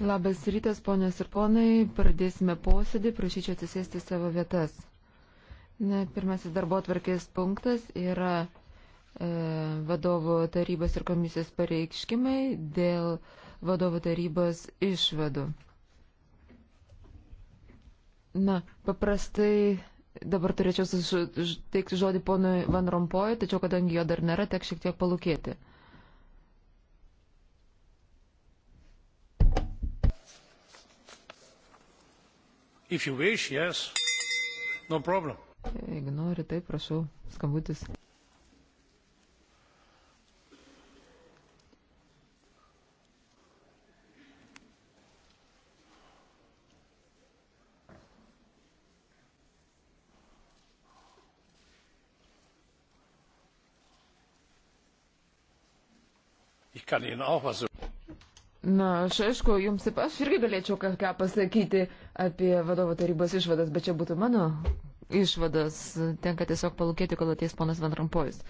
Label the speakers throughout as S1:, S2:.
S1: Labas rytas, ponios ir ponai. Pradėsime posėdį. Prašyčiau atsisėsti savo vietas. Na, pirmasis darbo atvarkės punktas yra e, vadovo tarybos ir komisijos pareikškimai dėl vadovo tarybos išvadų. Na, paprastai dabar turėčiau suteikti žodį ponui Van Rompoj, tačiau kadangi jo dar nėra, tek šiek tiek palūkėti.
S2: If you wish, yes. No problem.
S1: Jeigu nori, taip, prašau, skambutis.
S2: Ich kann Ihnen auch was
S1: Na, aš aišku, jums ir aš irgi galėčiau kažką pasakyti apie vadovo tarybos išvadas, bet čia būtų mano išvadas. Tenka tiesiog palūkėti, kol ateis ponas Van Rampojus.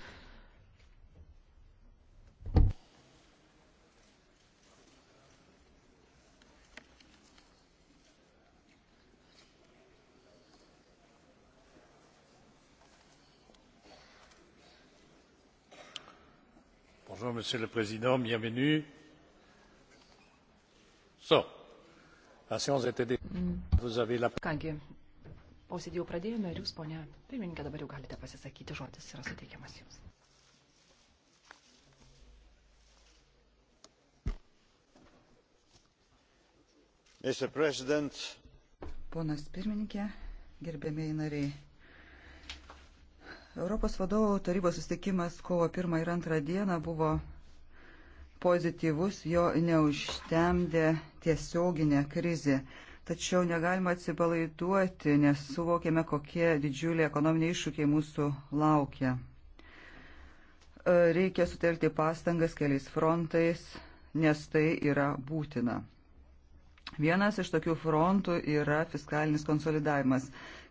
S2: Bonjour, Monsieur le Président, bienvenue. So, mm. Kągi, posėdį
S3: jau pradėjome ir jūs, ponia pirmininkė, dabar jau galite pasisakyti, žodis yra suteikiamas jums.
S4: Ponas pirmininkė, gerbėmiai nariai. Europos vadovų tarybos susitikimas kovo 1 ir 2 dieną buvo pozityvus, jo neužtemdė tiesioginė krizė. Tačiau negalima atsipalaiduoti, nes suvokėme, kokie didžiuliai ekonominiai iššūkiai mūsų laukia. E, reikia sutelkti pastangas keliais frontais, nes tai yra būtina. Vienas iš tokių frontų yra fiskalinis konsolidavimas,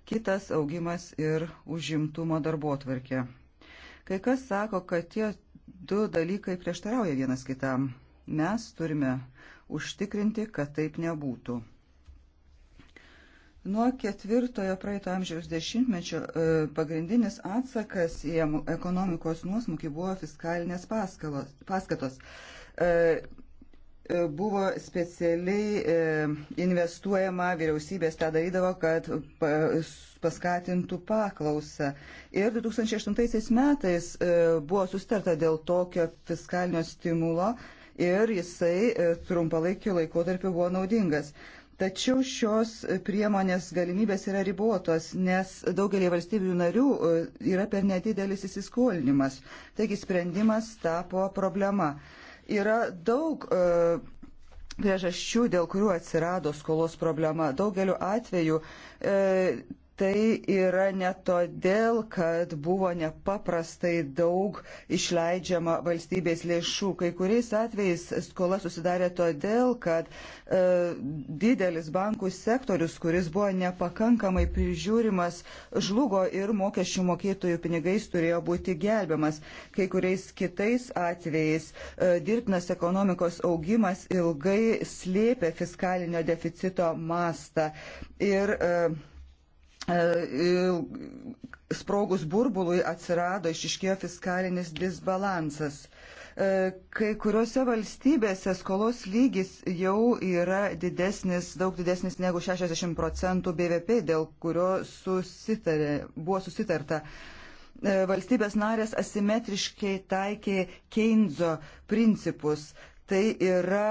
S4: kitas augimas ir užimtumo darbo tvarkė. Kai kas sako, kad tie du dalykai prieštarauja vienas kitam. Mes turime užtikrinti, kad taip nebūtų. Nuo ketvirtojo praeito amžiaus dešimtmečio e, pagrindinis atsakas į ekonomikos nuosmukį buvo fiskalinės paskalos, paskatos e, buvo specialiai e, investuojama, vyriausybės tą darydavo, kad paskatintų paklausą. Ir 2008 metais e, buvo sustarta dėl tokio fiskalinio stimulo ir jisai e, trumpalaikiu laikotarpiu buvo naudingas. Tačiau šios priemonės galimybės yra ribotos, nes daugelį valstybių narių yra per nedidelis įsiskolinimas. Taigi sprendimas tapo problema. Yra daug e, priežasčių, dėl kurių atsirado skolos problema. Daugeliu atveju e, tai yra ne todėl, kad buvo nepaprastai daug išleidžiama valstybės lėšų. Kai kuriais atvejais skola susidarė todėl, kad e, didelis bankų sektorius, kuris buvo nepakankamai prižiūrimas, žlugo ir mokesčių mokėtojų pinigais turėjo būti gelbiamas. Kai kuriais kitais atvejais e, dirbtinas ekonomikos augimas ilgai slėpė fiskalinio deficito mastą. Ir, e, E, e, sprogus burbului atsirado išiškėjo fiskalinis disbalansas. E, kai kuriuose valstybėse skolos lygis jau yra didesnis, daug didesnis negu 60 procentų BVP, dėl kurio susitarė, buvo susitarta. Valstybės narės asimetriškai taikė Keinzo principus. Tai yra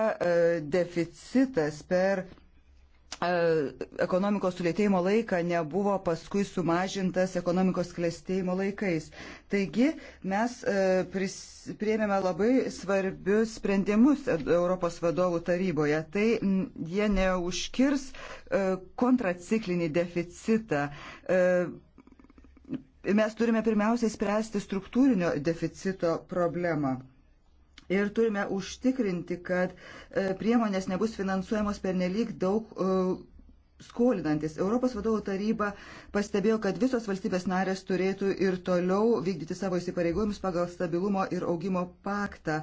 S4: deficitas per ekonomikos sulėtėjimo laiką nebuvo paskui sumažintas ekonomikos klėstėjimo laikais. Taigi mes e, priėmėme labai svarbius sprendimus Europos vadovų taryboje. Tai jie neužkirs e, kontraciklinį deficitą. E, mes turime pirmiausiai spręsti struktūrinio deficito problemą ir turime užtikrinti, kad e, priemonės nebus finansuojamos per nelik daug e, skolinantis. Europos vadovų taryba pastebėjo, kad visos valstybės narės turėtų ir toliau vykdyti savo įsipareigojimus pagal stabilumo ir augimo paktą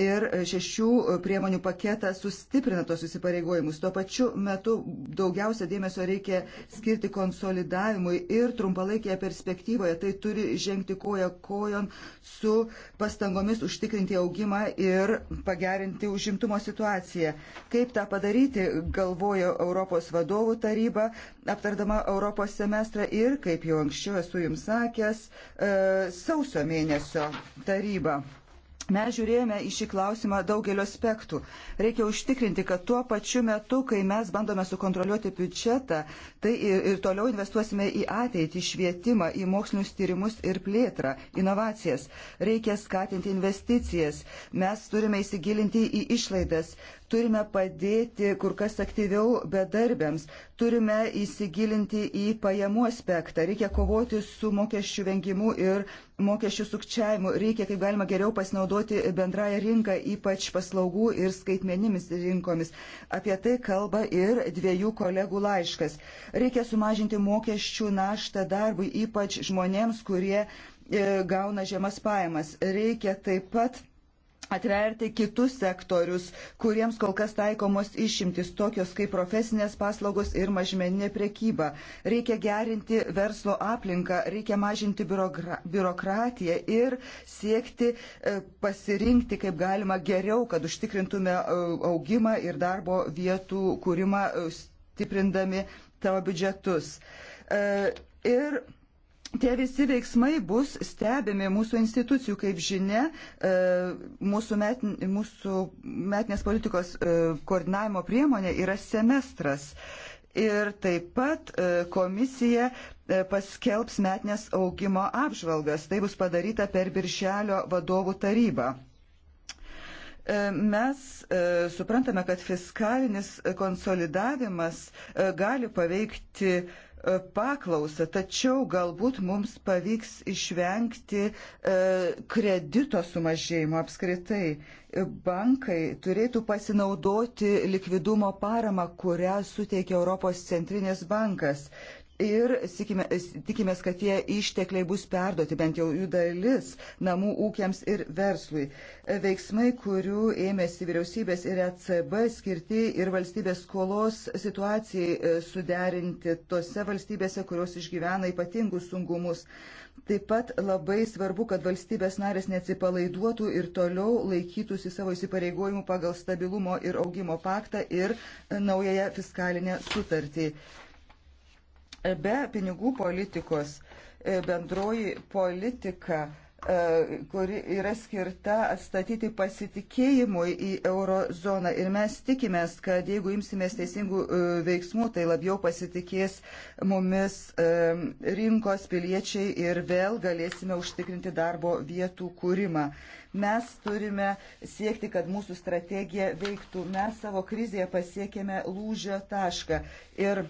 S4: ir šešių priemonių paketas sustiprina tos įsipareigojimus. Tuo pačiu metu daugiausia dėmesio reikia skirti konsolidavimui ir trumpalaikėje perspektyvoje tai turi žengti koja kojon su pastangomis užtikrinti augimą ir pagerinti užimtumo situaciją. Kaip tą padaryti, galvojo Europos vadovų taryba, aptardama Europos semestrą ir, kaip jau anksčiau esu jums sakęs, e, sausio mėnesio taryba. Mes žiūrėjome į šį klausimą daugelio aspektų. Reikia užtikrinti, kad tuo pačiu metu, kai mes bandome sukontroliuoti biudžetą, tai ir, ir toliau investuosime į ateitį, švietimą, į mokslinius tyrimus ir plėtrą, inovacijas. Reikia skatinti investicijas. Mes turime įsigilinti į išlaidas. Turime padėti kur kas aktyviau bedarbiams. Turime įsigilinti į pajamų aspektą. Reikia kovoti su mokesčių vengimu ir mokesčių sukčiavimu. Reikia kaip galima geriau pasinaudoti bendrąją rinką, ypač paslaugų ir skaitmenimis rinkomis. Apie tai kalba ir dviejų kolegų laiškas. Reikia sumažinti mokesčių naštą darbui, ypač žmonėms, kurie e, gauna žemas pajamas. Reikia taip pat atverti kitus sektorius, kuriems kol kas taikomos išimtis, tokios kaip profesinės paslaugos ir mažmeninė prekyba. Reikia gerinti verslo aplinką, reikia mažinti biurokratiją ir siekti e, pasirinkti kaip galima geriau, kad užtikrintume e, augimą ir darbo vietų kūrimą, e, stiprindami tavo biudžetus. Ir Tie visi veiksmai bus stebimi mūsų institucijų, kaip žinia, e, mūsų, met, mūsų metinės politikos e, koordinavimo priemonė yra semestras. Ir taip pat e, komisija paskelbs metinės augimo apžvalgas. Tai bus padaryta per Birželio vadovų tarybą mes suprantame, kad fiskalinis konsolidavimas gali paveikti paklausą, tačiau galbūt mums pavyks išvengti e, kredito sumažėjimo apskritai. Bankai turėtų pasinaudoti likvidumo paramą, kurią suteikia Europos centrinės bankas. Ir sikime, tikimės, kad tie ištekliai bus perduoti, bent jau jų dalis, namų ūkiams ir verslui. Veiksmai, kurių ėmėsi vyriausybės ir ECB skirti ir valstybės skolos situacijai e, suderinti tose valstybėse, kurios išgyvena ypatingus sunkumus. Taip pat labai svarbu, kad valstybės narės neatsipalaiduotų ir toliau laikytųsi savo įsipareigojimų pagal stabilumo ir augimo paktą ir e, naująją fiskalinę sutartį. Be pinigų politikos e, bendroji politika e, kuri yra skirta atstatyti pasitikėjimui į eurozoną. Ir mes tikimės, kad jeigu imsimės teisingų e, veiksmų, tai labiau pasitikės mumis rinkos piliečiai ir vėl galėsime užtikrinti darbo vietų kūrimą. Mes turime siekti, kad mūsų strategija veiktų. Mes savo krizėje pasiekėme lūžio tašką. Ir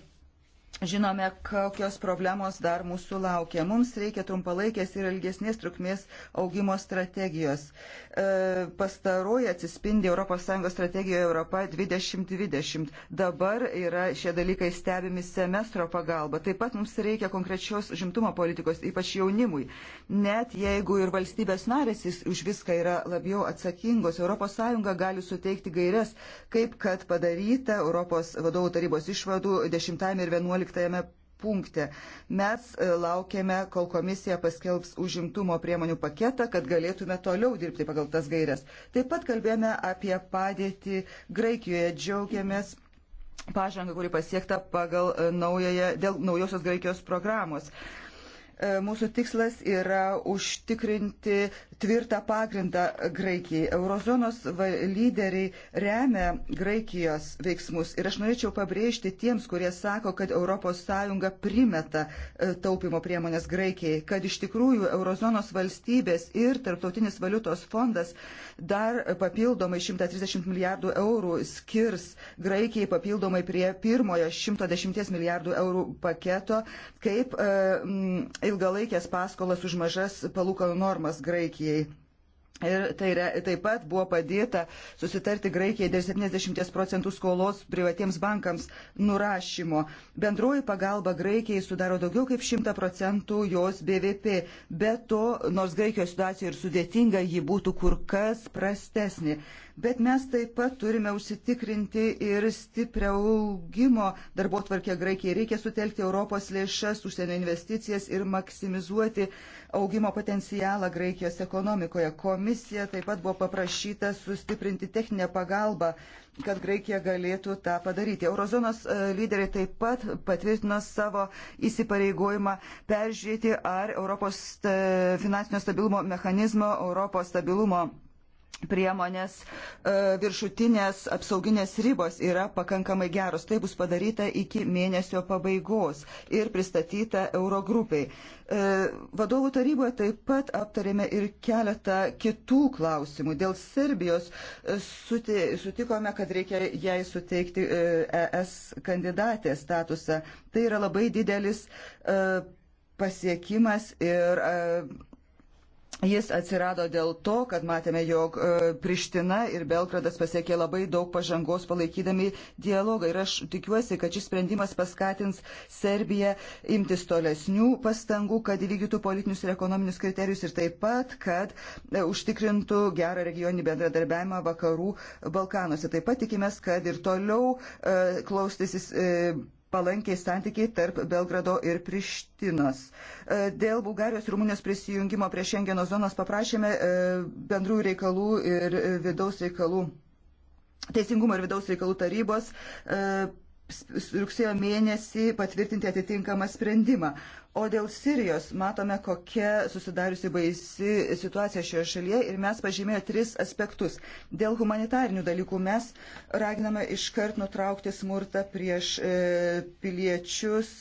S4: Žinome, kokios problemos dar mūsų laukia. Mums reikia trumpalaikės ir ilgesnės trukmės augimo strategijos. E, pastaroji atsispindi ES strategijoje Europa 2020. Dabar yra šie dalykai stebimi semestro pagalba. Taip pat mums reikia konkrečios žimtumo politikos, ypač jaunimui. Net jeigu ir valstybės narės už viską yra labiau atsakingos, ES gali suteikti gairias, kaip kad padaryta Europos vadovų tarybos išvadų 10 ir 11 12 punkte. Mes e, laukiame, kol komisija paskelbs užimtumo priemonių paketą, kad galėtume toliau dirbti pagal tas gairias. Taip pat kalbėjome apie padėtį Graikijoje. Džiaugiamės pažangą, kuri pasiekta pagal e, naujoje, dėl naujosios Graikijos programos. E, mūsų tikslas yra užtikrinti tvirtą pagrindą Graikijai. Eurozonos lyderiai remia Graikijos veiksmus. Ir aš norėčiau pabrėžti tiems, kurie sako, kad ES primeta e, taupimo priemonės Graikijai, kad iš tikrųjų Eurozonos valstybės ir Tarptautinis valiutos fondas dar papildomai 130 milijardų eurų skirs Graikijai papildomai prie pirmojo 110 milijardų eurų paketo, kaip e, ilgalaikės paskolas už mažas palūkanų normas Graikijai. Ir tai re, taip pat buvo padėta susitarti Graikijai dėl 70 procentų skolos privatiems bankams nurašymo. Bendroji pagalba Graikijai sudaro daugiau kaip 100 procentų jos BVP. Be to, nors Graikijos situacija ir sudėtinga, ji būtų kur kas prastesnė. Bet mes taip pat turime užsitikrinti ir stiprią augimo darbo tvarkę Graikijai. Reikia sutelkti Europos lėšas, užsienio investicijas ir maksimizuoti augimo potencialą Graikijos ekonomikoje. Komisija taip pat buvo paprašyta sustiprinti techninę pagalbą, kad Graikija galėtų tą padaryti. Eurozonos e, lyderiai taip pat patvirtino savo įsipareigojimą peržiūrėti, ar Europos finansinio stabilumo mechanizmo, Europos stabilumo priemonės e, viršutinės apsauginės ribos yra pakankamai geros. Tai bus padaryta iki mėnesio pabaigos ir pristatyta Eurogrupiai. E, vadovų taryboje taip pat aptarėme ir keletą kitų klausimų. Dėl Serbijos e, sutikome, kad reikia jai suteikti ES kandidatės statusą. Tai yra labai didelis pasiekimas ir Jis atsirado dėl to, kad matėme, jog e, Priština ir Belgradas pasiekė labai daug pažangos palaikydami dialogą. Ir aš tikiuosi, kad šis sprendimas paskatins Serbiją imtis tolesnių pastangų, kad įvykdytų politinius ir ekonominius kriterijus ir taip pat, kad e, užtikrintų gerą regioninį bendradarbiavimą vakarų Balkanuose. Taip pat tikimės, kad ir toliau e, klaustysis palankiai santykiai tarp Belgrado ir Prištinos. E, dėl Bulgarijos ir Rumunijos prisijungimo prie Šengeno zonos paprašėme e, bendrų reikalų ir vidaus reikalų, teisingumo ir vidaus reikalų tarybos e, rugsėjo mėnesį patvirtinti atitinkamą sprendimą. O dėl Sirijos matome, kokia susidariusi baisi situacija šioje šalyje ir mes pažymėjome tris aspektus. Dėl humanitarinių dalykų mes raginame iškart nutraukti smurtą prieš e, piliečius,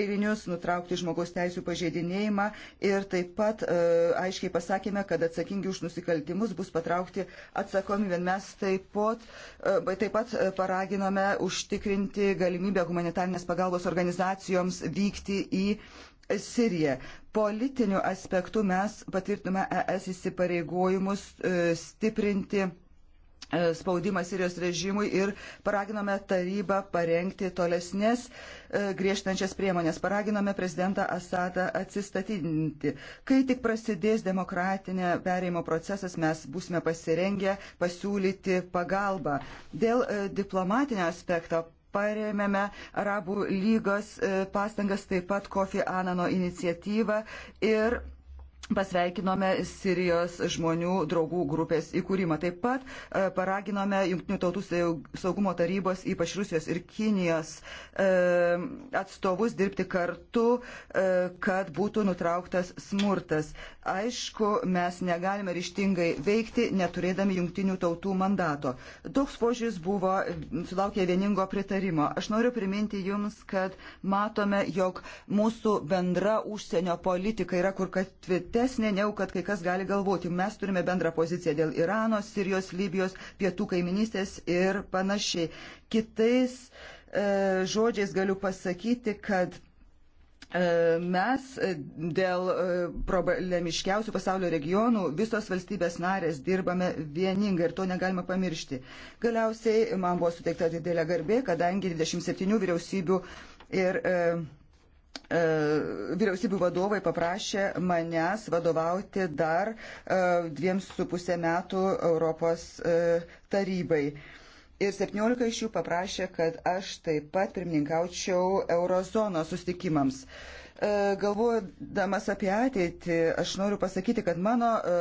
S4: eilinius, nutraukti žmogaus teisų pažeidinėjimą ir taip pat e, aiškiai pasakėme, kad atsakingi už nusikaltimus bus patraukti atsakomybę. Mes taip pat, e, taip pat e, paraginome užtikrinti galimybę humanitarnės pagalbos organizacijoms vykti į Sirija. Politiniu aspektu mes patvirtume ES įsipareigojimus e, stiprinti e, spaudimą Sirijos režimui ir paraginome tarybą parengti tolesnės e, griežtančias priemonės. Paraginome prezidentą Asadą atsistatydinti. Kai tik prasidės demokratinė perėjimo procesas, mes būsime pasirengę pasiūlyti pagalbą. Dėl diplomatinio aspekto paremėme Arabų lygos e, pastangas, taip pat Kofi Anano iniciatyvą ir Pasveikinome Sirijos žmonių draugų grupės įkūrimą. Taip pat e, paraginome Junktinių tautų saugumo tarybos, ypač Rusijos ir Kinijos e, atstovus dirbti kartu, kad būtų nutrauktas smurtas. Aišku, mes negalime ryštingai veikti, neturėdami jungtinių tautų mandato. Toks požiūris buvo, sulaukė vieningo pritarimo. Aš noriu priminti Jums, kad matome, jog mūsų bendra užsienio politika yra kur kas tvirtesnė, negu kad kai kas gali galvoti. Mes turime bendrą poziciją dėl Irano, Sirijos, Libijos, pietų kaiminystės ir panašiai. Kitais e, žodžiais galiu pasakyti, kad E, mes e, dėl e, problemiškiausių pasaulio regionų visos valstybės narės dirbame vieningai ir to negalima pamiršti. Galiausiai man buvo suteikta didelė garbė, kadangi 27 vyriausybių ir e, e, vyriausybių vadovai paprašė manęs vadovauti dar e, dviem su pusę metų Europos e, tarybai. E, ir 17 iš jų paprašė, kad aš taip pat pirmininkaučiau eurozono sustikimams. E, galvodamas apie ateitį, aš noriu pasakyti, kad mano e,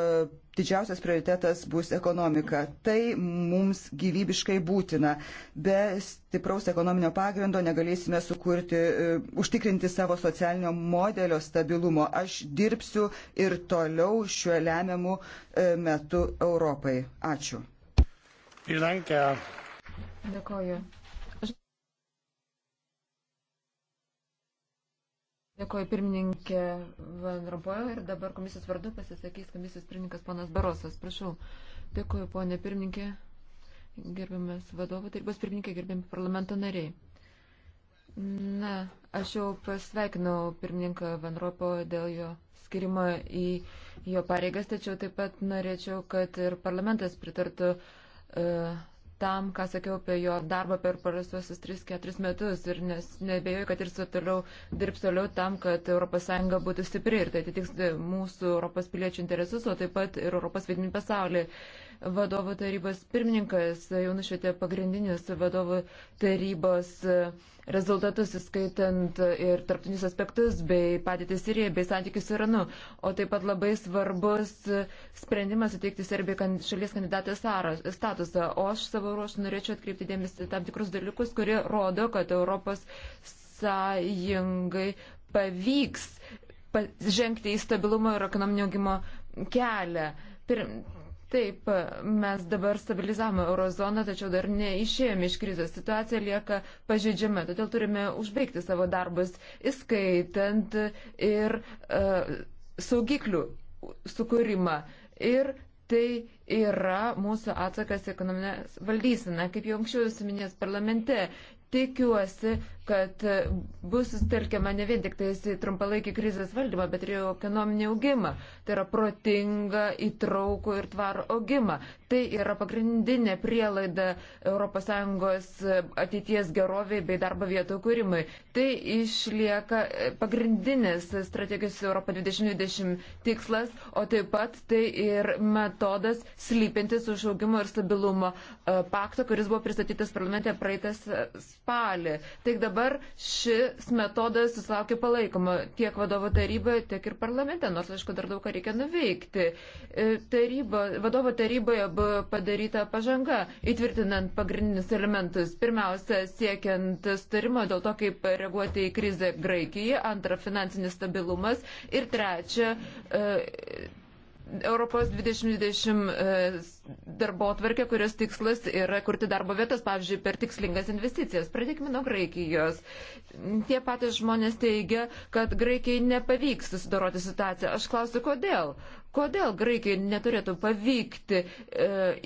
S4: didžiausias prioritetas bus ekonomika. Tai mums gyvybiškai būtina. Be stipraus ekonominio pagrindo negalėsime sukurti, e, užtikrinti savo socialinio modelio stabilumo. Aš dirbsiu ir toliau šiuo lemiamu metu Europai. Ačiū. Vielen Dank, Herr
S1: Dėkoju. Aš... Dėkoju pirmininkė Van Rompojo ir dabar komisijos vardu pasisakys komisijos pirmininkas ponas Barosas. Prašau. Dėkoju ponė pirmininkė, gerbiamas vadovų tarybos pirmininkė, gerbiami parlamento nariai. Na, aš jau pasveikinau pirmininką Van Ropo dėl jo skirimo į jo pareigas, tačiau taip pat norėčiau, kad ir parlamentas pritartų uh, tam, ką sakiau apie jo darbą per parastuosius 3-4 metus ir nes, nebejoju, kad ir su toliau dirbs toliau tam, kad ES būtų stipri ir tai atitiks mūsų Europos piliečių interesus, o taip pat ir Europos vidinį pasaulį vadovų tarybos pirmininkas jau nušvietė pagrindinius vadovų tarybos rezultatus, įskaitant ir tarptinius aspektus, bei padėtį Sirijoje, bei santykius su Iranu. O taip pat labai svarbus sprendimas suteikti Serbijai šalies kandidatės statusą. O aš savo ruoštų norėčiau atkreipti dėmesį tam tikrus dalykus, kurie rodo, kad Europos sąjungai pavyks žengti į stabilumo ir ekonominio augimo kelią. Pir Taip, mes dabar stabilizavome eurozoną, tačiau dar neišėjome iš krizės. Situacija lieka pažeidžiama, todėl turime užbaigti savo darbus, įskaitant ir uh, saugiklių sukūrimą. Ir tai yra mūsų atsakas ekonominės valdyseną, kaip jau anksčiau esu minėjęs parlamente. Tikiuosi, kad bus sutelkiama ne vien tik tais į trumpalaikį krizės valdymą, bet ir į ekonominį augimą. Tai yra protinga, įtraukų ir tvarų augimą. Tai yra pagrindinė prielaida ES ateities geroviai bei darbo vietų kūrimui. Tai išlieka pagrindinis strategijos Europo 2020 tikslas, o taip pat tai ir metodas slypintis už augimo ir stabilumo e, pakto, kuris buvo pristatytas parlamente praeitas spalį. Teikdama Dabar šis metodas susilaukė palaikomo tiek vadovo taryboje, tiek ir parlamente, nors, aišku, dar daug ką reikia nuveikti. E, tarybo, vadovo taryboje buvo padaryta pažanga, įtvirtinant pagrindinius elementus. Pirmiausia, siekiant starimo dėl to, kaip reaguoti į krizę Graikijoje, antra, finansinis stabilumas ir trečia, e, Europos 2020 e, darbo atvarkė, kurios tikslas yra kurti darbo vietas, pavyzdžiui, per tikslingas investicijas. Pradėkime nuo Graikijos. Tie patys žmonės teigia, kad Graikijai nepavyks susidoroti situaciją. Aš klausiu, kodėl? Kodėl Graikijai neturėtų pavykti e,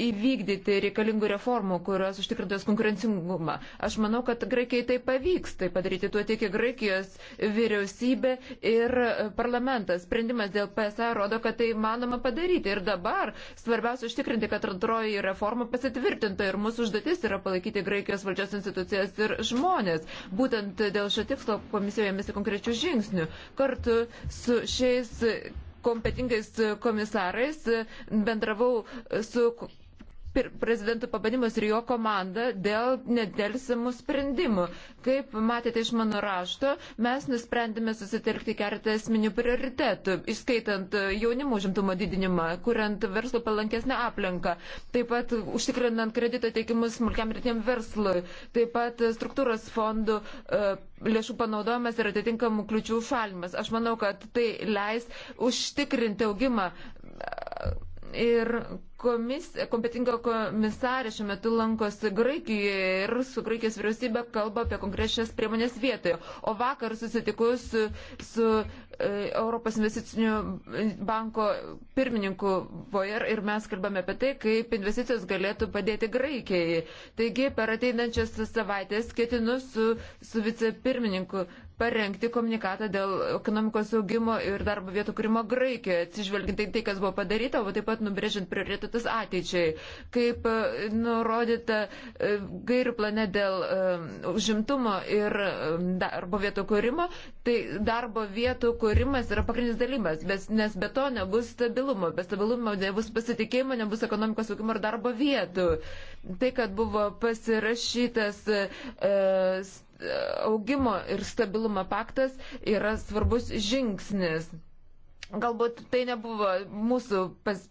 S1: įvykdyti reikalingų reformų, kurios užtikrintos konkurencingumą? Aš manau, kad Graikijai tai pavyks tai padaryti, tuo tiki Graikijos vyriausybė ir e, parlamentas. Sprendimas dėl PSA rodo, kad tai manoma padaryti. Ir dabar svarbiausia užtikrinti, kad antroji reforma pasitvirtinta ir mūsų užduotis yra palaikyti Graikijos valdžios institucijas ir žmonės. Būtent dėl šio tikslo komisijoje mes konkrečių žingsnių. Kartu su šiais kompetingais e, komisarais, e, bendravau e, su prezidentų pabadimas ir jo komanda dėl nedelsimų sprendimų. Kaip matėte iš mano rašto, mes nusprendėme susitelkti keletą esminių prioritetų, išskaitant e, jaunimo užimtumo didinimą, kuriant verslo palankesnę aplinką, taip pat užtikrinant kredito teikimus smulkiam ir tiem verslui, taip pat struktūros fondų e, lėšų panaudojimas ir atitinkamų kliučių šalimas. Aš manau, kad tai leis užtikrinti augimą e, ir komis, kompetinga komisarė šiuo metu lankosi Graikijoje ir su Graikijos vyriausybė kalba apie konkrečias priemonės vietoje. O vakar susitikus su, su e, Europos investicinių banko pirmininku Voyer ir mes kalbame apie tai, kaip investicijos galėtų padėti Graikijai. Taigi per ateinančias savaitės ketinu su, su vicepirmininku parengti komunikatą dėl ekonomikos augimo ir darbo vietų kūrimo Graikijoje, atsižvelginti tai, kas buvo padaryta, o taip pat nubrėžiant prioritetus skirtus ateičiai. Kaip e, nurodyta e, gairių plane dėl e, užimtumo ir darbo vietų kūrimo, tai darbo vietų kūrimas yra pagrindinis dalymas, nes be to nebus stabilumo, be stabilumo nebus pasitikėjimo, nebus ekonomikos augimo ir darbo vietų. Tai, kad buvo pasirašytas e, augimo ir stabilumo paktas, yra svarbus žingsnis. Galbūt tai nebuvo mūsų pas,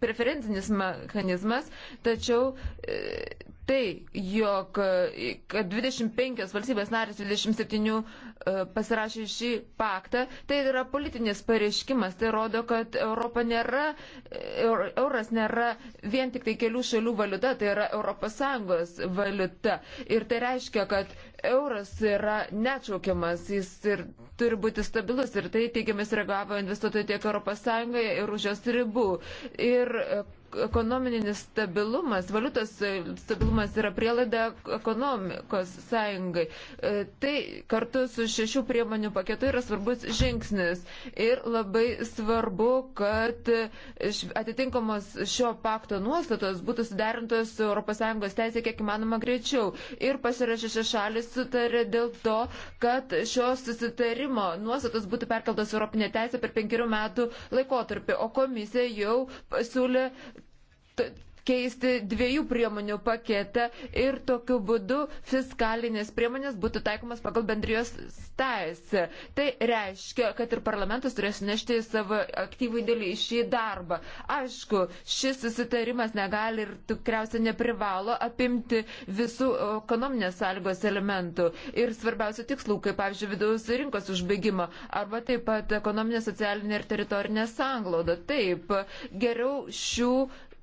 S1: preferencinis mechanizmas, tačiau e, tai, jog 25 valstybės narės 27 e, pasirašė šį paktą, tai yra politinis pareiškimas. Tai rodo, kad Europa nėra, e, euras nėra vien tik tai kelių šalių valiuta, tai yra ES valiuta. Ir tai reiškia, kad euras yra neatšaukiamas, jis ir turi būti stabilus ir tai teigiamis reagavo investuotojai tiek ES ir už jos ribų. Ir e, ekonominis stabilumas, valiutos stabilumas yra prielaida ekonomikos sąjungai. E, tai kartu su šešių priemonių paketu yra svarbus žingsnis ir labai svarbu, kad atitinkamos šio pakto nuostatos būtų suderintos su ES teisė kiek įmanoma greičiau. Ir pasirašė šešalis sutarė dėl to, kad šios susitarimo nuostatos būtų perkeltos Europinė teisė per penkerių metų laikotarpį, o komisija jau pasiūlė keisti dviejų priemonių paketą ir tokiu būdu fiskalinės priemonės būtų taikomas pagal bendrijos teisę. Tai reiškia, kad ir parlamentas turės nešti savo aktyvų dėlį į šį darbą. Aišku, šis susitarimas negali ir tikriausiai neprivalo apimti visų ekonominės sąlygos elementų ir svarbiausių tikslų, kaip pavyzdžiui, vidaus rinkos užbaigimo arba taip pat ekonominė, socialinė ir teritorinė sanglauda. Taip, geriau šių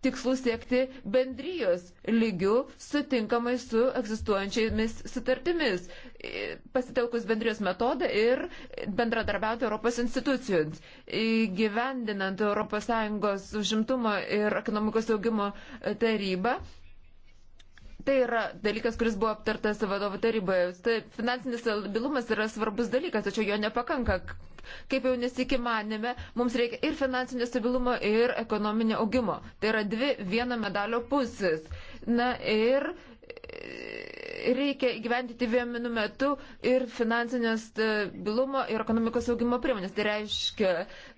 S1: tikslų siekti bendrijos lygių sutinkamai su egzistuojančiamis sutartimis, e, pasitelkus bendrijos metodą ir bendradarbiauti Europos institucijoms. Įgyvendinant ES užimtumo ir ekonomikos augimo tarybą, Tai yra dalykas, kuris buvo aptartas vadovų taryboje. Tai finansinis stabilumas yra svarbus dalykas, tačiau jo nepakanka. Kaip jau nesikį manėme, mums reikia ir finansinio stabilumo, ir ekonominio augimo. Tai yra dvi vieno medalio pusės. Na ir e, reikia gyventi vienu metu ir finansinio stabilumo, ir ekonomikos augimo priemonės. Tai reiškia,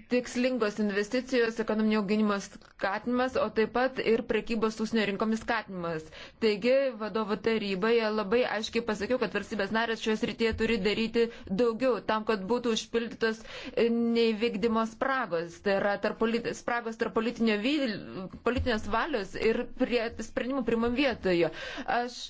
S1: tikslingos investicijos, ekonominio auginimo skatinimas, o taip pat ir prekybos užsienio rinkomis skatinimas. Taigi vadovo taryboje labai aiškiai pasakiau, kad valstybės narės šioje srityje turi daryti daugiau tam, kad būtų užpildytos neįvykdymo spragos, tai yra tarp politi spragos tarp politinio vyl, politinės valios ir prie sprendimų primam vietoje. Aš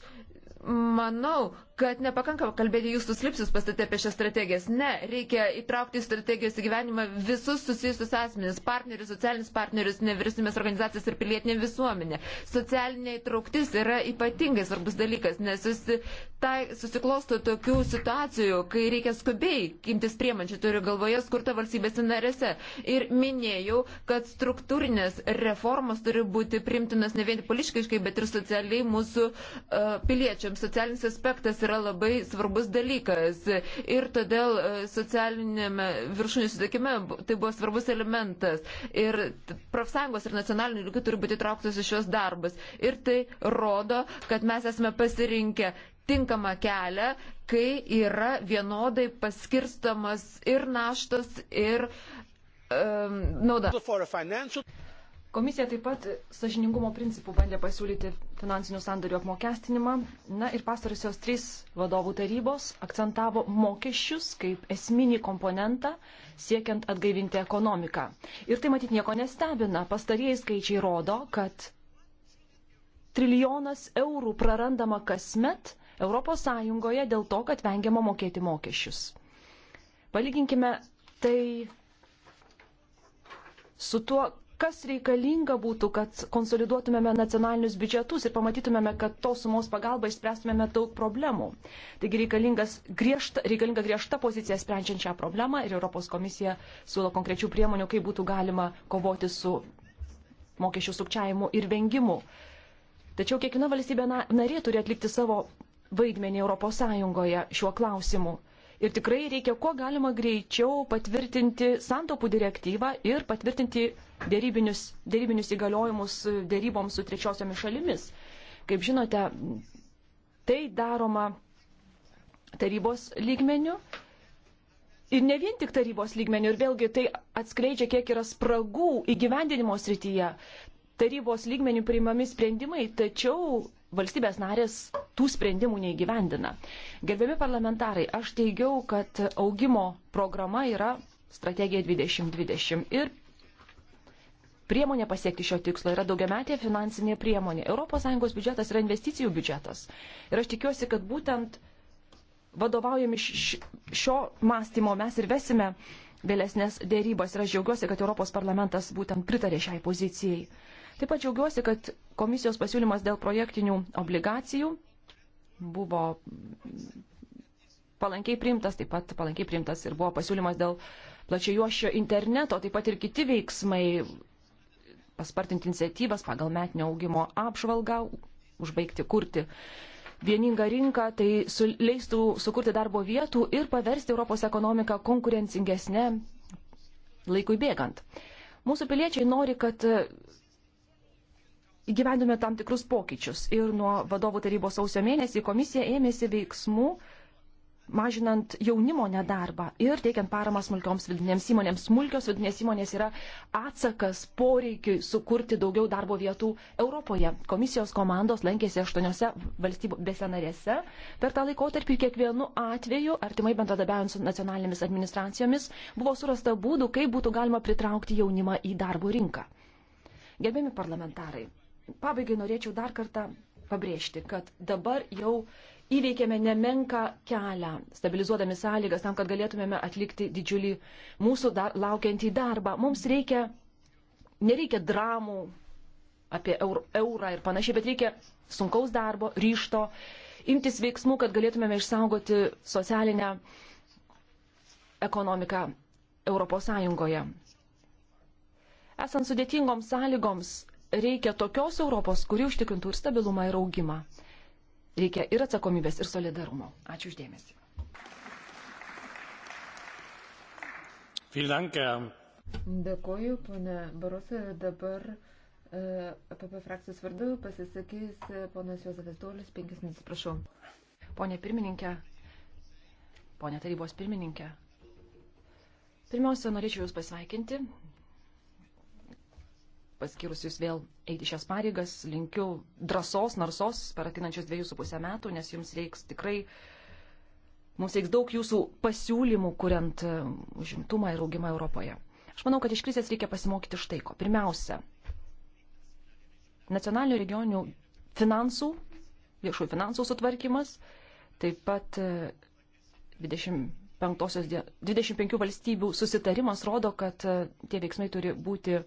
S1: manau, kad nepakanka kalbėti jūsų slipsius pastate apie šias strategijas. Ne, reikia įtraukti į strategijos įgyvenimą visus susijusius asmenis - partnerius, socialinius partnerius, nevyriausybės organizacijas ir pilietinę visuomenę. Socialinė įtrauktis yra ypatingai svarbus dalykas, nes susi, tai, susiklosto tokių situacijų, kai reikia skubiai imtis priemančių, turiu galvoje, skurta valstybėse narėse. Ir minėjau, kad struktūrinės reformos turi būti primtinas ne vien politiškai, bet ir socialiai mūsų uh, piliečiams. Socialinis aspektas yra labai svarbus dalykas ir todėl e, socialinėme viršūnių sutikime tai buvo svarbus elementas. Ir profsąjungos ir nacionalinių lygių turi būti įtrauktos į šios darbus. Ir tai rodo, kad mes esame pasirinkę tinkamą kelią, kai yra vienodai paskirstamas ir naštas, ir um, nauda. Komisija taip pat
S3: sažiningumo principų bandė pasiūlyti finansinių sandorių apmokestinimą. Na ir pastarosios trys vadovų tarybos akcentavo mokesčius kaip esminį komponentą siekiant atgaivinti ekonomiką. Ir tai matyt nieko nestebina. Pastarieji skaičiai rodo, kad trilijonas eurų prarandama kasmet ES dėl to, kad vengiama mokėti mokesčius. Palyginkime tai su tuo, kas reikalinga būtų, kad konsoliduotumėme nacionalinius biudžetus ir pamatytumėme, kad tos sumos pagalba išspręstumėme daug problemų. Taigi griežta, reikalinga griežta pozicija sprendžiant šią problemą ir Europos komisija siūlo konkrečių priemonių, kaip būtų galima kovoti su mokesčių sukčiavimu ir vengimu. Tačiau kiekviena valstybė narė turi atlikti savo vaidmenį Europos Sąjungoje šiuo klausimu. Ir tikrai reikia kuo galima greičiau patvirtinti santopų direktyvą ir patvirtinti dėrybinius, dėrybinius įgaliojimus dėryboms su trečiosiomis šalimis. Kaip žinote, tai daroma tarybos lygmenių. Ir ne vien tik tarybos lygmenių, ir vėlgi tai atskleidžia, kiek yra spragų įgyvendinimo srityje. Tarybos lygmenių priimami sprendimai, tačiau valstybės narės tų sprendimų neįgyvendina. Gerbiami parlamentarai, aš teigiau, kad augimo programa yra strategija 2020 ir priemonė pasiekti šio tikslo yra daugiametė finansinė priemonė. ES biudžetas yra investicijų biudžetas. Ir aš tikiuosi, kad būtent vadovaujami šio mąstymo mes ir vesime vėlesnės dėrybas. Ir aš džiaugiuosi, kad Europos parlamentas būtent pritarė šiai pozicijai. Taip pat džiaugiuosi, kad komisijos pasiūlymas dėl projektinių obligacijų buvo palankiai priimtas, taip pat palankiai priimtas ir buvo pasiūlymas dėl plačiajuošio interneto, taip pat ir kiti veiksmai paspartinti iniciatyvas pagal metinio augimo apžvalgą, užbaigti kurti vieningą rinką, tai su, leistų sukurti darbo vietų ir paversti Europos ekonomiką konkurencingesnę laikui bėgant. Mūsų piliečiai nori, kad įgyvendome tam tikrus pokyčius ir nuo vadovų tarybos sausio mėnesį komisija ėmėsi veiksmų mažinant jaunimo nedarbą ir teikiant paramą smulkioms vidinėms įmonėms. Smulkios vidinės įmonės yra atsakas poreikiui sukurti daugiau darbo vietų Europoje. Komisijos komandos lankėsi aštuoniuose valstybėse narėse. Per tą laikotarpį kiekvienu atveju, artimai bendradabiaujant su nacionalinėmis administracijomis, buvo surasta būdų, kaip būtų galima pritraukti jaunimą į darbo rinką. Gerbiami parlamentarai, Pabaigai norėčiau dar kartą pabrėžti, kad dabar jau įveikėme nemenką kelią, stabilizuodami sąlygas tam, kad galėtumėme atlikti didžiulį mūsų dar laukiantį darbą. Mums reikia, nereikia dramų apie eurą ir panašiai, bet reikia sunkaus darbo, ryšto, imtis veiksmų, kad galėtumėme išsaugoti socialinę ekonomiką Europos Sąjungoje. Esant sudėtingoms sąlygoms, reikia tokios Europos, kuri užtikrintų ir stabilumą, ir augimą. Reikia ir atsakomybės, ir
S1: solidarumo. Ačiū uždėmesi. Dėkoju, ponė Barosai. Dabar apie frakcijos vardu pasisakys e, ponas Jozefas Tolis, penkis minutės, prašau.
S3: Pone pirmininkė, ponė tarybos pirmininkė, pirmiausia, norėčiau Jūs pasveikinti paskirus jūs vėl eiti šias pareigas. Linkiu drąsos, narsos per atinančius dviejus su pusę metų, nes jums reiks tikrai, mums reiks daug jūsų pasiūlymų, kuriant e, užimtumą ir augimą Europoje. Aš manau, kad iš krizės reikia pasimokyti štai ko. Pirmiausia, nacionalinių regionių finansų, viešųjų finansų sutvarkymas, taip pat 20 e, 25 valstybių susitarimas rodo, kad e, tie veiksmai turi būti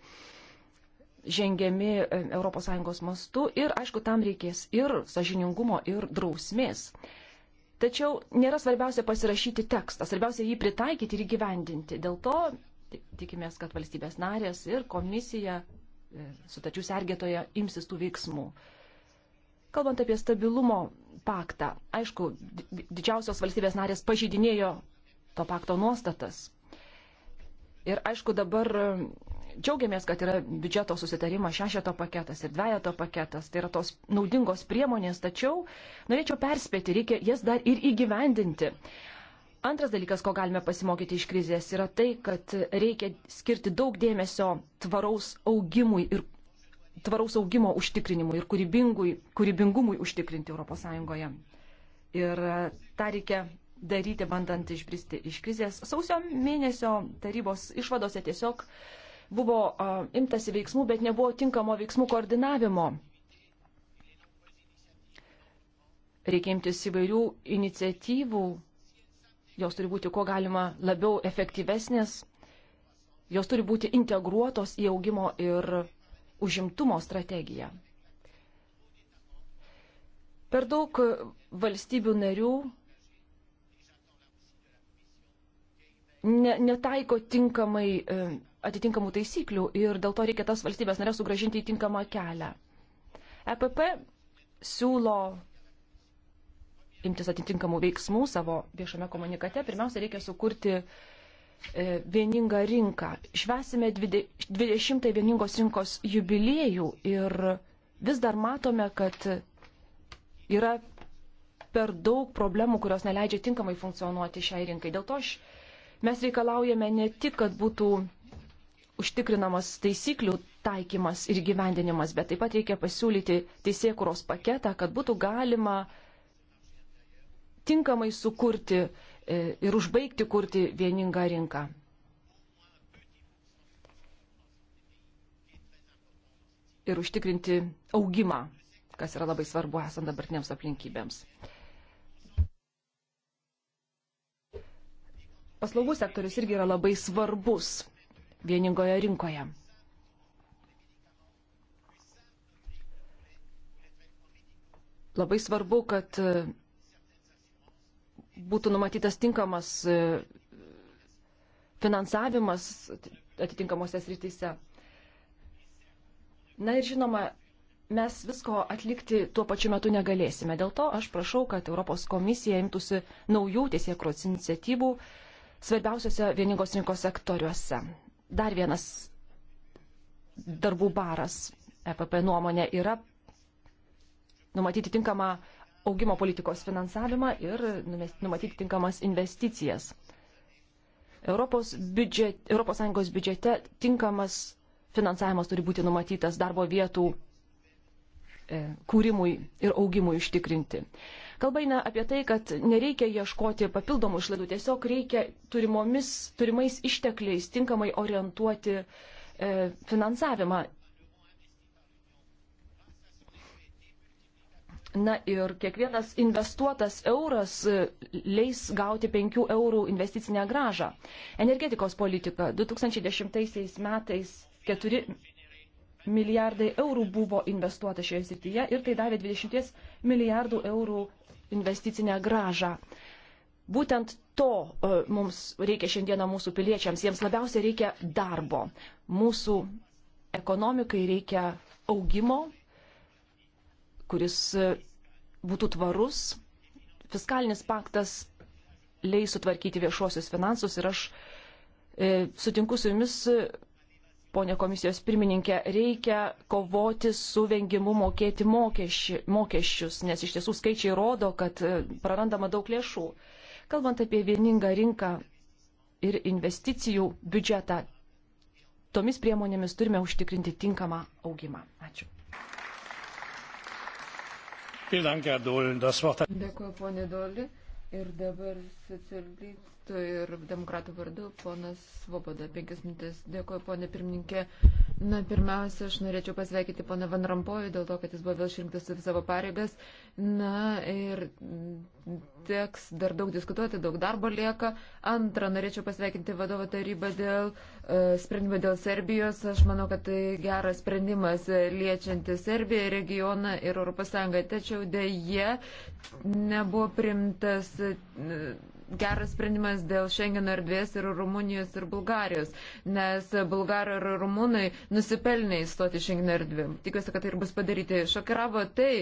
S3: žengiami ES mastu ir, aišku, tam reikės ir sažiningumo, ir drausmės. Tačiau nėra svarbiausia pasirašyti tekstą, svarbiausia jį pritaikyti ir įgyvendinti. Dėl to tikimės, kad valstybės narės ir komisija, e, sutarčių sergėtoja, imsis tų veiksmų. Kalbant apie stabilumo paktą, aišku, didžiausios valstybės narės pažydinėjo to pakto nuostatas. Ir aišku, dabar Džiaugiamės, kad yra biudžeto susitarimas, šešeto paketas ir dvejeto paketas, tai yra tos naudingos priemonės, tačiau norėčiau perspėti, reikia jas dar ir įgyvendinti. Antras dalykas, ko galime pasimokyti iš krizės, yra tai, kad reikia skirti daug dėmesio tvaraus augimui ir tvaraus augimo užtikrinimui ir kūrybingumui užtikrinti ES. Ir tą reikia daryti, bandant išbristi iš krizės. Sausio mėnesio tarybos išvadose tiesiog uh, buvo imtasi veiksmų, bet nebuvo tinkamo veiksmų koordinavimo. Reikia imtis įvairių iniciatyvų, jos turi būti kuo galima labiau efektyvesnės, jos turi būti integruotos į augimo ir užimtumo strategiją. Per daug valstybių narių ne, netaiko tinkamai e, atitinkamų taisyklių ir dėl to reikia tas valstybės narės sugražinti į tinkamą kelią. EPP siūlo imtis atitinkamų veiksmų savo viešame komunikate. Pirmiausia, reikia sukurti e, vieningą rinką. Švesime 20 vieningos rinkos jubiliejų ir vis dar matome, kad yra per daug problemų, kurios neleidžia tinkamai funkcionuoti šiai rinkai. Dėl to aš, mes reikalaujame ne tik, kad būtų užtikrinamas taisyklių taikymas ir gyvendinimas, bet taip pat reikia pasiūlyti teisėkuros paketą, kad būtų galima tinkamai sukurti e, ir užbaigti kurti vieningą rinką. Ir užtikrinti augimą, kas yra labai svarbu esant dabartiniams aplinkybėms. Paslaugų sektorius irgi yra labai svarbus vieningoje rinkoje. Labai svarbu, kad e, būtų numatytas tinkamas e, finansavimas atitinkamosios rytise. Na ir žinoma, mes visko atlikti tuo pačiu metu negalėsime. Dėl to aš prašau, kad Europos komisija imtųsi naujų teisėkros iniciatyvų svarbiausiose vieningos rinkos sektoriuose dar vienas darbų baras, EPP nuomonė, yra numatyti tinkamą augimo politikos finansavimą ir numatyti tinkamas investicijas. Europos, biudžet, Europos Sąjungos biudžete tinkamas finansavimas turi būti numatytas darbo vietų e, kūrimui ir augimui užtikrinti. Kalba eina apie tai, kad nereikia ieškoti papildomų išlaidų, tiesiog reikia turimomis, turimais ištekliais tinkamai orientuoti e, finansavimą. Na ir kiekvienas investuotas euras e, leis gauti 5 eurų investicinę gražą. Energetikos politika 2010 metais 4 milijardai eurų buvo investuota šioje srityje ir tai davė 20 milijardų eurų investicinę gražą. Būtent to e, mums reikia šiandieną mūsų piliečiams. Jiems labiausiai reikia darbo. Mūsų ekonomikai reikia augimo, kuris e, būtų tvarus. Fiskalinis paktas leis sutvarkyti viešuosius finansus ir aš e, sutinku su jumis ponė komisijos pirmininkė, reikia kovoti su vengimu mokėti mokesči, mokesčius, nes iš tiesų skaičiai rodo, kad e, prarandama daug lėšų. Kalbant apie vieningą rinką ir investicijų biudžetą, tomis priemonėmis turime užtikrinti tinkamą augimą. Ačiū.
S2: Dėkuoju,
S1: ponė Doli. Ir dabar socialistai socialistų ir demokratų vardu, ponas Svoboda, penkias minutės. Dėkuoju, ponė pirmininkė. Na, pirmiausia, aš norėčiau pasveikinti poną Van Rampojų dėl to, kad jis buvo vėl išrinktas į savo pareigas. Na, ir teks dar daug diskutuoti, daug darbo lieka. Antra, norėčiau pasveikinti vadovo tarybą dėl uh, sprendimo dėl Serbijos. Aš manau, kad tai geras sprendimas e, liečianti Serbiją, regioną ir ES. Tačiau dėje nebuvo primtas. Uh, geras sprendimas dėl Schengeno erdvės ir Rumunijos ir Bulgarijos, nes Bulgarai ir Rumunai nusipelnė įstoti Schengeno erdvį. Tikiuosi, kad tai ir bus padaryti. Šokiravo tai,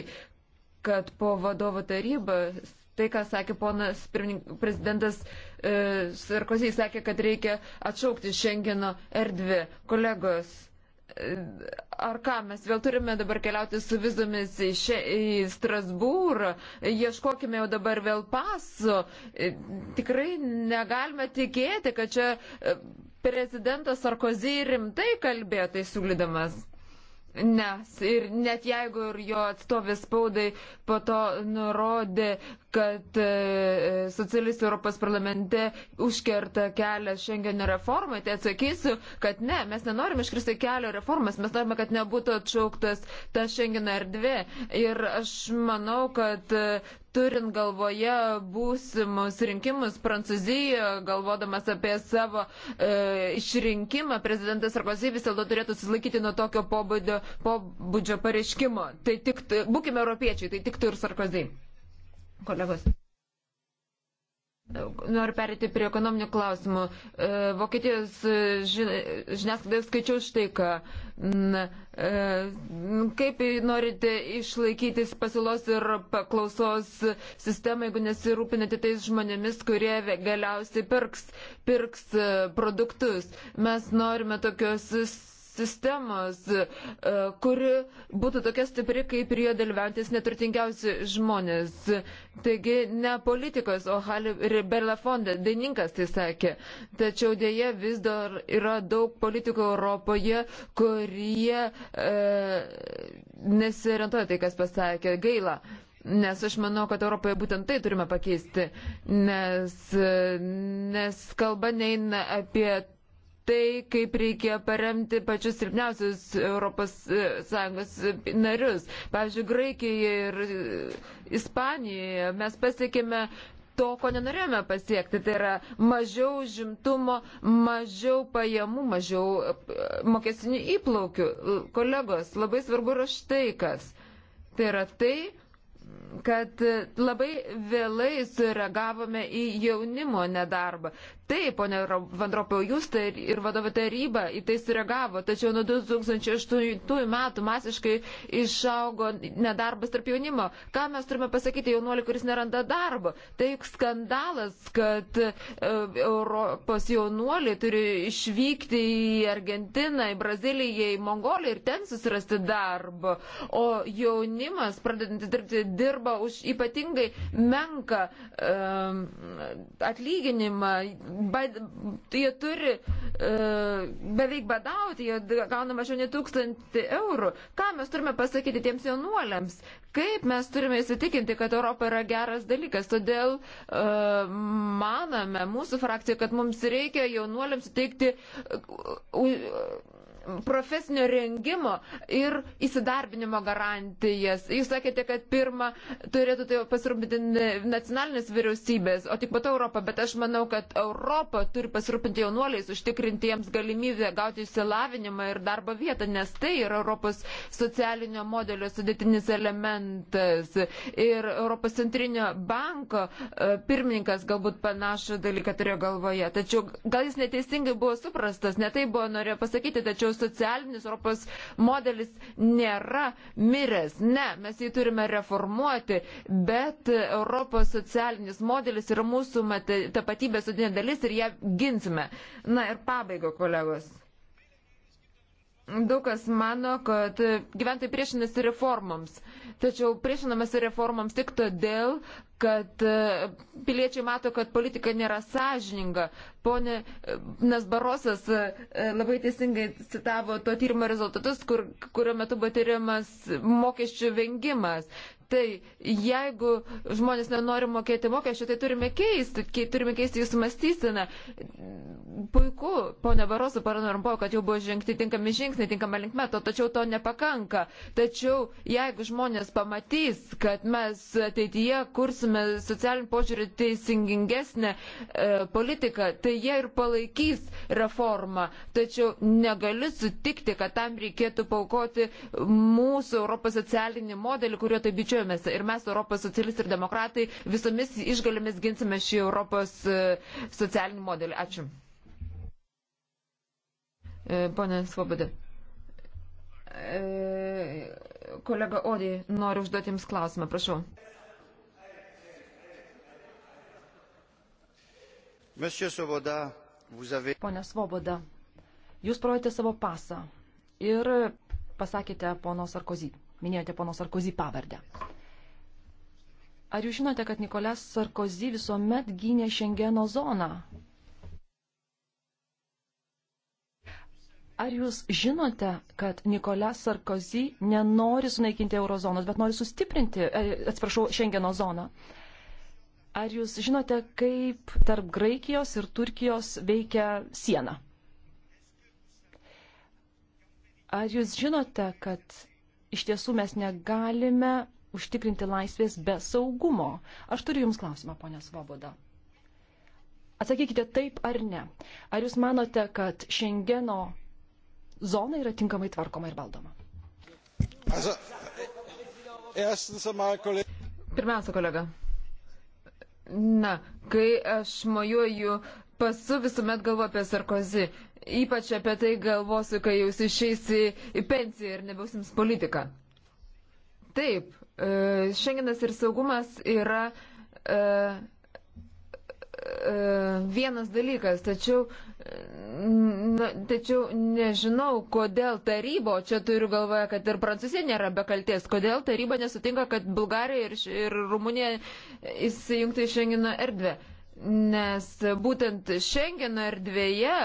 S1: kad po vadovo tarybos tai, ką sakė ponas prezidentas e, Sarkozy, sakė, kad reikia atšaukti Schengeno erdvį. Kolegos, Ar ką, mes vėl turime dabar keliauti su vizomis į, še, į Strasbūrą, ieškokime jau dabar vėl paso. Tikrai negalime tikėti, kad čia e, prezidentas Sarkozy rimtai kalbėjo tai siūlydamas. Nes ir net jeigu ir jo atstovės spaudai po to nurodė, kad e, e, socialistai Europos parlamente užkerta kelią Schengeno reformai, tai atsakysiu, kad ne, mes nenorime iškristi kelio reformas, mes norime, kad nebūtų atšauktas ta Schengeno erdvė. Ir aš manau, kad e, turint galvoje būsimus rinkimus Prancūzijoje, galvodamas apie savo e, išrinkimą, prezidentas Sarkozy vis dėlto turėtų susilaikyti nuo tokio pobūdžio, pobūdžio pareiškimo. Tai tik, būkime europiečiai, tai tiktų ir Sarkozy. Kolegos. Noriu perėti prie ekonominių klausimų. E, Vokietijos e, žiniasklaidai skaičiau štai ką. E, kaip norite išlaikyti pasiūlos ir paklausos sistemą, jeigu nesirūpinate tais žmonėmis, kurie galiausiai pirks, pirks produktus? Mes norime tokios sistemos, e, kuri būtų tokia stipri, kaip ir jo dalyvantis neturtingiausi žmonės. Taigi ne politikas, o Halib Belafonde, daininkas tai sakė. Tačiau dėje vis dar yra daug politikų Europoje, kurie e, nesirentuoja tai, kas pasakė. Gaila. Nes aš manau, kad Europoje būtent tai turime pakeisti, nes, e, nes kalba neina apie tai, kaip reikia paremti pačius silpniausius ES e, narius. Pavyzdžiui, Graikijoje ir e, Ispanijoje mes pasiekėme to, ko nenorėjome pasiekti. Tai yra mažiau žimtumo, mažiau pajamų, mažiau e, mokesinių įplaukių. Kolegos, labai svarbu yra štai kas. Tai yra tai, kad labai vėlai sureagavome į jaunimo nedarbą. Taip, ponė Vandropio, jūs tai ir vadovė taryba į tai sureagavo, tačiau nuo 2008 metų masiškai išaugo nedarbas tarp jaunimo. Ką mes turime pasakyti jaunuoliu, kuris neranda darbo? Tai skandalas, kad e, Europos jaunuoliai turi išvykti į Argentiną, į Braziliją, į Mongoliją ir ten susirasti darbo, o jaunimas pradedantis dirbti dirba už ypatingai menką um, atlyginimą, ba, jie turi uh, beveik badauti, jie gauna mažiau nei tūkstantį eurų. Ką mes turime pasakyti tiems jaunuoliams? Kaip mes turime įsitikinti, kad Europa yra geras dalykas? Todėl uh, maname, mūsų frakcija, kad mums reikia jaunuoliams suteikti. Uh, uh, profesinio rengimo ir įsidarbinimo garantijas. Jūs sakėte, kad pirmą turėtų tai pasirūpinti nacionalinės vyriausybės, o tik po to Europą, bet aš manau, kad Europa turi pasirūpinti jaunuoliais, užtikrinti jiems galimybę gauti išsilavinimą ir darbo vietą, nes tai yra Europos socialinio modelio sudėtinis elementas. Ir Europos centrinio banko e, pirmininkas galbūt panašų dalyką turėjo galvoje. Tačiau gal jis neteisingai buvo suprastas, netai buvo norėjo pasakyti, tačiau socialinis Europos modelis nėra miręs. Ne, mes jį turime reformuoti, bet Europos socialinis modelis yra mūsų tapatybės sudinė dalis ir ją ginsime. Na ir pabaigo, kolegos. Daug kas mano, kad gyventojai priešinasi reformoms. Tačiau priešinamasi reformoms tik todėl, kad e, piliečiai mato, kad politika nėra sąžininga. Pone e, Nesbarosas e, labai teisingai citavo to tyrimo rezultatus, kur, kurio metu buvo tyrimas mokesčių vengimas. Tai jeigu žmonės nenori mokėti mokesčių, tai turime keisti, turime keisti jūsų mąstyseną. Puiku, ponia Baroso, paranormbo, kad jau buvo žengti tinkami žingsniai, tinkama linkme, to, tačiau to nepakanka. Tačiau jeigu žmonės pamatys, kad mes ateityje kursime socialinį požiūrį teisingesnę e, politiką, tai jie ir palaikys reformą. Tačiau negaliu sutikti, kad tam reikėtų paukoti mūsų Europos socialinį modelį, kurio taip bičiu skaičiuojamės. Ir mes, Europos socialistai ir demokratai, visomis išgalėmis ginsime šį Europos e, socialinį modelį. Ačiū. E, Pone Svobodė. E, kolega Odį, noriu užduoti Jums klausimą, prašau.
S5: Svoboda, avez...
S3: Pone Svoboda, Jūs projekte savo pasą ir pasakėte pono Sarkozy Minėjote pono Sarkozy pavardę. Ar jūs žinote, kad Nikolas Sarkozy visuomet gynė Šengeno zoną? Ar jūs žinote, kad Nikolas Sarkozy nenori sunaikinti eurozonos, bet nori sustiprinti, e, atsiprašau, Šengeno zoną? Ar jūs žinote, kaip tarp Graikijos ir Turkijos veikia siena? Ar jūs žinote, kad iš tiesų mes negalime užtikrinti laisvės be saugumo. Aš turiu Jums klausimą, ponė Svoboda. Atsakykite taip ar ne. Ar Jūs manote, kad Šengeno zona yra tinkamai tvarkoma ir valdoma?
S1: Pirmiausia, kolega. Na, kai aš mojuoju pasu, visuomet galvoju apie Sarkozy ypač apie tai galvosiu, kai jūs išeis į, į pensiją ir nebeusims politiką. Taip, šiandienas e, ir saugumas yra e, e, vienas dalykas, tačiau, na, tačiau nežinau, kodėl tarybo, čia turiu galvoje, kad ir Prancūzija nėra be kalties, kodėl taryba nesutinka, kad Bulgarija ir, ir Rumunija įsijungtų į Šengino erdvę. Nes būtent Šengino erdvėje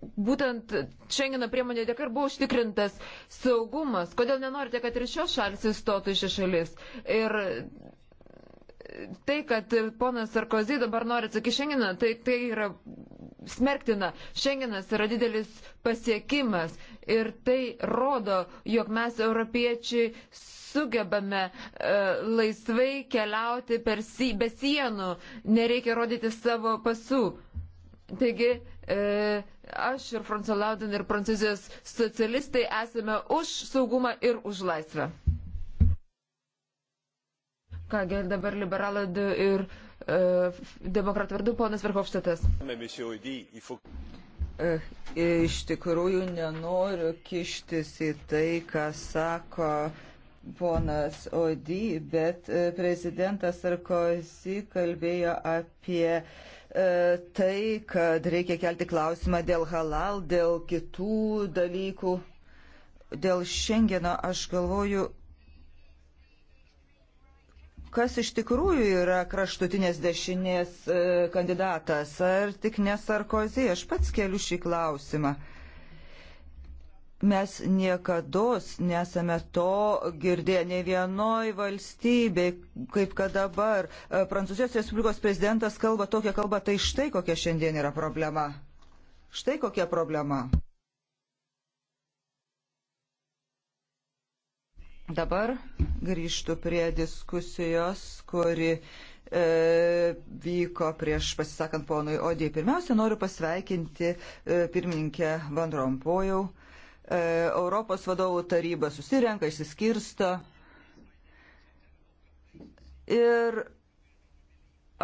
S1: būtent Šengeno priemonė dėka ir buvo užtikrintas saugumas. Kodėl nenorite, kad ir šios šalis įstotų iš šalis? Ir tai, kad ponas Sarkozy dabar nori atsakyti Šengeną, tai, tai yra smerktina. Šengenas yra didelis pasiekimas ir tai rodo, jog mes europiečiai sugebame e, laisvai keliauti per si be sienų, nereikia rodyti savo pasų. Taigi, e, aš ir Fransolaudin ir prancūzijos socialistai esame už saugumą ir už laisvę. Kągi dabar liberalai ir e, demokratų vardu ponas Verhofštatas.
S4: E, iš tikrųjų nenoriu kištis į tai, ką sako ponas Odi, bet e, prezidentas Sarkozy kalbėjo apie E, tai, kad reikia kelti klausimą dėl halal, dėl kitų dalykų. Dėl šiandieno aš galvoju, kas iš tikrųjų yra kraštutinės dešinės e, kandidatas, ar tik ne Sarkozy, aš pats keliu šį klausimą. Mes niekada nesame to girdėję ne vienoj valstybei, kaip kad dabar. E, Prancūzijos Respublikos prezidentas kalba tokią kalbą, tai štai kokia šiandien yra problema. Štai kokia problema. Dabar grįžtų prie diskusijos, kuri e, vyko prieš pasisakant ponui Odijai. Pirmiausia, noriu pasveikinti e, pirmininkę Van Rompojau. E, E, Europos vadovų taryba susirenka, išsiskirsto. Ir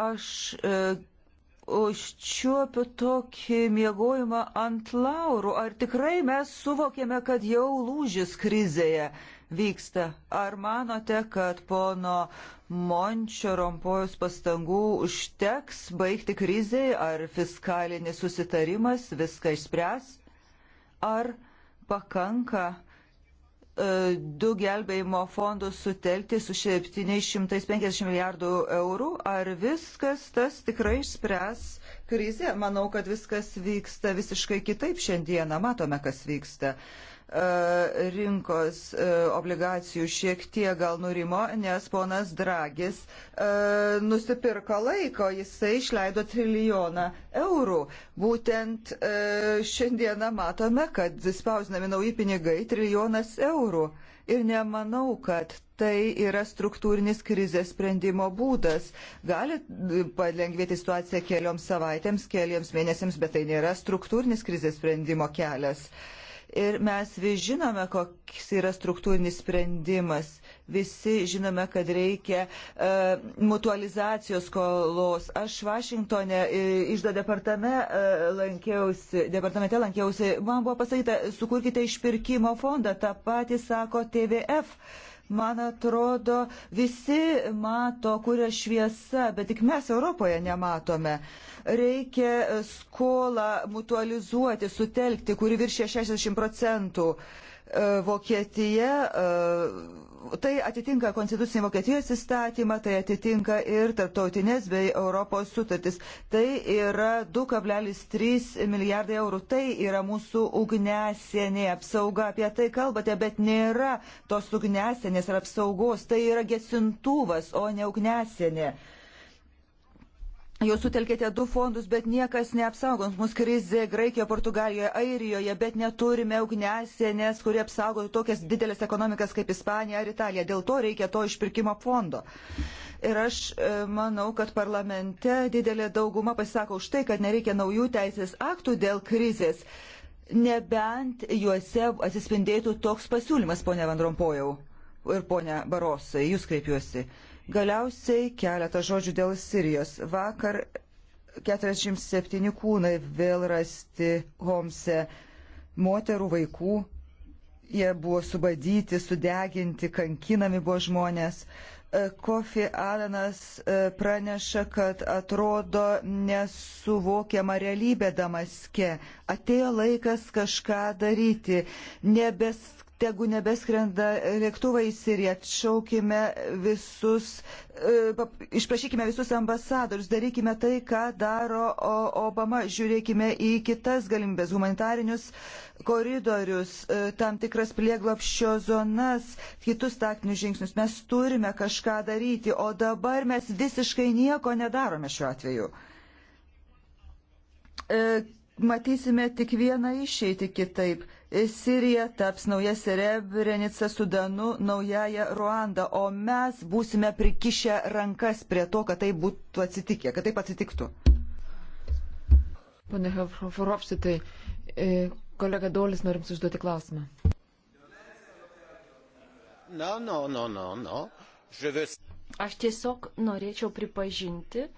S4: aš e, užčiuopiu tokį mėgojimą ant laurų. Ar tikrai mes suvokėme, kad jau lūžis krizėje vyksta? Ar manote, kad pono Mončio rompojus pastangų užteks baigti krizėje? Ar fiskalinis susitarimas viską išspręs? Ar uh, pakanka e, du gelbėjimo fondus sutelkti su 750 milijardų eurų, ar viskas tas tikrai išspręs krizę? Manau, kad viskas vyksta visiškai kitaip šiandieną, matome, kas vyksta. Uh, E, rinkos e, obligacijų šiek tiek gal nurimo, nes ponas Dragis e, nusipirko laiko, jisai išleido trilijoną eurų. Būtent šiandieną matome, kad spausinami nauji pinigai trilijonas eurų. Ir nemanau, kad tai yra struktūrinis krizės sprendimo būdas. Gali palengvėti situaciją kelioms savaitėms, keliems mėnesiams, bet tai nėra struktūrinis krizės sprendimo kelias. Uh, Ir mes vis žinome, koks yra struktūrinis sprendimas. Visi žinome, kad reikia e, mutualizacijos skolos. Aš Vašingtonė e, išdo departame, e, lankiausi, departamente lankiausi. Man buvo pasakyta, sukurkite išpirkimo fondą. Ta pati sako TVF Man atrodo, visi mato, kur yra šviesa, bet tik mes Europoje nematome. Reikia skolą mutualizuoti, sutelkti, kuri viršė 60 procentų. E, Vokietija e, tai atitinka konstitucinį Vokietijos įstatymą, tai atitinka ir tarptautinės bei Europos sutartis. Tai yra 2,3 milijardai eurų. Tai yra mūsų ugnesienė apsauga. Apie tai kalbate, bet nėra tos ugnesienės ar apsaugos. Tai yra gesintuvas, o ne ugnesienė. Jūs sutelkėte du fondus, bet niekas neapsaugos mus krizė Graikijoje, Portugalijoje, Airijoje, bet neturime ugnesienės, kurie apsaugotų tokias didelės ekonomikas kaip Ispanija ar Italija. Dėl to reikia to išpirkimo fondo. Ir aš e, manau, kad parlamente didelė dauguma pasisako už tai, kad nereikia naujų teisės aktų dėl krizės, nebent juose atsispindėtų toks pasiūlymas, ponia Vandrompojau ir ponia Barosai, jūs kreipiuosi. Uh, Galiausiai keletą žodžių dėl Sirijos. Vakar 47 kūnai vėl rasti Homse moterų, vaikų. Jie buvo subadyti, sudeginti, kankinami buvo žmonės. E, Kofi Alenas e, praneša, kad atrodo nesuvokiama realybė Damaske. Atėjo laikas kažką daryti. Nebes tegu nebeskrenda lėktuvai į Siriją, atšaukime visus, e, išprašykime visus ambasadorius, darykime tai, ką daro Obama, žiūrėkime į kitas galimybės, humanitarinius koridorius, e, tam tikras prieglapščio zonas, kitus taktinius žingsnius. Mes turime kažką daryti, o dabar mes visiškai nieko nedarome šiuo atveju. E, matysime tik vieną išeitį kitaip. Sirija taps nauja Serebrenica, Sudanu, naujaja Ruanda, o mes būsime prikišę rankas prie to, kad tai būtų atsitikę, kad taip atsitiktų.
S1: Pane Hafrovsitai, e, kolega Dolis norim užduoti klausimą.
S5: No, no, no, no, no. Veux...
S1: Aš tiesiog norėčiau
S3: pripažinti,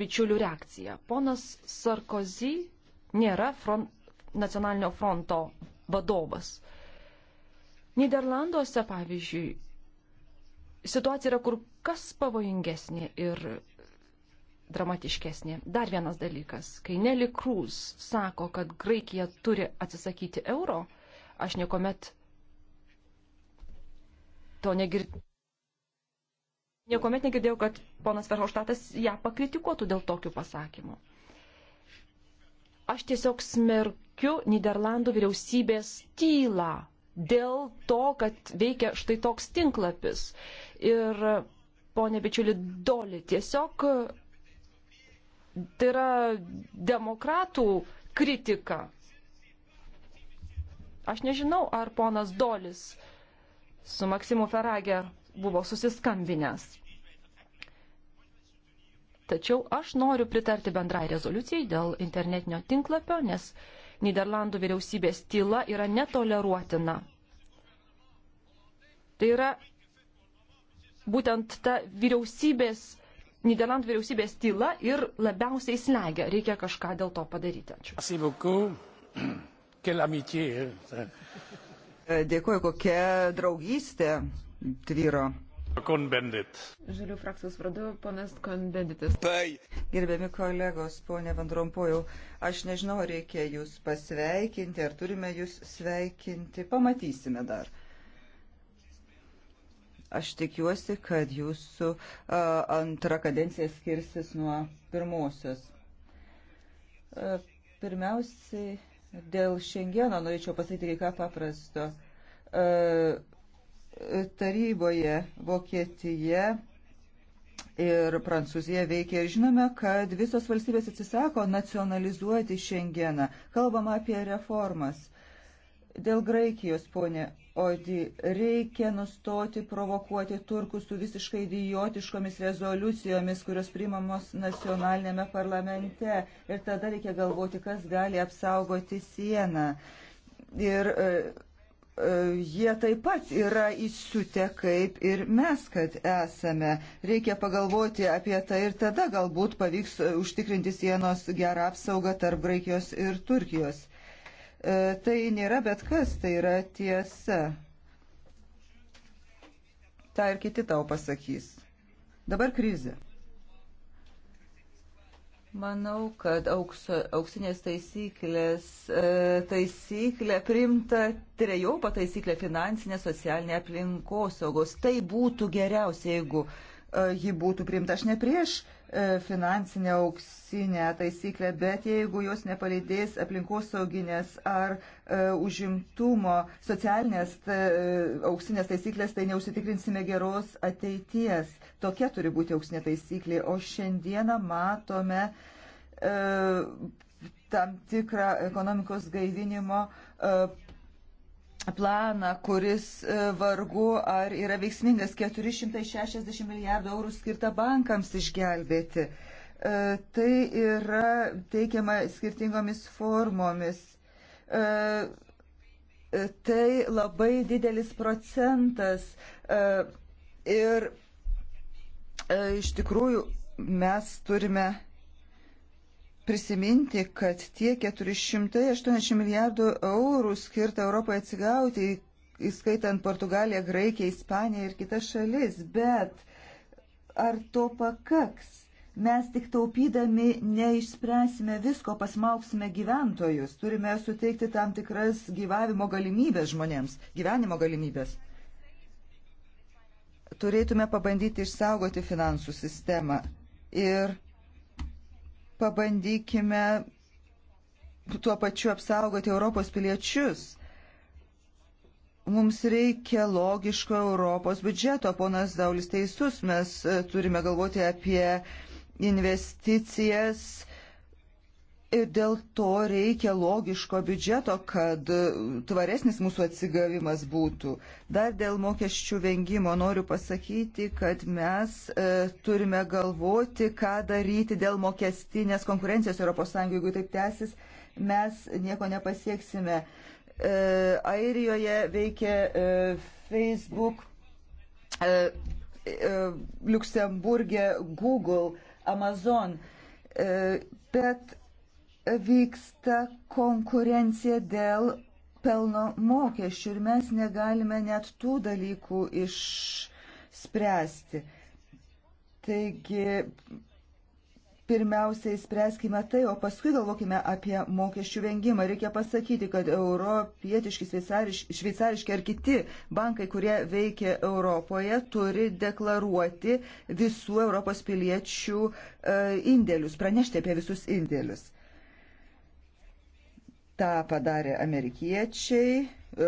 S3: bičiulių reakcija. Ponas Sarkozy nėra front, nacionalinio fronto vadovas. Niderlanduose, pavyzdžiui, situacija yra kur kas pavojingesnė ir dramatiškesnė. Dar vienas dalykas, kai Nelly Cruz sako, kad Graikija turi atsisakyti euro, aš niekuomet to negirdėjau niekuomet negirdėjau, kad ponas Verhoštatas ją pakritikuotų dėl tokių pasakymų. Aš tiesiog smerkiu Niderlandų vyriausybės tylą dėl to, kad veikia štai toks tinklapis. Ir, ponė bičiuli, doli tiesiog tai yra demokratų kritika. Aš nežinau, ar ponas Dolis su Maksimu Ferager buvo susiskambinęs. Tačiau aš noriu pritarti bendrai rezoliucijai dėl internetinio tinklapio, nes Niderlandų vyriausybės tyla yra netoleruotina. Tai yra būtent ta vyriausybės, Niderlandų vyriausybės tyla ir labiausiai slegia. Reikia kažką dėl to padaryti.
S4: Ačiū. Dėkuoju, kokia draugystė tvyro.
S2: Konbendit.
S1: Žalių frakcijos vardu, ponas Konbenditas. Tai. Gerbiami kolegos,
S4: ponė Vandrompojau, aš nežinau, reikia jūs pasveikinti, ar turime jūs sveikinti, pamatysime dar. Aš tikiuosi, kad jūsų uh, antra kadencija skirsis nuo pirmosios. Uh, pirmiausiai, dėl šiandieną norėčiau pasakyti kai ką paprasto. Uh, taryboje Vokietija ir Prancūzija veikia ir žinome, kad visos valstybės atsisako nacionalizuoti šiandieną. Kalbama apie reformas. Dėl Graikijos, ponė Odi, reikia nustoti provokuoti turkus su visiškai idiotiškomis rezoliucijomis, kurios primamos nacionalinėme parlamente. Ir tada reikia galvoti, kas gali apsaugoti sieną. Ir e, jie taip pat yra įsiutę kaip ir mes, kad esame. Reikia pagalvoti apie tai ir tada galbūt pavyks užtikrinti sienos gerą apsaugą tarp Graikijos ir Turkijos. E, tai nėra bet kas, tai yra tiesa. Ta ir kiti tau pasakys. Dabar krizė. Manau, kad aukso, auksinės taisyklės e, taisyklė primta trejopą taisyklę finansinė, socialinė aplinkosaugos. Tai būtų geriausia, jeigu e, ji būtų primta. Aš ne prieš e, finansinę auksinę taisyklę, bet jeigu jos nepalydės aplinkosauginės ar užimtumo socialinės auksinės taisyklės, tai neusitikrinsime geros ateities Tokia turi būti auksinė taisyklė. O šiandieną matome e, tam tikrą ekonomikos gaivinimo e, planą, kuris e, vargu ar yra veiksmingas 460 milijardų eurų skirta bankams išgelbėti. E, tai yra teikiama skirtingomis formomis. E, tai labai didelis procentas ir E, iš tikrųjų, mes turime prisiminti, kad tie 480 milijardų eurų skirta Europai atsigauti, įskaitant Portugaliją, Graikiją, Ispaniją ir kitas šalis, bet ar to pakaks? Mes tik taupydami neišspręsime visko, pasmauksime gyventojus, turime suteikti tam tikras gyvavimo galimybės žmonėms, gyvenimo galimybės turėtume pabandyti išsaugoti finansų sistemą ir pabandykime tuo pačiu apsaugoti Europos piliečius. Mums reikia logiško Europos biudžeto, ponas Daulis teisus, mes e, turime galvoti apie investicijas, Ir dėl to reikia logiško biudžeto, kad tvaresnis mūsų atsigavimas būtų. Dar dėl mokesčių vengimo noriu pasakyti, kad mes e, turime galvoti, ką daryti dėl mokestinės konkurencijos ES. Jeigu taip tęsis, mes nieko nepasieksime. E, Airijoje veikia e, Facebook, e, e, Luksemburgė, Google, Amazon. E, bet vyksta konkurencija dėl pelno mokesčių ir mes negalime net tų dalykų išspręsti. Taigi, pirmiausiai spręskime tai, o paskui galvokime apie mokesčių vengimą. Reikia pasakyti, kad europietiški, šveicariški ar kiti bankai, kurie veikia Europoje, turi deklaruoti visų Europos piliečių e, indėlius, pranešti apie visus indėlius tą padarė amerikiečiai. E,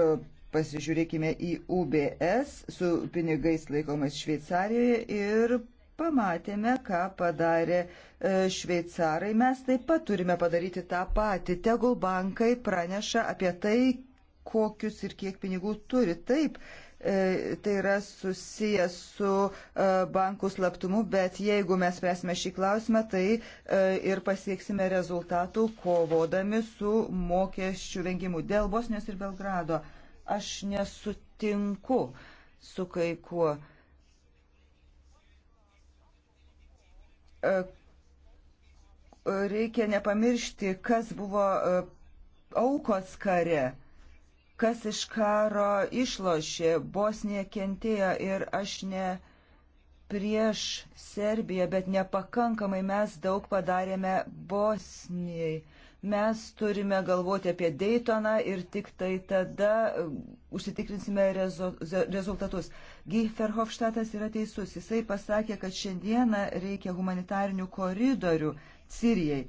S4: pasižiūrėkime į UBS su pinigais laikomas Šveicarijoje ir pamatėme, ką padarė e, šveicarai. Mes taip pat turime padaryti tą patį. Tegul bankai praneša apie tai, kokius ir kiek pinigų turi. Taip, E, tai yra susijęs su e, bankų slaptumu, bet jeigu mes spręsime šį klausimą, tai e, ir pasieksime rezultatų kovodami su mokesčių vengimu. Dėl Bosnijos ir Belgrado aš nesutinku su kai kuo reikia nepamiršti, kas buvo aukos kare kas iš karo išlošė, Bosnija kentėjo ir aš ne prieš Serbiją, bet nepakankamai mes daug padarėme Bosnijai. Mes turime galvoti apie Daytoną ir tik tai tada uh, užsitikrinsime rezo, rezultatus. Guy Ferhofštatas yra teisus. Jisai pasakė, kad šiandieną reikia humanitarinių koridorių Sirijai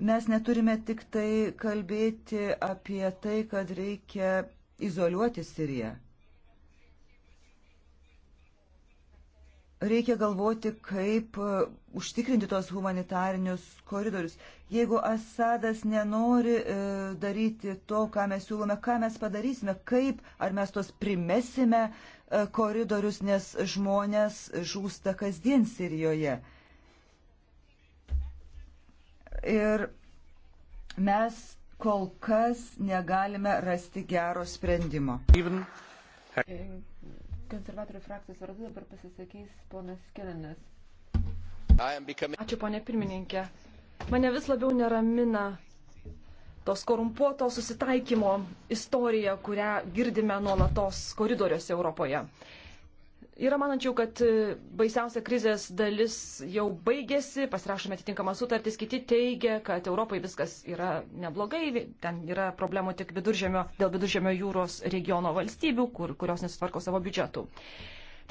S4: Mes neturime tik tai kalbėti apie tai, kad reikia izoliuoti Siriją. Reikia galvoti, kaip užtikrinti tos humanitarinius koridorius. Jeigu Asadas nenori e, daryti to, ką mes siūlome, ką mes padarysime, kaip, ar mes tos primesime e, koridorius, nes žmonės žūsta kasdien Sirijoje. E, Ir mes kol kas negalime rasti gero sprendimo. Even...
S1: Konservatorių frakcijos vardu dabar pasisakys
S3: ponas Kilinas. Becoming... Ačiū, ponė pirmininkė. Mane vis labiau neramina tos korumpuoto susitaikymo istorija, kurią girdime nuolatos koridoriuose Europoje. Yra manančių, kad e, baisiausia krizės dalis jau baigėsi, pasirašome atitinkamą sutartis, kiti teigia, kad Europai viskas yra neblogai, ten yra problemų tik viduržėmio, dėl viduržėmio jūros regiono valstybių, kur, kurios nesutvarko savo biudžetų.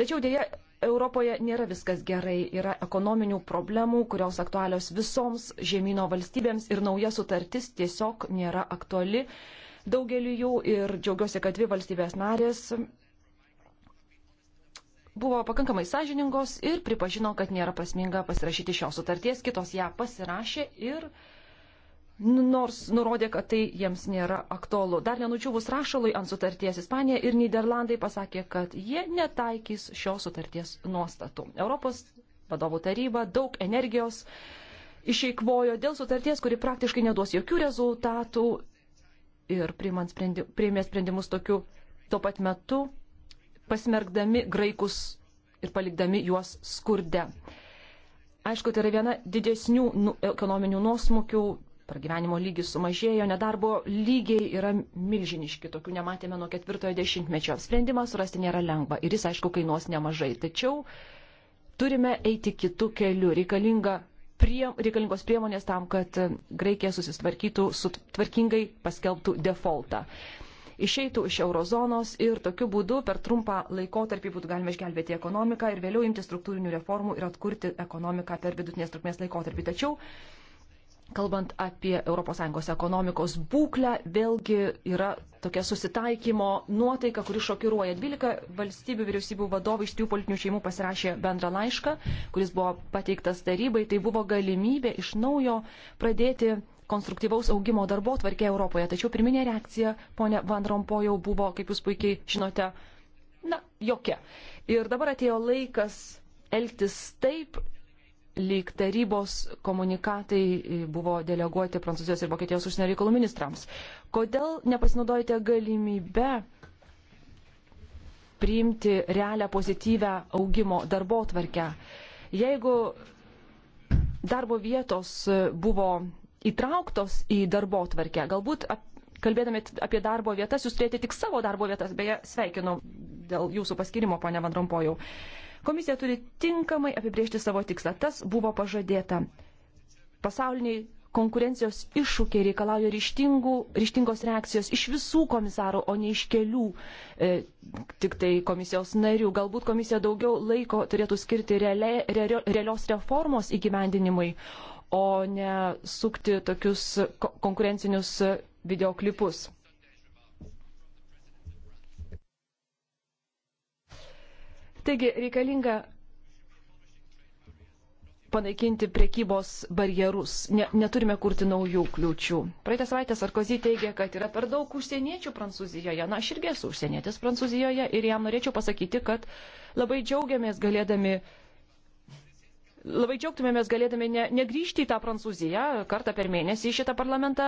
S3: Tačiau dėja, Europoje nėra viskas gerai, yra ekonominių problemų, kurios aktualios visoms žemynų valstybėms ir nauja sutartis tiesiog nėra aktuali daugeliu jų ir džiaugiuosi, kad dvi valstybės narės buvo pakankamai sąžiningos ir pripažino, kad nėra prasminga pasirašyti šios sutarties, kitos ją pasirašė ir nors nurodė, kad tai jiems nėra aktualu. Dar nenudžiūvus rašalui ant sutarties Ispanija ir Niderlandai pasakė, kad jie netaikys šios sutarties nuostatų. Europos vadovų taryba daug energijos išeikvojo dėl sutarties, kuri praktiškai neduos jokių rezultatų ir priimant sprendi, priėmė sprendimus tokiu tuo pat metu pasmergdami graikus ir palikdami juos skurde. Aišku, tai yra viena didesnių nu, ekonominių nuosmukių, pragyvenimo lygis sumažėjo, nedarbo lygiai yra milžiniški, tokių nematėme nuo ketvirtojo dešimtmečio. Sprendimą surasti nėra lengva ir jis, aišku, kainuos nemažai. Tačiau turime eiti kitų kelių. Reikalinga prie, reikalingos priemonės tam, kad Graikija susitvarkytų, sutvarkingai paskelbtų defaultą išeitų iš eurozonos ir tokiu būdu per trumpą laikotarpį būtų galima išgelbėti ekonomiką ir vėliau imti struktūrinių reformų ir atkurti ekonomiką per vidutinės trukmės laikotarpį. Tačiau Kalbant apie ES ekonomikos būklę, vėlgi yra tokia susitaikymo nuotaika, kuri šokiruoja. 12 valstybių vyriausybių vadovai iš trijų politinių šeimų pasirašė bendrą laišką, kuris buvo pateiktas tarybai. Tai buvo galimybė iš naujo pradėti konstruktyvaus augimo darbo tvarkė Europoje. Tačiau pirminė reakcija, ponė Van Rompojau, buvo, kaip jūs puikiai žinote, na, jokia. Ir dabar atėjo laikas elgtis taip, lyg tarybos komunikatai buvo deleguoti Prancūzijos ir Vokietijos užsienio reikalų ministrams. Kodėl nepasinaudojate galimybę priimti realią pozityvę augimo darbo tvarkę? Jeigu darbo vietos buvo įtrauktos į darbo tvarkę. Galbūt kalbėdami apie darbo vietas, jūs turėjote tik savo darbo vietas, beje, sveikinu dėl jūsų paskirimo, ponia Vandrompojau. Komisija turi tinkamai apibriežti savo tikslą. Tas buvo pažadėta. Pasauliniai konkurencijos iššūkiai reikalauja ryštingų, ryštingos reakcijos iš visų komisarų, o ne iš kelių e, tik tai komisijos narių. Galbūt komisija daugiau laiko turėtų skirti realia, realio, realios reformos įgyvendinimui, o ne sukti tokius konkurencinius videoklipus. Taigi reikalinga panaikinti priekybos barjerus. Ne, neturime kurti naujų kliūčių. Praeitą savaitę Sarkozy teigia, kad yra per daug užsieniečių Prancūzijoje. Na, aš irgi esu užsienietis Prancūzijoje ir jam norėčiau pasakyti, kad labai džiaugiamės galėdami uh, labai džiaugtumėmės galėdami ne, negrįžti į tą Prancūziją kartą per mėnesį į šitą parlamentą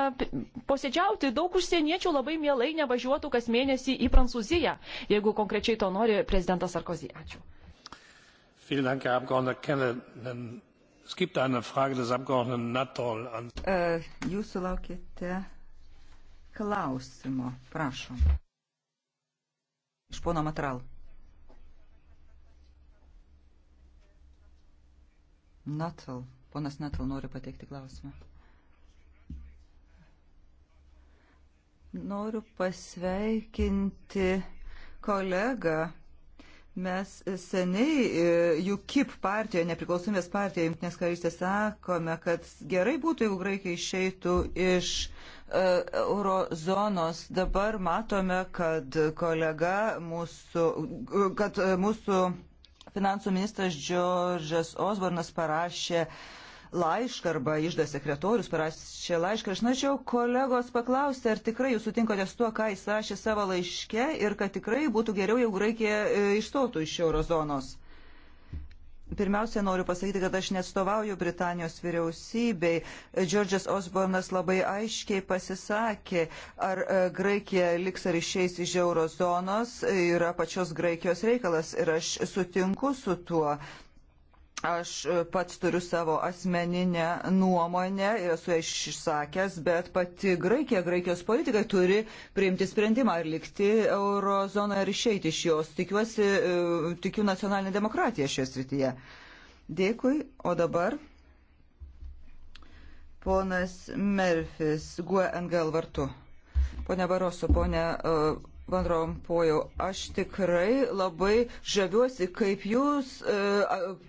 S3: posėdžiauti. Daug užsieniečių labai mielai nevažiuotų kas mėnesį į Prancūziją, jeigu konkrečiai to nori prezidentas Sarkozy. Ačiū.
S4: Äh, Jūs sulaukite klausimo. Prašom. Iš pono Matral. Natal. Ponas Natal nori pateikti klausimą. Noriu pasveikinti kolegą Mes seniai e, UKIP partijoje, nepriklausomės partijoje, Junktinės karalystės sakome, kad gerai būtų, jeigu Graikija išeitų iš uh, eurozonos. Dabar matome, kad kolega mūsų, kad e, mūsų finansų ministras Džordžas Osbornas parašė laišką arba išdas sekretorius parašė laišką. Aš norėčiau kolegos paklausti, ar tikrai jūs sutinkote su tuo, ką jis rašė savo laiške ir kad tikrai būtų geriau, jeigu Graikija e, išstotų iš eurozonos. Pirmiausia, noriu pasakyti, kad aš neatstovauju Britanijos vyriausybei. Džordžas Osbornas labai aiškiai pasisakė, ar e, Graikija liks ar išeis iš eurozonos, yra pačios Graikijos reikalas ir aš sutinku su tuo. Aš pats turiu savo asmeninę nuomonę, esu aš išsakęs, bet pati Graikija, Graikijos politikai turi priimti sprendimą ar likti eurozonoje ar išeiti iš jos. Tikiuosi, e, tikiu nacionalinę demokratiją šioje srityje. Dėkui, o dabar ponas Merfis, GUE NGL vartu. Pone Baroso, pone. Uh, Van Rompojau, aš tikrai labai žaviuosi, kaip jūs e,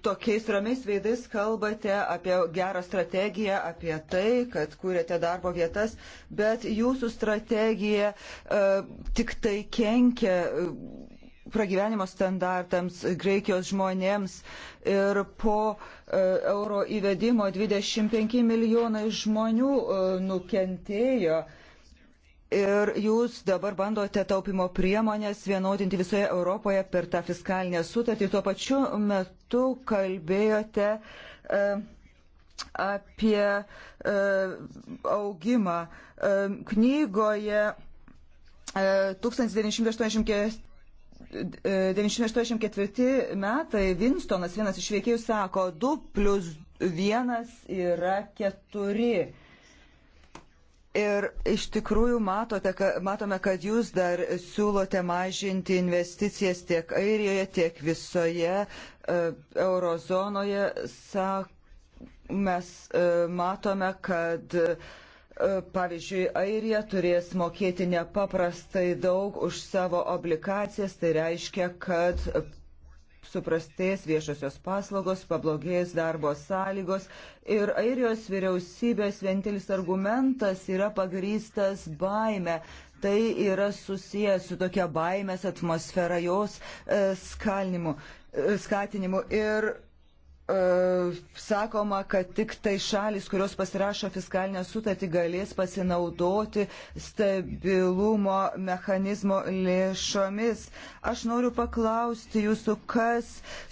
S4: tokiais ramiais veidais kalbate apie gerą strategiją, apie tai, kad kūrėte darbo vietas, bet jūsų strategija e, tik tai kenkia e, pragyvenimo standartams, Graikijos žmonėms ir po e, euro įvedimo 25 milijonai žmonių e, nukentėjo. E, Ir jūs dabar bandote taupimo priemonės vienodinti visoje Europoje per tą fiskalinę sutartį. Tuo pačiu metu kalbėjote e, apie e, augimą. E, knygoje e, 1984 1984 e, metai Winstonas, vienas iš veikėjų, sako, 2 plus 1 yra 4. Ir iš tikrųjų matote, ka, matome, kad jūs dar siūlote mažinti investicijas tiek Airijoje, tiek visoje e, eurozonoje. Sak, mes e, matome, kad e, pavyzdžiui Airija turės mokėti nepaprastai daug už savo obligacijas, tai reiškia, kad suprastės viešosios paslaugos, pablogės darbo sąlygos ir airijos vyriausybės vienintelis argumentas yra pagrystas baime. Tai yra susijęs su tokia baimės atmosfera jos e, skalinimu, e, skatinimu. Ir E, sakoma, kad tik tai šalis, kurios pasirašo fiskalinę sutartį, galės pasinaudoti stabilumo mechanizmo lėšomis. Aš noriu paklausti jūsų, kas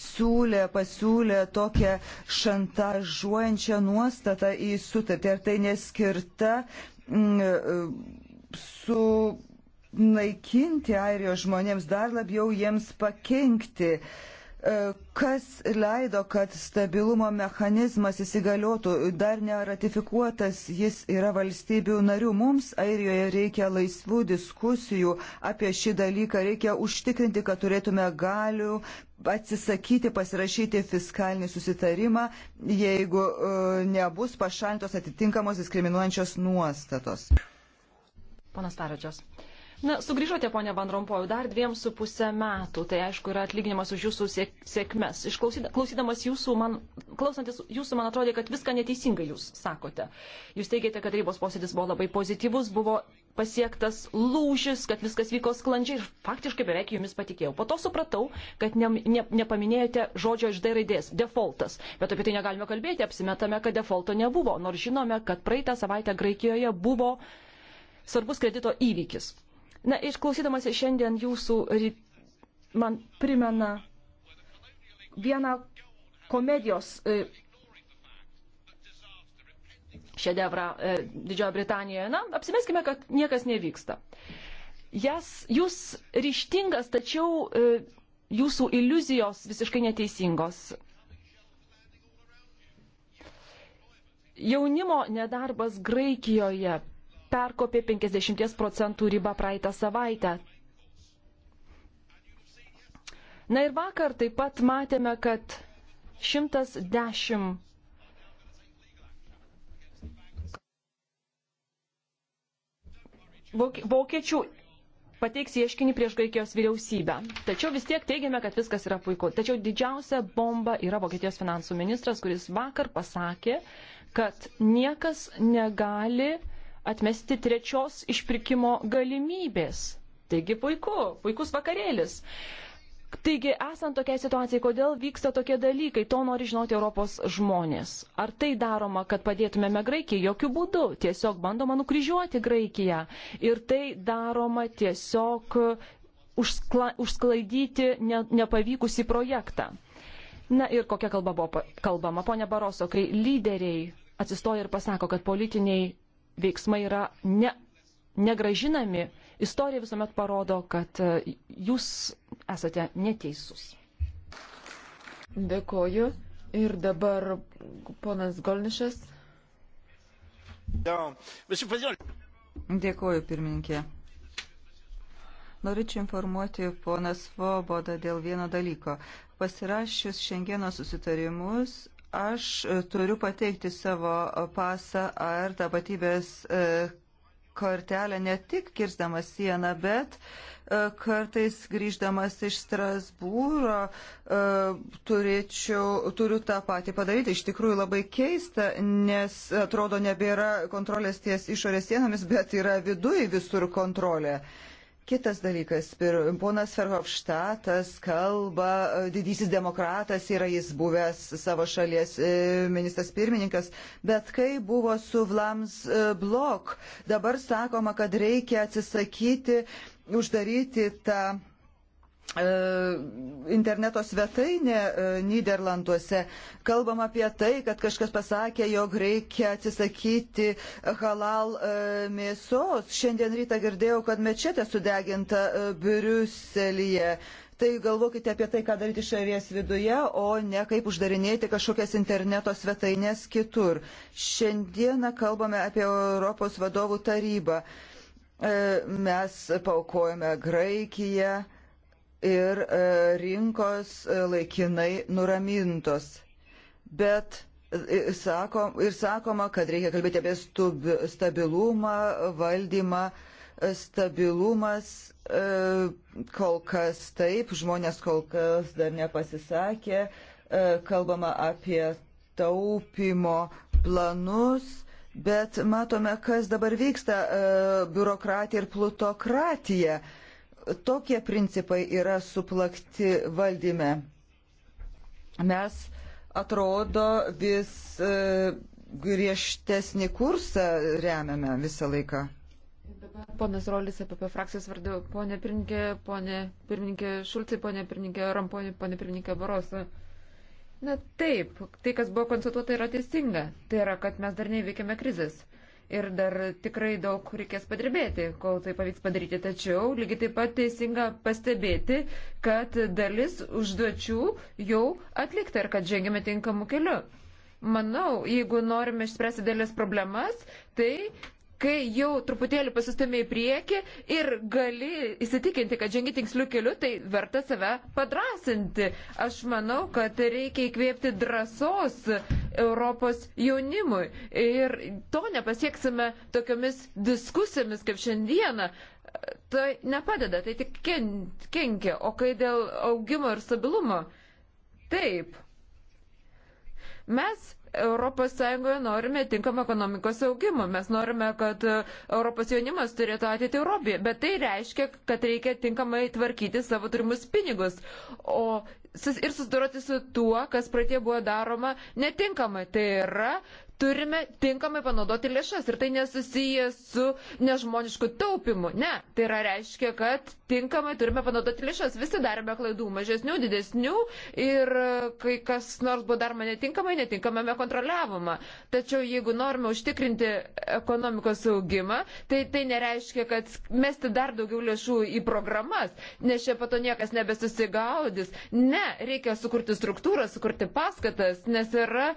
S4: siūlė, pasiūlė tokią šantažuojančią nuostatą į sutartį. Ar tai neskirta mm, e, su naikinti airijos žmonėms, dar labiau jiems pakengti? Uh, E, kas leido, kad stabilumo mechanizmas įsigaliotų, dar neratifikuotas, jis yra valstybių narių. Mums Airijoje reikia laisvų diskusijų apie šį dalyką, reikia užtikrinti, kad turėtume galių atsisakyti, pasirašyti fiskalinį susitarimą, jeigu uh, nebus pašalintos atitinkamos diskriminuojančios nuostatos.
S3: Ponas Taradžios. Uh, Na, sugrįžote, ponė Bandrompojų, dar dviem su pusę metų. Tai aišku, yra atlyginimas už jūsų sėk sėkmes. Išklausydamas jūsų, man, klausantis jūsų, man atrodė, kad viską neteisingai jūs sakote. Jūs teigiate, kad tarybos posėdis buvo labai pozityvus, buvo pasiektas lūžis, kad viskas vyko sklandžiai ir faktiškai beveik jumis patikėjau. Po to supratau, kad ne, ne, nepaminėjote žodžio iš D raidės - defaultas. Bet apie tai negalime kalbėti, apsimetame, kad defaulto nebuvo, nors žinome, kad praeitą savaitę Graikijoje buvo svarbus kredito įvykis. Na, išklausydamas šiandien jūsų man primena vieną komedijos e, šedevrą e, Didžiojo Britanijoje. Na, apsimeskime, kad niekas nevyksta. Jas, jūs ryštingas, tačiau e, jūsų iliuzijos visiškai neteisingos. Jaunimo nedarbas Graikijoje perkopė 50 procentų ribą praeitą savaitę. Na ir vakar taip pat matėme, kad 110 vokiečių pateiks ieškinį prieš Graikijos vyriausybę. Tačiau vis tiek teigiame, kad viskas yra puiku. Tačiau didžiausia bomba yra Vokietijos finansų ministras, kuris vakar pasakė, kad niekas negali uh, atmesti trečios išpirkimo galimybės. Taigi puiku, puikus vakarėlis. Taigi, esant tokiai situacijai, kodėl vyksta tokie dalykai, to nori žinoti Europos žmonės. Ar tai daroma, kad padėtumėme Graikijai? Jokių būdų. Tiesiog bandoma nukryžiuoti Graikiją. Ir tai daroma tiesiog užskla, užsklaidyti ne, nepavykusį projektą. Na ir kokia kalba buvo kalbama? Pone Baroso, kai lyderiai atsistoja ir pasako, kad politiniai veiksmai yra ne, negražinami, istorija visuomet parodo,
S1: kad e, jūs esate neteisus. Dėkoju. Ir dabar ponas Golnišas.
S2: Dėkoju,
S1: pirmininkė.
S4: Norėčiau informuoti ponas Svoboda dėl vieno dalyko. Pasirašius Šengeno susitarimus, Aš e, turiu pateikti savo pasą ar tapatybės e, kortelę ne tik kirsdamas sieną, bet e, kartais grįždamas iš Strasbūro turėčiau, turiu tą patį padaryti. Iš tikrųjų labai keista, nes atrodo nebėra kontrolės ties išorės sienomis, bet yra viduje visur kontrolė. Uh, Kitas dalykas, ponas Ferhofštatas kalba, didysis demokratas yra jis buvęs savo šalies e, ministras pirmininkas, bet kai buvo su Vlams e, blok, dabar sakoma, kad reikia atsisakyti, uždaryti tą E, interneto svetainė e, Niderlanduose. Kalbam apie tai, kad kažkas pasakė, jog reikia atsisakyti halal e, mėsos. Šiandien rytą girdėjau, kad mečetė sudeginta Briuselyje. Tai galvokite apie tai, ką daryti šalies viduje, o ne kaip uždarinėti kažkokias interneto svetainės kitur. Šiandieną kalbame apie Europos vadovų tarybą. Mes paukojame Graikiją ir e, rinkos e, laikinai nuramintos. Bet e, sako, ir sakoma, kad reikia kalbėti apie stub, stabilumą, valdymą. Stabilumas kol kas taip, žmonės kol kas dar nepasisakė, kalbama apie taupimo planus, bet matome, kas dabar vyksta - biurokratija ir plutokratija. Tokie principai yra suplakti valdyme. Mes atrodo vis e, griežtesnį kursą remiame visą laiką.
S1: Ponas Rolis apie, apie frakcijos vardu. Pone pirmininkė, pone pirmininkė Šulcai, pone pirmininkė Ramponė, pone pirmininkė Barosa. Na taip, tai, kas buvo konstatuota, yra teisinga. Tai yra, kad mes dar neįveikėme krizės ir dar tikrai daug reikės padirbėti, kol tai pavyks padaryti. Tačiau lygiai taip pat teisinga pastebėti, kad dalis užduočių jau atlikta ir kad žengėme tinkamu keliu. Manau, jeigu norime išspręsti dėlės problemas, tai kai jau truputėlį pasistumė į priekį ir gali įsitikinti, kad žengi tiksliu keliu, tai verta save padrasinti. Aš manau, kad reikia įkvėpti drąsos Europos jaunimui. Ir to nepasieksime tokiomis diskusijomis kaip šiandieną. Tai nepadeda, tai tik kenkia. O kai dėl augimo ir stabilumo? Taip. Mes ES norime tinkamą ekonomikos augimą, mes norime, kad Europos jaunimas turėtų ateitį Europoje, bet tai reiškia, kad reikia tinkamai tvarkyti savo turimus pinigus o, ir susidoroti su tuo, kas praeitie buvo daroma netinkamai. Tai yra turime tinkamai panaudoti lėšas ir tai nesusiję su nežmonišku taupimu. Ne, tai yra reiškia, kad tinkamai turime panaudoti lėšas. Visi darėme klaidų, mažesnių, didesnių ir kai kas nors buvo daroma netinkamai, netinkamame kontroliavama. Tačiau jeigu norime užtikrinti ekonomikos augimą, tai tai nereiškia, kad mesti dar daugiau lėšų į programas, nes čia pato niekas nebesusigaudys. Ne, reikia sukurti struktūrą, sukurti paskatas, nes yra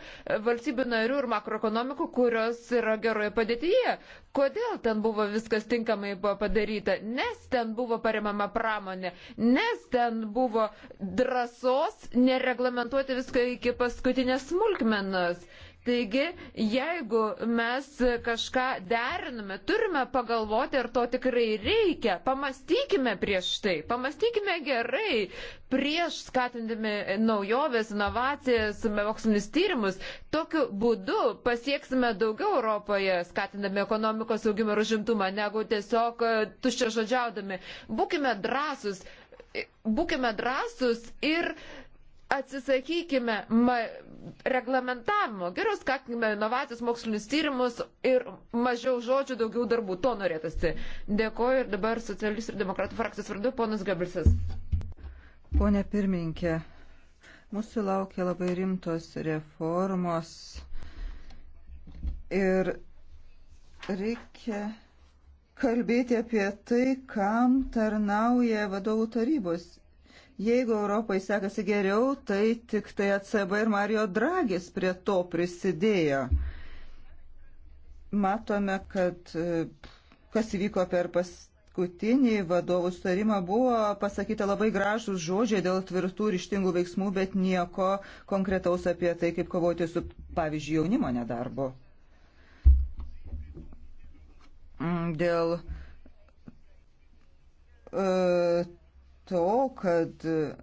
S1: valstybių narių ir makro makroekonomikų, kurios yra geroje padėtyje. Kodėl ten buvo viskas tinkamai buvo padaryta? Nes ten buvo paremama pramonė, nes ten buvo drąsos nereglamentuoti viską iki paskutinės smulkmenos. Taigi, jeigu mes kažką deriname, turime pagalvoti, ar to tikrai reikia. Pamastykime prieš tai, pamastykime gerai, prieš skatindami naujoves, inovacijas, mokslinis tyrimus. Tokiu būdu pasieksime daugiau Europoje, skatindami ekonomikos augimą ir užimtumą, negu tiesiog e, tuščia žodžiaudami. Būkime drąsus, būkime drąsus ir atsisakykime reglamentavimo, geriau skatinkime inovacijas, mokslinius tyrimus ir mažiau žodžių, daugiau darbų. To norėtųsi. Dėkoju ir dabar socialistų ir demokratų frakcijos vardu ponas Gabrisas.
S4: Pone pirmininkė, mūsų laukia labai rimtos reformos ir reikia kalbėti apie tai, kam tarnauja vadovų tarybos Jeigu Europai sekasi geriau, tai tik tai ECB ir Mario Dragis prie to prisidėjo. Matome, kad e, kas įvyko per paskutinį vadovų sutarimą, buvo pasakyta labai gražus žodžiai dėl tvirtų ryštingų veiksmų, bet nieko konkretaus apie tai, kaip kovoti su, pavyzdžiui, jaunimo nedarbo. Mm, dėl uh, to, kad e,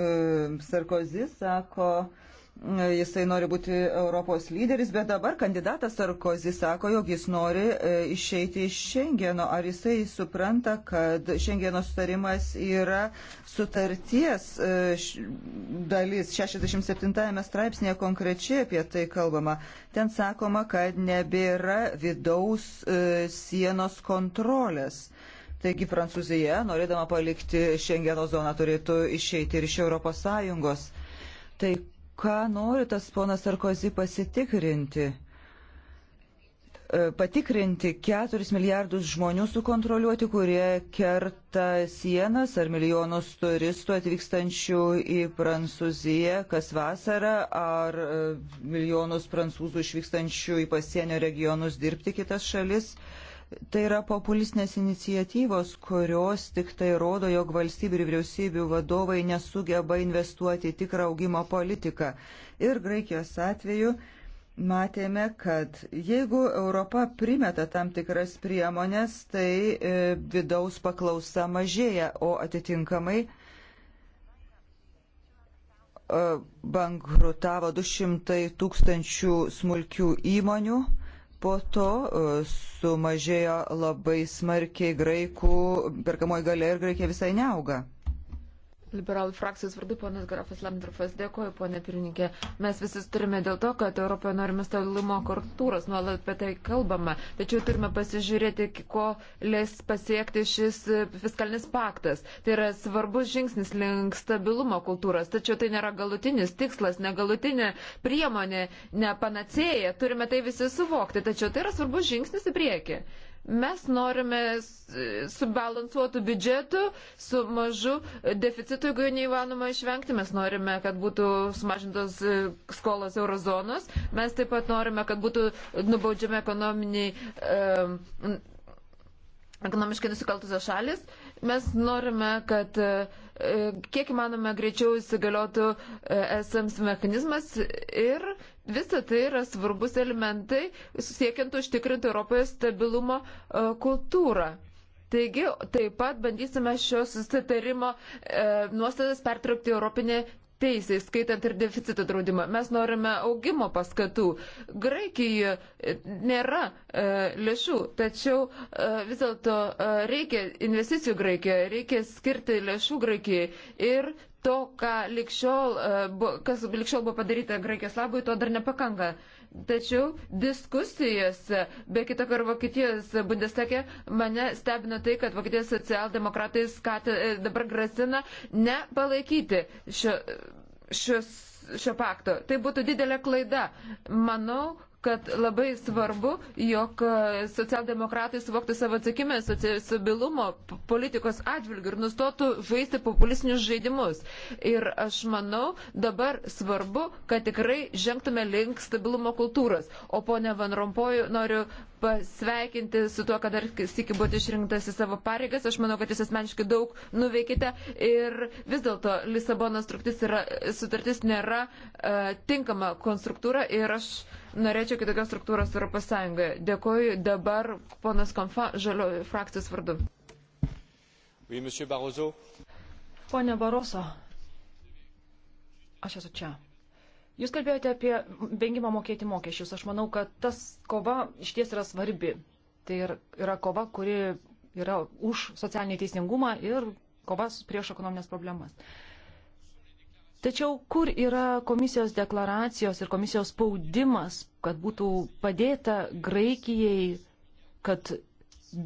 S4: e, Sarkozy sako, e, jisai nori būti Europos lyderis, bet dabar kandidatas Sarkozy sako, jog jis nori išeiti iš Šengeno. Ar jisai supranta, kad Šengeno sutarimas yra sutarties dalis 67 straipsnėje konkrečiai apie tai kalbama. Ten sakoma, kad nebėra vidaus sienos kontrolės Taigi Prancūzija, norėdama palikti Šengeno zoną, turėtų išeiti ir iš Europos Sąjungos. Tai ką nori tas ponas Sarkozy pasitikrinti? E, patikrinti 4 milijardus žmonių sukontroliuoti, kurie kerta sienas ar milijonus turistų atvykstančių į Prancūziją kas vasarą, ar e, milijonus prancūzų išvykstančių į pasienio regionus dirbti kitas šalis. Uh, Tai yra populistinės inicijatyvos, kurios tik tai rodo, jog valstybių ir vyriausybių vadovai nesugeba investuoti į tikrą augimo politiką. Ir Graikijos atveju matėme, kad jeigu Europa primeta tam tikras priemonės, tai e, vidaus paklausa mažėja, o atitinkamai e, bankrutavo 200 tūkstančių smulkių įmonių Po to e, sumažėjo labai smarkiai graikų perkamoji galia ir Graikija visai neauga.
S1: Liberalų frakcijos vardu ponas Grafas Lamdrofas, dėkoju ponė pirininkė. Mes visi turime dėl to, kad Europoje norime stabilumo kortūros, nuolat apie tai kalbama, tačiau turime pasižiūrėti, ko lės pasiekti šis fiskalinis paktas. Tai yra svarbus žingsnis link stabilumo kultūros, tačiau tai nėra galutinis tikslas, negalutinė priemonė, ne panacėja, turime tai visi suvokti, tačiau tai yra svarbus žingsnis į priekį. Mes norime subalansuotų biudžetų su mažu deficitu, jeigu neįmanoma išvengti. Mes norime, kad būtų sumažintos e, skolos eurozonos. Mes taip pat norime, kad būtų nubaudžiami ekonominiai. E, ekonomiškai nusikaltusios šalis. Mes norime, kad e, kiek įmanome greičiau įsigaliotų esams mechanizmas ir Visa tai yra svarbus elementai siekiant užtikrinti Europoje stabilumo e, kultūrą. Taigi, taip pat bandysime šio susitarimo e, nuostatas pertraukti Europinė teisė, skaitant ir deficito draudimą. Mes norime augimo paskatų. Graikijoje e, nėra e, lėšų, tačiau e, vis dėlto e, reikia investicijų Graikijoje, reikia skirti lėšų Graikijai ir to, likščiol, e, kas likščiol buvo padaryta Graikijos labui, to dar nepakanka. Tačiau diskusijose, be kita kar Vokietijos bundestekė, mane stebino tai, kad Vokietijos socialdemokratai skatė, e, dabar grasina nepalaikyti šio, šios, šio pakto. Tai būtų didelė klaida. Manau, kad labai svarbu, jog e, socialdemokratai suvoktų savo atsakymę sociabilumo politikos atžvilgių ir nustotų žaisti populistinius žaidimus. Ir aš manau, dabar svarbu, kad tikrai žengtume link stabilumo kultūros. O ponia Van Rompoju noriu pasveikinti su tuo, kad dar sėki buvo išrinktas į savo pareigas. Aš manau, kad jūs asmeniškai daug nuveikite ir vis dėlto Lisabonos sutartis nėra uh, tinkama konstruktūra ir aš uh, Norėčiau kitokios struktūros Europos Sąjungoje. Dėkuoju dabar ponas Konfa, žalio frakcijos vardu.
S6: Oui, Barozo.
S1: Pone Baroso, aš esu čia.
S3: Jūs kalbėjote apie vengimą mokėti mokesčius. Aš manau, kad tas kova iš ties yra svarbi. Tai yra kova, kuri yra už socialinį teisingumą ir kovas prieš ekonominės problemas. Tačiau kur yra komisijos deklaracijos ir komisijos spaudimas, kad būtų padėta Graikijai, kad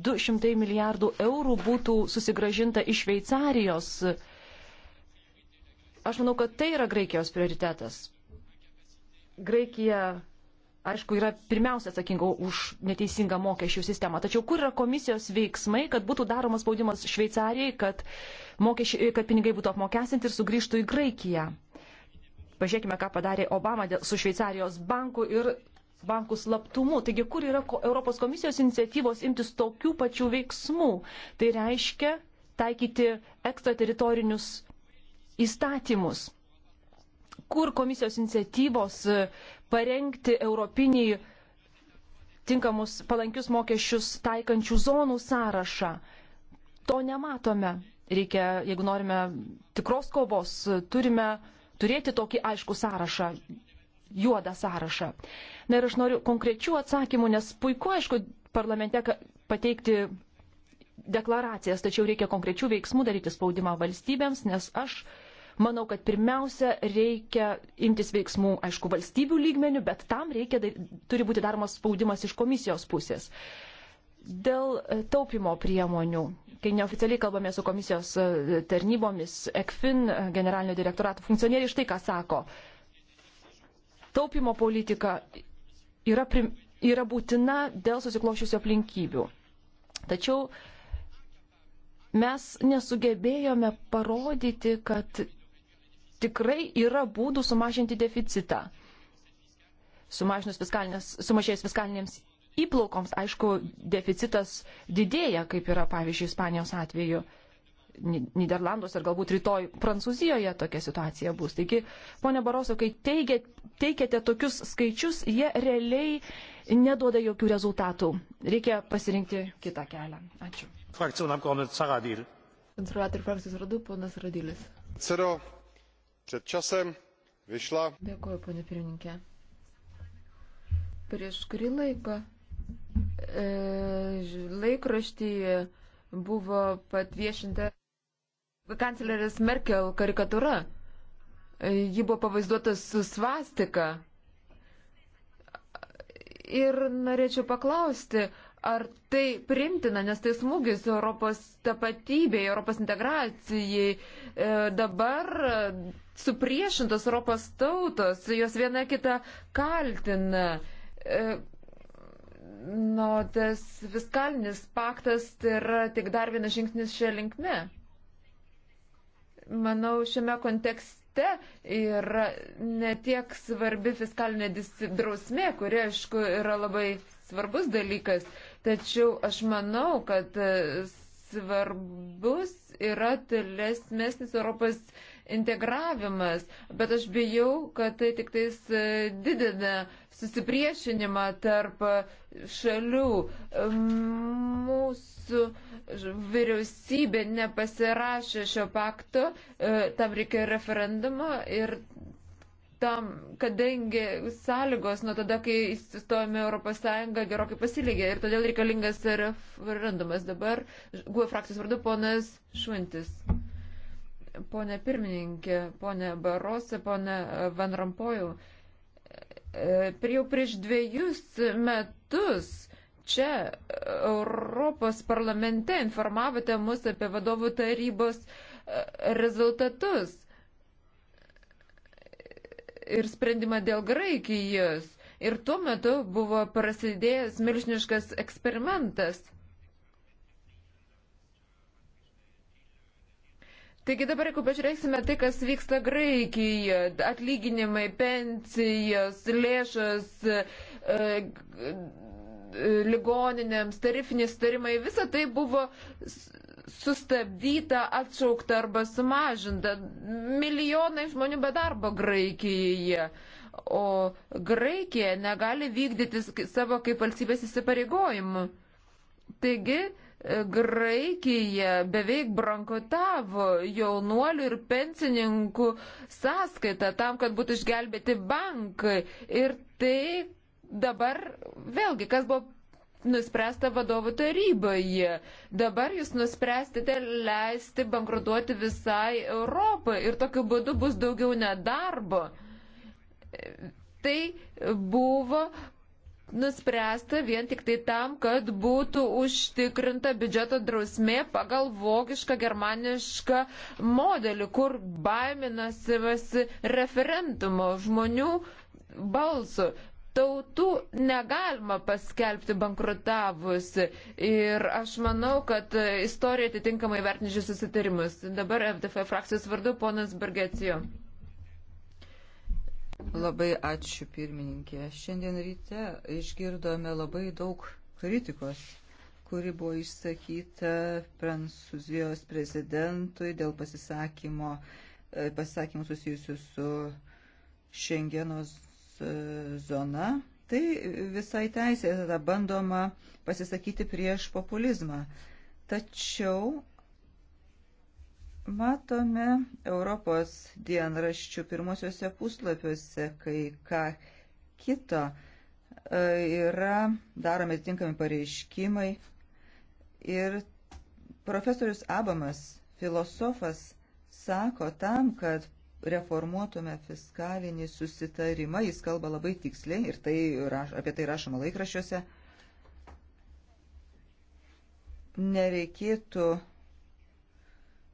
S3: 200 milijardų eurų būtų susigražinta iš Šveicarijos? Aš manau, kad tai yra Graikijos prioritetas. Graikija aišku, yra pirmiausia atsakinga už neteisingą mokesčių sistemą. Tačiau kur yra komisijos veiksmai, kad būtų daromas spaudimas Šveicarijai, kad, mokesčiai, kad pinigai būtų apmokestinti ir sugrįžtų į Graikiją? Pažiūrėkime, ką padarė Obama su Šveicarijos banku ir bankų slaptumu. Taigi, kur yra Europos komisijos iniciatyvos imtis tokių pačių veiksmų? Tai reiškia taikyti ekstrateritorinius įstatymus kur komisijos iniciatyvos parengti europinį tinkamus palankius mokesčius taikančių zonų sąrašą. To nematome. Reikia, jeigu norime tikros kovos, turime turėti tokį aišku sąrašą, juodą sąrašą. Na ir aš noriu konkrečių atsakymų, nes puiku, aišku, parlamente pateikti deklaracijas, tačiau reikia konkrečių veiksmų daryti spaudimą valstybėms, nes aš Manau, kad pirmiausia reikia imtis veiksmų, aišku, valstybių lygmenių, bet tam reikia, turi būti daromas spaudimas iš komisijos pusės. Dėl e, taupimo priemonių, kai neoficialiai kalbame su komisijos e, tarnybomis, ECFIN e, generalinio direktorato funkcionieriai štai ką sako. Taupimo politika yra, prim, yra būtina dėl susiklošiusių aplinkybių. Tačiau mes nesugebėjome parodyti, kad tikrai yra būdų sumažinti deficitą. Sumažinus fiskalinės, sumažėjus fiskalinėms įplaukoms, aišku, deficitas didėja, kaip yra, pavyzdžiui, Ispanijos atveju. Niderlanduose ir galbūt rytoj Prancūzijoje tokia situacija bus. Taigi, ponia Baroso, kai teigia, teikiate tokius skaičius, jie realiai neduoda jokių rezultatų.
S1: Reikia pasirinkti kitą kelią. Ačiū.
S2: Frakcijų namkomis Saradil.
S1: Konservatorių frakcijos radu, ponas Radilis.
S7: Cero, Před časem vyšla.
S1: Dėkuoju, ponė pirmininkė. Prieš kurį laiką e, laikraštyje buvo patviešinta kanclerės Merkel karikatūra. E, ji buvo pavaizduota su svastika. Ir norėčiau paklausti, ar tai primtina, nes tai smūgis Europos tapatybėje, Europos integracijai. E, dabar supriešintos Europos tautos, jos viena kitą kaltina. E, nu, tas fiskalinis paktas tai yra tik dar vienas žingsnis šią linkme. Manau, šiame kontekste yra netiek svarbi fiskalinė drausmė, kuri, aišku, yra labai svarbus dalykas, tačiau aš manau, kad e, svarbus yra tolesnis Europos integravimas, bet aš bijau, kad tai tik tais e, didina susipriešinimą tarp e, šalių. E, mūsų vyriausybė nepasirašė šio pakto, tam reikia referendumo ir tam, kadangi sąlygos nuo tada, kai įstojome Europos Sąjungą, gerokai pasilygė ir todėl reikalingas referendumas. Dabar GUE frakcijos vardu ponas Šventis. Pone pirmininkė, pone Barose, pone Van Rampojau, e, jau prieš dviejus metus čia Europos parlamente informavote mus apie vadovų tarybos e, rezultatus ir sprendimą dėl Graikijos. Ir tuo metu buvo prasidėjęs milžiniškas eksperimentas – Taigi dabar, jeigu pažiūrėsime tai, kas vyksta Graikijoje, atlyginimai, pensijos, lėšas, e, e, ligoninėms, tarifiniai starimai, visa tai buvo sustabdyta, atšaukta arba sumažinta. Milijonai žmonių be darbo Graikijoje. O Graikija negali vykdyti savo kaip valstybės įsipareigojimų. Taigi, Graikija beveik brankotavo jaunuolių ir pensininkų sąskaitą tam, kad būtų išgelbėti bankai. Ir tai dabar vėlgi, kas buvo nuspręsta vadovų taryboje. Dabar jūs nuspręstite leisti bankrutuoti visai Europai ir tokiu būdu bus daugiau nedarbo. Tai buvo nuspręsta vien tik tai tam, kad būtų užtikrinta biudžeto drausmė pagal vokišką, germanišką modelį, kur baiminasi referendumo žmonių balsų. Tautų negalima paskelbti bankrutavusi ir aš manau, kad istorija atitinkamai vertinžių susitarimus. Dabar FDF frakcijos vardu ponas Bergecijo.
S4: Labai ačiū pirmininkė. Šiandien ryte išgirdome labai daug kritikos, kuri buvo išsakyta Prancūzijos prezidentui dėl pasisakymo, e, pasisakymų susijusių su Šengenos e, zona. Tai visai teisė, tada bandoma pasisakyti prieš populizmą. Tačiau Matome Europos dienraščių pirmosiuose puslapiuose, kai ką kito e, yra daromi atitinkami pareiškimai. Ir profesorius Abamas, filosofas, sako tam, kad reformuotume fiskalinį susitarimą, jis kalba labai tiksliai ir tai, apie tai rašoma laikraščiuose, nereikėtų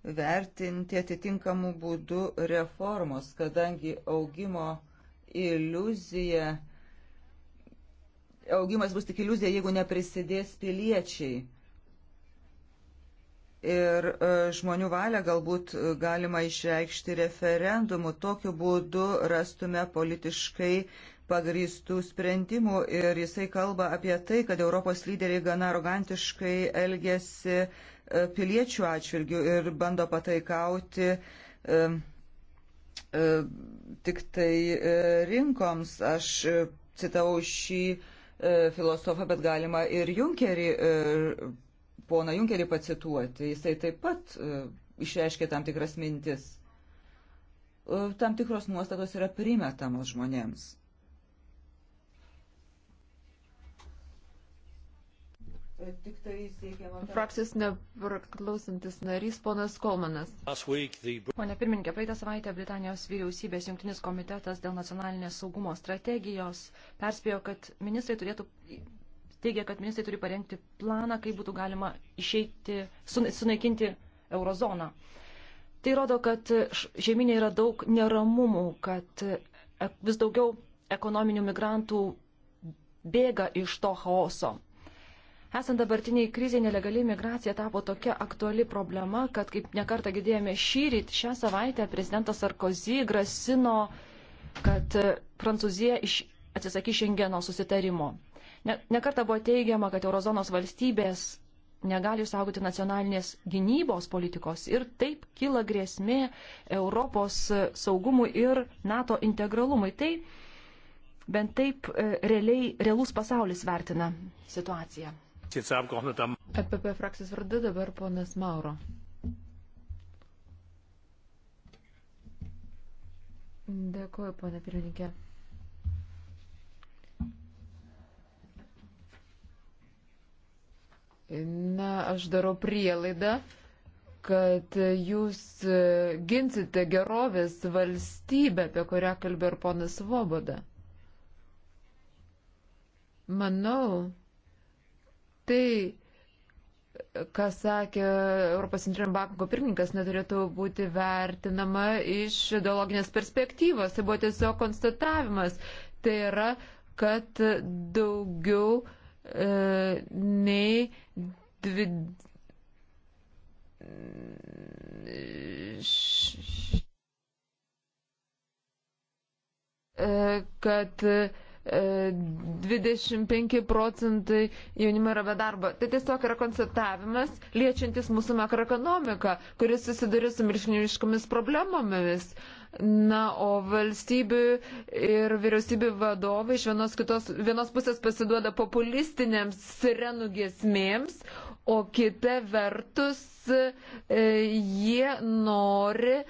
S4: vertinti atitinkamų būdų reformos, kadangi augimo iliuzija, augimas bus tik iliuzija, jeigu neprisidės piliečiai. Ir e, žmonių valią galbūt galima išreikšti referendumu, tokiu būdu rastume politiškai pagristų sprendimų ir jisai kalba apie tai, kad Europos lyderiai gana arogantiškai elgesi e, piliečių atšvilgių ir bando pataikauti e, e, tik tai e, rinkoms. Aš e, citavau šį e, filosofą, bet galima ir Junkerį, e, poną Junkerį pacituoti. Jisai taip pat e, išreiškė tam tikras mintis. E, tam tikros nuostatos yra primetamos žmonėms Tik tai siekiama. Frakcijos
S1: nepraklausantis narys ponas Kolmanas.
S3: Pone pirmininkė, praeitą savaitę Britanijos vyriausybės jungtinis komitetas dėl nacionalinės saugumo strategijos perspėjo, kad ministrai turėtų. Teigia, kad ministrai turi parengti planą, kaip būtų galima išeiti, sunaikinti eurozoną. Tai rodo, kad žemynė yra daug neramumų, kad e, vis daugiau ekonominių migrantų bėga iš to chaoso. Esant dabartiniai kriziai, nelegaliai migracija tapo tokia aktuali problema, kad, kaip nekartą girdėjome šyryt, šią savaitę prezidentas Sarkozy grasino, kad e, Prancūzija iš, atsisakys šengeno susitarimo. Ne, nekartą buvo teigiama, kad eurozonos valstybės negali išsaugoti nacionalinės gynybos politikos ir taip kyla grėsmė Europos e, saugumui ir NATO integralumui. Tai bent taip e, realiai, realus pasaulis vertina situaciją.
S2: EPP
S1: frakcijos vardu dabar ponas Mauro. Dėkuoju, ponė pirmininkė. Na, aš darau prielaidą, kad jūs ginsite gerovės valstybę, apie kurią kalbė ir ponas Voboda. Manau, tai, ką sakė Europos centrinio banko pirmininkas, neturėtų būti vertinama iš ideologinės perspektyvos. Tai buvo tiesiog konstatavimas. Tai yra, kad daugiau e, nei dvi. Š, e, kad e, 25 procentai jaunimo yra be darbo. Tai tiesiog yra konstatavimas, liečiantis mūsų makroekonomiką, kuris susiduria su milžiniškomis problemomis. Na, o valstybių ir vyriausybių vadovai iš vienos, kitos, vienos pusės pasiduoda populistinėms sirenų gesmėms, o kita vertus e, jie nori e,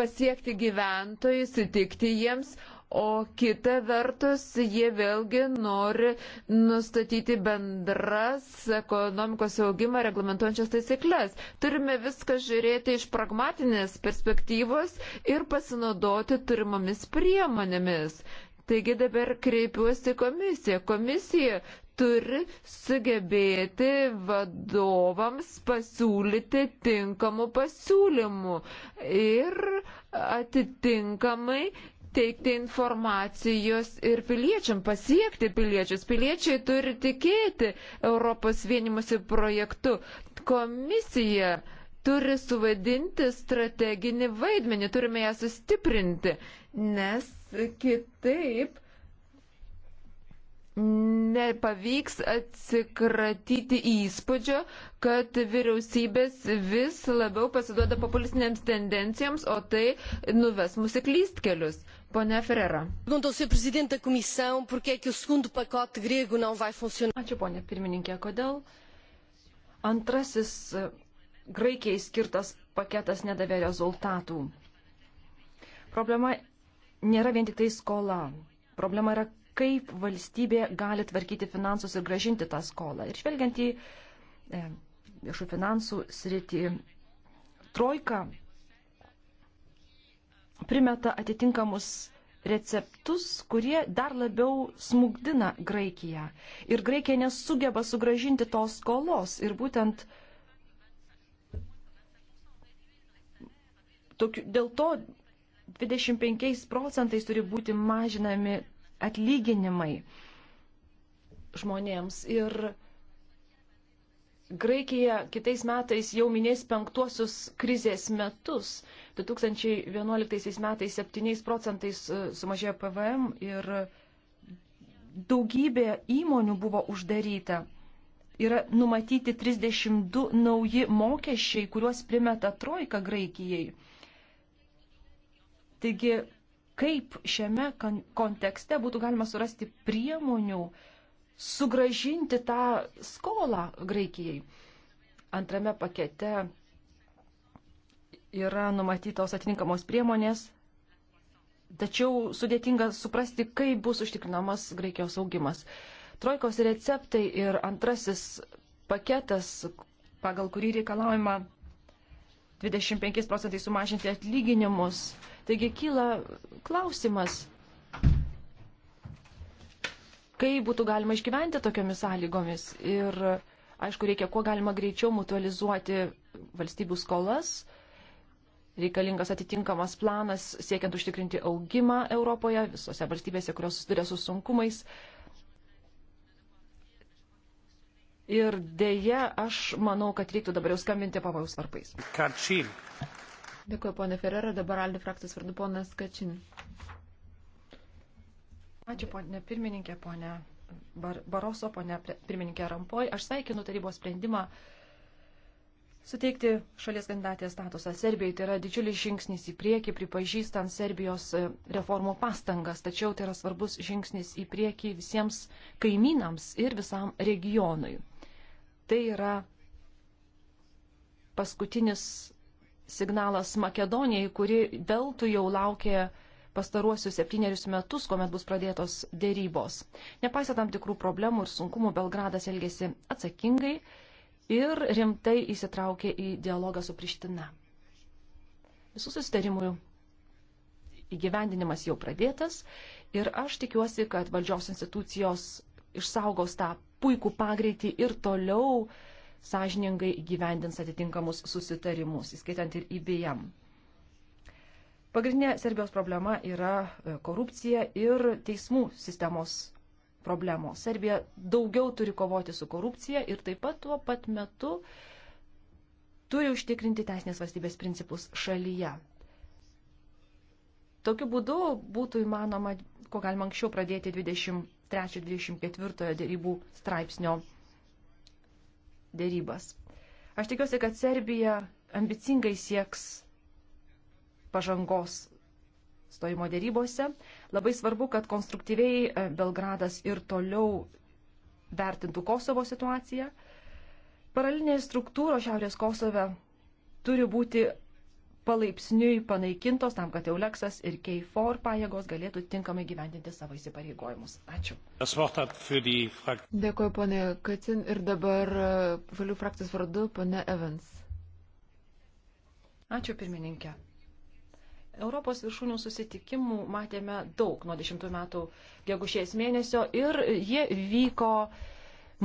S1: pasiekti gyventojus, įtikti jiems, o kita vertus jie vėlgi nori nustatyti bendras ekonomikos augimą reglamentuojančias taisyklės. Turime viską žiūrėti iš pragmatinės perspektyvos ir pasinaudoti turimomis priemonėmis. Taigi dabar kreipiuosi komisiją. Komisija turi sugebėti vadovams pasiūlyti tinkamų pasiūlymų ir atitinkamai teikti informacijos ir piliečiam, pasiekti piliečius. Piliečiai turi tikėti Europos vienimusi projektu. Komisija turi suvaidinti strateginį vaidmenį, turime ją sustiprinti, nes kitaip nepavyks atsikratyti įspūdžio, kad vyriausybės vis labiau pasiduoda populistinėms tendencijoms, o tai nuves mus į klystkelius. Pone Ferrera. Ačiū, ponė pirmininkė,
S3: kodėl antrasis e, Graikijai skirtas paketas nedavė rezultatų. Problema nėra vien tik tai skola. Problema yra, kaip valstybė gali tvarkyti finansus ir gražinti tą skolą. Ir žvelgiant į e, viešų finansų sritį, trojka primeta atitinkamus receptus, kurie dar labiau smugdina Graikiją. Ir Graikija nesugeba sugražinti tos skolos. Ir būtent tokiu, dėl to 25 procentais turi būti mažinami atlyginimai žmonėms. Ir Graikija kitais metais jau minės penktuosius krizės metus. 2011 metais 7 procentais e, sumažėjo PVM ir daugybė įmonių buvo uždaryta. Yra numatyti 32 nauji mokesčiai, kuriuos primeta Trojka Graikijai. Taigi, kaip šiame kontekste būtų galima surasti priemonių sugražinti tą skolą Graikijai? Antrame pakete yra numatytos atitinkamos priemonės, tačiau sudėtinga suprasti, kaip bus užtikrinamas Graikijos augimas. Trojkos receptai ir antrasis paketas, pagal kurį reikalaujama 25 procentai sumažinti atlyginimus. Taigi kyla klausimas, kaip būtų galima išgyventi tokiomis sąlygomis. Ir aišku, reikia kuo galima greičiau mutualizuoti valstybių skolas, reikalingas atitinkamas planas siekiant užtikrinti augimą Europoje, visose valstybėse, kurios susiduria su sunkumais.
S1: Ir dėje aš manau, kad reiktų dabar jau skambinti pavojaus varpais. Kačin. Dėkuoju, ponė Ferrera, dabar Aldi frakcijos vardu ponas Kačin.
S3: Ačiū, ponė pirmininkė, ponė Bar Baroso, ponė pirmininkė Rampoj. Aš sveikinu tarybos sprendimą uh, Suteikti šalies kandidatės statusą Serbijai tai yra didžiulis žingsnis į priekį, pripažįstant Serbijos e, reformų pastangas, tačiau tai yra svarbus žingsnis į priekį visiems kaimynams ir visam regionui. Tai yra paskutinis signalas Makedonijai, kuri veltui jau laukia pastaruosius septynerius metus, kuomet bus pradėtos dėrybos. Nepaisant tam tikrų problemų ir sunkumų, Belgradas elgėsi atsakingai ir rimtai įsitraukė į dialogą su Priština. Visų susitarimų įgyvendinimas jau pradėtas ir aš tikiuosi, kad valdžios institucijos išsaugos tą puikų pagreitį ir toliau sąžiningai įgyvendins atitinkamus susitarimus, įskaitant ir IBM. Pagrindinė Serbijos problema yra e, korupcija ir teismų sistemos problemos. Serbija daugiau turi kovoti su korupcija ir taip pat tuo pat metu turi užtikrinti teisinės valstybės principus šalyje. Tokiu būdu būtų įmanoma, ko galima anksčiau pradėti 23-24 dėrybų straipsnio dėrybas. Aš tikiuosi, kad Serbija ambicingai sieks pažangos stojimo dėrybose. Labai svarbu, kad konstruktyviai e, Belgradas ir toliau vertintų Kosovo situaciją. Paralinės struktūros Šiaurės Kosove turi būti palaipsniui panaikintos tam, kad Euleksas ir K4 pajėgos galėtų tinkamai gyvendinti
S1: savo įsipareigojimus. Ačiū. Dėkuoju, ponė Katin. Ir dabar valių e, frakcijos vardu, ponė Evans. Ačiū,
S3: pirmininkė. Europos viršūnių susitikimų matėme daug nuo 10 metų gegužės mėnesio ir jie vyko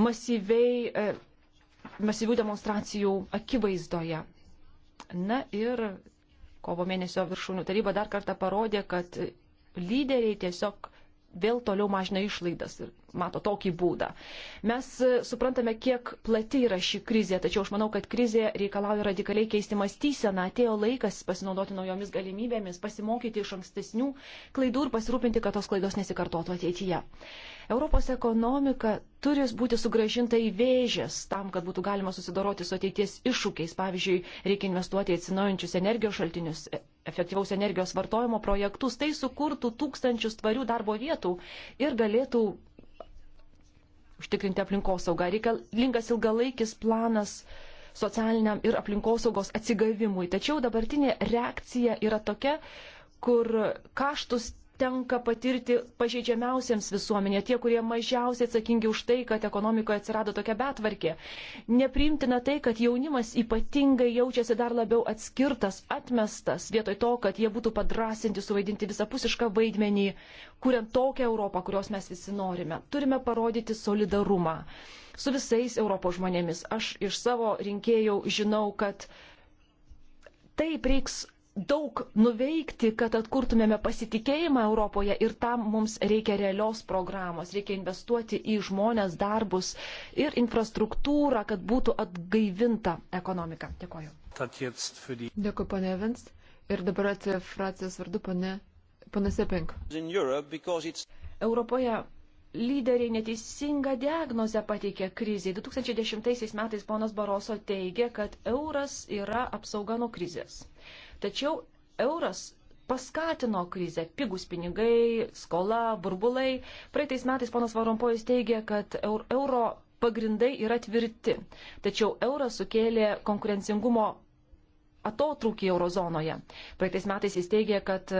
S3: masyviai, e, masyvių demonstracijų akivaizdoje. Na ir kovo mėnesio viršūnių taryba dar kartą parodė, kad lyderiai tiesiog vėl toliau mažina išlaidas ir mato tokį būdą. Mes e, suprantame, kiek plati yra ši krizė, tačiau aš manau, kad krizė reikalauja radikaliai keisti mąstyseną. Atėjo laikas pasinaudoti naujomis galimybėmis, pasimokyti iš ankstesnių klaidų ir pasirūpinti, kad tos klaidos nesikartotų ateityje. Europos ekonomika turi būti sugražinta į vėžės tam, kad būtų galima susidoroti su ateities iššūkiais. Pavyzdžiui, reikia investuoti į atsinaujančius energijos šaltinius, e, efektyvaus energijos vartojimo projektus. Tai sukurtų tūkstančius tvarių darbo vietų ir galėtų užtikrinti aplinkosaugą. Reikalingas ilgalaikis planas socialiniam ir aplinkosaugos atsigavimui. Tačiau dabartinė reakcija yra tokia, kur kaštus tenka patirti pažeidžiamiausiems visuomenė, tie, kurie mažiausiai atsakingi už tai, kad ekonomikoje atsirado tokia betvarkė. Nepriimtina tai, kad jaunimas ypatingai jaučiasi dar labiau atskirtas, atmestas, vietoj to, kad jie būtų padrasinti, suvaidinti visapusišką vaidmenį, kuriant tokią Europą, kurios mes visi norime. Turime parodyti solidarumą su visais Europos žmonėmis. Aš iš savo rinkėjų žinau, kad taip reiks daug nuveikti, kad atkurtumėme pasitikėjimą Europoje ir tam mums reikia realios programos, reikia investuoti į žmonės, darbus ir infrastruktūrą,
S1: kad būtų atgaivinta ekonomika. Dėkoju.
S2: Dėkoju,
S1: ponė Evans. Ir dabar atsifracijos vardu, ponė, ponė Sepink.
S3: Europoje lyderiai neteisingą diagnozę pateikė kriziai. 2010 metais ponas Baroso teigė, kad euras yra apsauga nuo krizės. Tačiau euras paskatino krizę. Pigus pinigai, skola, burbulai. Praeitais metais ponas Varompojus teigė, kad euro pagrindai yra tvirti. Tačiau euras sukėlė konkurencingumo atotrūkį eurozonoje. Praeitais metais jis teigė, kad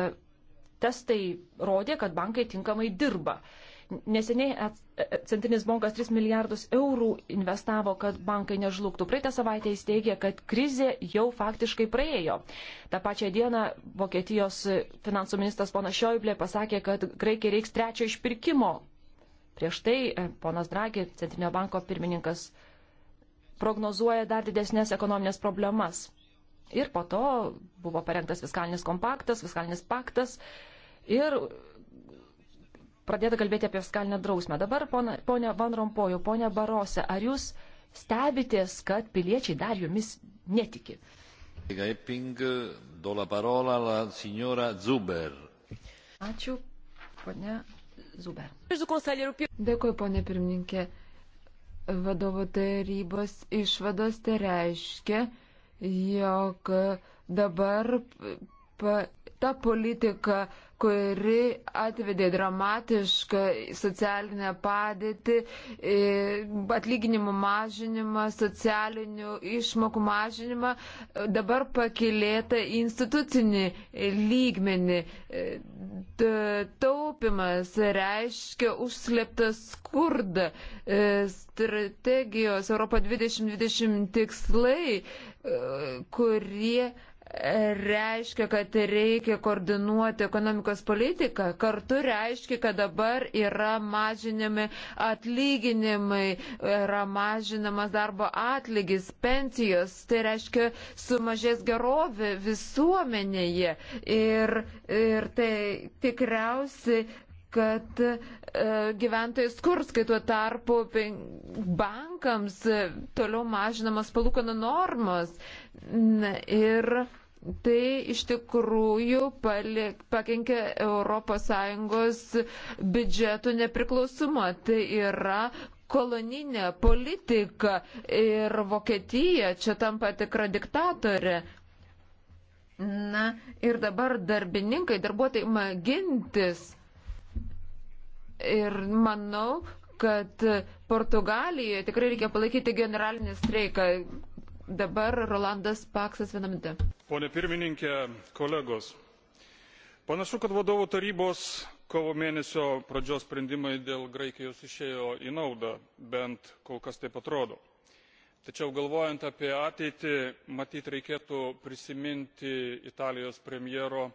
S3: testai rodė, kad bankai tinkamai dirba. Neseniai e, Centrinis bankas 3 milijardus eurų investavo, kad bankai nežlugtų. Praeitą savaitę jis teigė, kad krizė jau faktiškai praėjo. Ta pačia diena Vokietijos finansų ministras ponas Šioiblė pasakė, kad Graikijai reiks trečio išpirkimo. Prieš tai e, ponas Dragi, Centrinio banko pirmininkas, prognozuoja dar didesnės ekonominės problemas. Ir po to buvo parengtas fiskalinis kompaktas, fiskalinis paktas. Ir pradėta kalbėti apie fiskalinę drausmę. Dabar, ponia Van Rompojo, ponia Barose, ar jūs stebitės, kad piliečiai dar jumis netiki?
S1: Ačiū, ponia Zuber. Dėkuoju, ponia pirmininkė. Vadovo tarybos išvados tai reiškia, jog dabar pa, ta politika, kuri atvedė dramatišką socialinę padėtį, e, atlyginimų mažinimą, socialinių išmokų mažinimą, e, dabar pakilėta į institucinį lygmenį. E, taupimas reiškia užslėptą skurdą. Strategijos Europa 2020 tikslai, kurie reiškia, kad reikia koordinuoti ekonomikos politiką, kartu reiškia, kad dabar yra mažinami atlyginimai, yra mažinamas darbo atlygis, pensijos, tai reiškia sumažės gerovė visuomenėje ir, ir tai tikriausiai kad e, gyventojai skurs, kai tuo tarpu bankams toliau mažinamas palūkanų normos. Na, ir tai iš tikrųjų pakenkia ES biudžeto nepriklausumą. Tai yra koloninė politika ir Vokietija čia tampa tikra diktatorė. Na ir dabar darbininkai, darbuotojai mėgintis Ir manau, kad Portugalijoje tikrai reikia palaikyti generalinį streiką. Dabar Rolandas Paksas vieną minutę.
S7: Pone pirmininkė, kolegos. Panašu, kad vadovų tarybos kovo mėnesio pradžios sprendimai dėl graikijos išėjo į naudą, bent kol kas taip atrodo. Tačiau galvojant apie ateitį, matyt reikėtų prisiminti Italijos premjero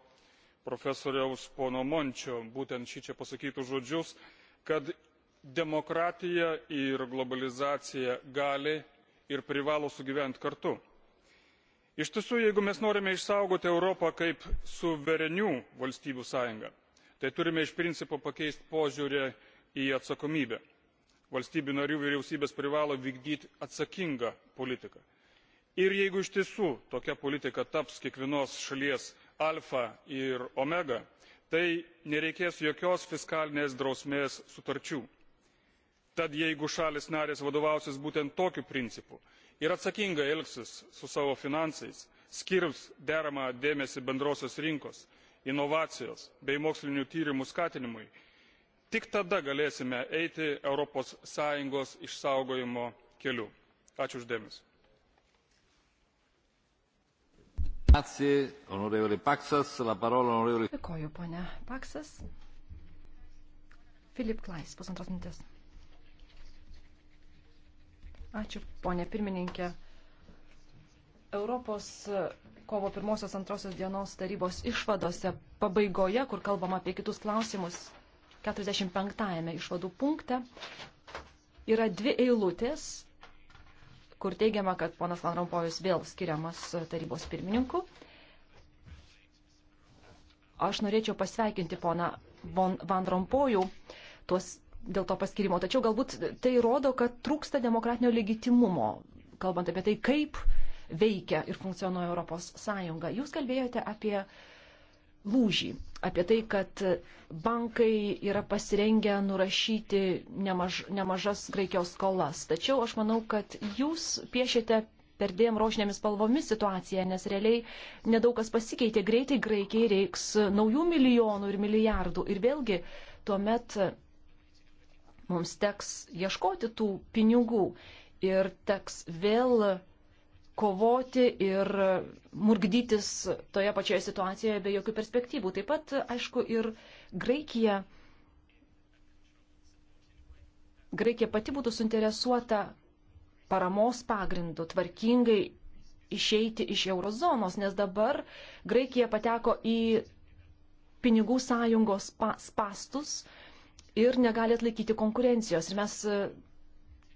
S7: profesoriaus pono mončio būtent šičia pasakytus žodžius kad demokratija ir globalizacija gali ir privalo sugyventi kartu. iš tiesų jeigu mes norime išsaugoti europą kaip suverenių valstybių sąjungą tai turime iš principo pakeisti požiūrį į atsakomybę. valstybių narių vyriausybės privalo vykdyti atsakingą politiką ir jeigu iš tiesų tokia politika taps kiekvienos šalies alfa ir omega tai nereikės jokios fiskalinės drausmės sutarčių. tad jeigu šalys narės vadovausis būtent tokiu principu ir atsakingai elgsis su savo finansais skirs deramą dėmesį bendrosios rinkos inovacijos bei mokslinių tyrimų skatinimui tik tada galėsime eiti europos sąjungos išsaugojimo keliu. ačiū už dėmesį.
S2: Dėkoju,
S3: ponia Paksas. Filip Klais, pusantros minutės. Ačiū, ponė pirmininkė. Europos kovo pirmosios antrosios dienos tarybos išvadose pabaigoje, kur kalbama apie kitus klausimus, 45-ame išvadų punkte, yra dvi eilutės, kur teigiama, kad ponas Van Rompojus vėl skiriamas tarybos pirmininku. Aš norėčiau pasveikinti poną Van Rompojų tuos dėl to paskirimo, tačiau galbūt tai rodo, kad trūksta demokratinio legitimumo, kalbant apie tai, kaip veikia ir funkcionuoja Europos Sąjunga. Jūs kalbėjote apie uh, lūžį, apie tai, kad bankai yra pasirengę nurašyti nemaž, nemažas Graikijos skolas. Tačiau aš manau, kad jūs piešėte perdėm rožinėmis spalvomis situaciją, nes realiai nedaug kas pasikeitė. Greitai Graikijai reiks naujų milijonų ir milijardų. Ir vėlgi tuomet mums teks ieškoti tų pinigų ir teks vėl kovoti ir murgdytis toje pačioje situacijoje be jokių perspektyvų. Taip pat, aišku, ir Graikija. Graikija pati būtų suinteresuota paramos pagrindu tvarkingai išeiti iš eurozonos, nes dabar Graikija pateko į pinigų sąjungos spastus ir negali atlaikyti konkurencijos. Ir mes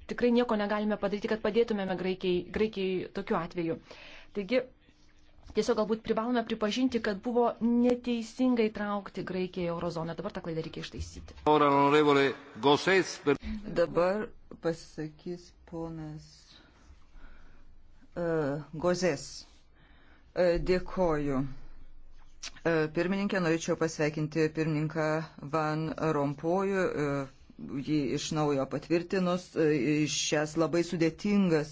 S3: tikrai nieko negalime padaryti, kad padėtumėme Graikijai, Graikijai tokiu atveju. Taigi, tiesiog galbūt privalome pripažinti, kad buvo neteisingai traukti Graikiją į eurozoną. Dabar tą klaidą reikia ištaisyti.
S4: Dabar pasakys ponas uh, Gozės. Uh, dėkoju. Uh, pirmininkė, norėčiau pasveikinti pirmininką Van Rompojų. Uh, e, jį iš naujo patvirtinus, e, šias labai sudėtingas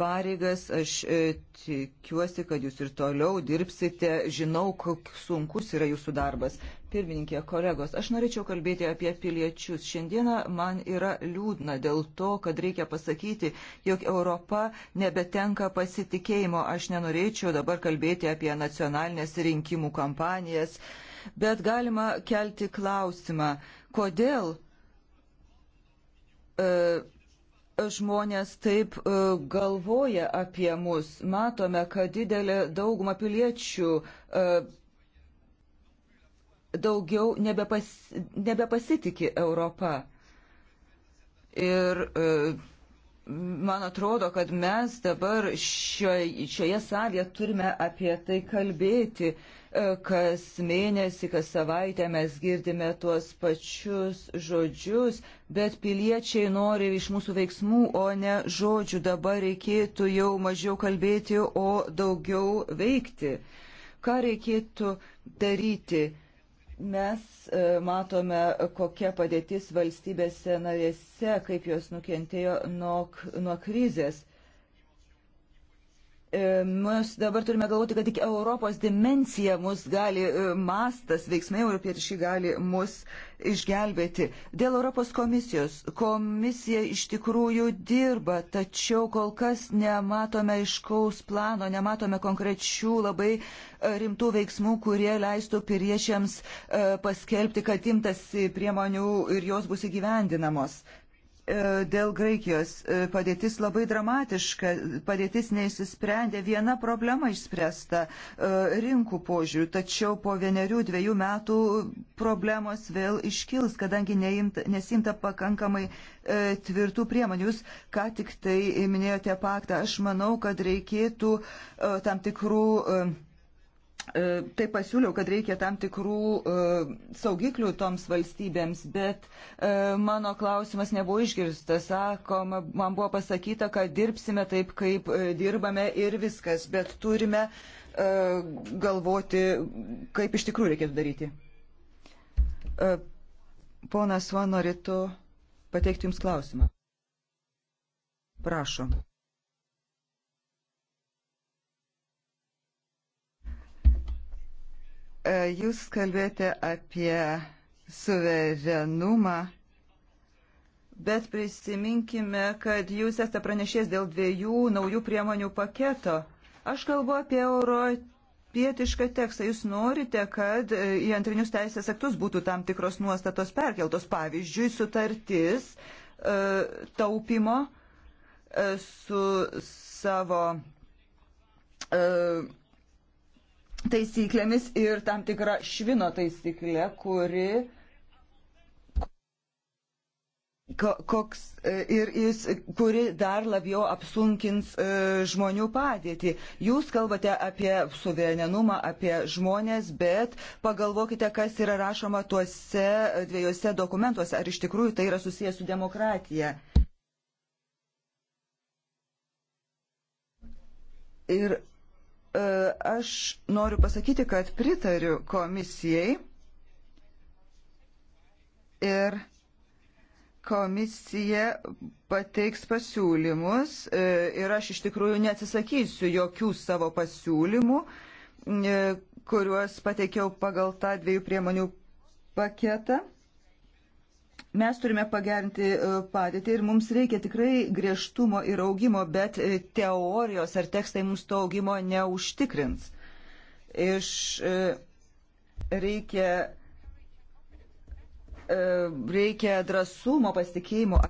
S4: pareigas. Aš e, tikiuosi, kad jūs ir toliau dirbsite. Žinau, koks sunkus yra jūsų darbas. Pirmininkė, kolegos, aš norėčiau kalbėti apie piliečius. Šiandieną man yra liūdna dėl to, kad reikia pasakyti, jog Europa nebetenka pasitikėjimo. Aš nenorėčiau dabar kalbėti apie nacionalinės rinkimų kampanijas, bet galima kelti klausimą, kodėl E, žmonės taip e, galvoja apie mus. Matome, kad didelė dauguma piliečių e, daugiau nebepas, nebepasitikė Europą. Ir man atrodo, kad mes dabar šioje, šioje salėje turime apie tai kalbėti. Kas mėnesį, kas savaitę mes girdime tuos pačius žodžius, bet piliečiai nori iš mūsų veiksmų, o ne žodžių. Dabar reikėtų jau mažiau kalbėti, o daugiau veikti. Ką reikėtų daryti? Mes e, matome, kokia padėtis valstybėse narėse, kaip jos nukentėjo nuo, nuo krizės E, Mes dabar turime galvoti, kad tik Europos dimencija mus gali, e, mastas veiksmai europiečiai gali mus išgelbėti. Dėl Europos komisijos. Komisija iš tikrųjų dirba, tačiau kol kas nematome iškaus plano, nematome konkrečių labai e, rimtų veiksmų, kurie leistų piriešiams paskelbti, kad imtasi priemonių ir jos bus įgyvendinamos. E, dėl Graikijos e, padėtis labai dramatiška, padėtis neįsisprendė, viena problema išspręsta e, rinkų požiūrių, tačiau po vienerių dviejų metų problemos vėl iškils, kadangi neimta, nesimta pakankamai tvirtų priemonių. Jūs ką tik tai minėjote paktą, aš manau, kad reikėtų tam tikrų E, tai pasiūliau, kad reikia tam tikrų e, saugiklių toms valstybėms, bet e, mano klausimas nebuvo išgirstas. Sakoma, man buvo pasakyta, kad dirbsime taip, kaip dirbame ir viskas, bet turime galvoti, kaip iš tikrųjų reikėtų daryti. Ponas Van norėtų pateikti Jums klausimą. Prašom. E, jūs kalbėjote apie suverenumą, bet prisiminkime, kad jūs esate pranešęs dėl dviejų naujų priemonių paketo. Aš kalbu apie europietišką tekstą. Jūs norite, kad į antrinius teisės aktus būtų tam tikros nuostatos perkeltos, pavyzdžiui, sutartis e, taupimo e, su savo taisyklėmis ir tam tikra švino taisyklė, kuri koks e, ir jis, kuri dar labiau apsunkins e, žmonių padėtį. Jūs kalbate apie suverenumą, apie žmonės, bet pagalvokite, kas yra rašoma tuose dviejose dokumentuose, ar iš tikrųjų tai yra susijęs su demokratija. Ir E, aš noriu pasakyti, kad pritariu komisijai ir komisija pateiks pasiūlymus e, ir aš iš tikrųjų neatsisakysiu jokių savo pasiūlymų, e, kuriuos pateikiau pagal tą dviejų priemonių paketą. Mes turime pagerinti e, padėtį ir mums reikia tikrai griežtumo ir augimo, bet e, teorijos ar tekstai mums to augimo neužtikrins. Iš e, reikia, reikia drąsumo, pasitikėjimo.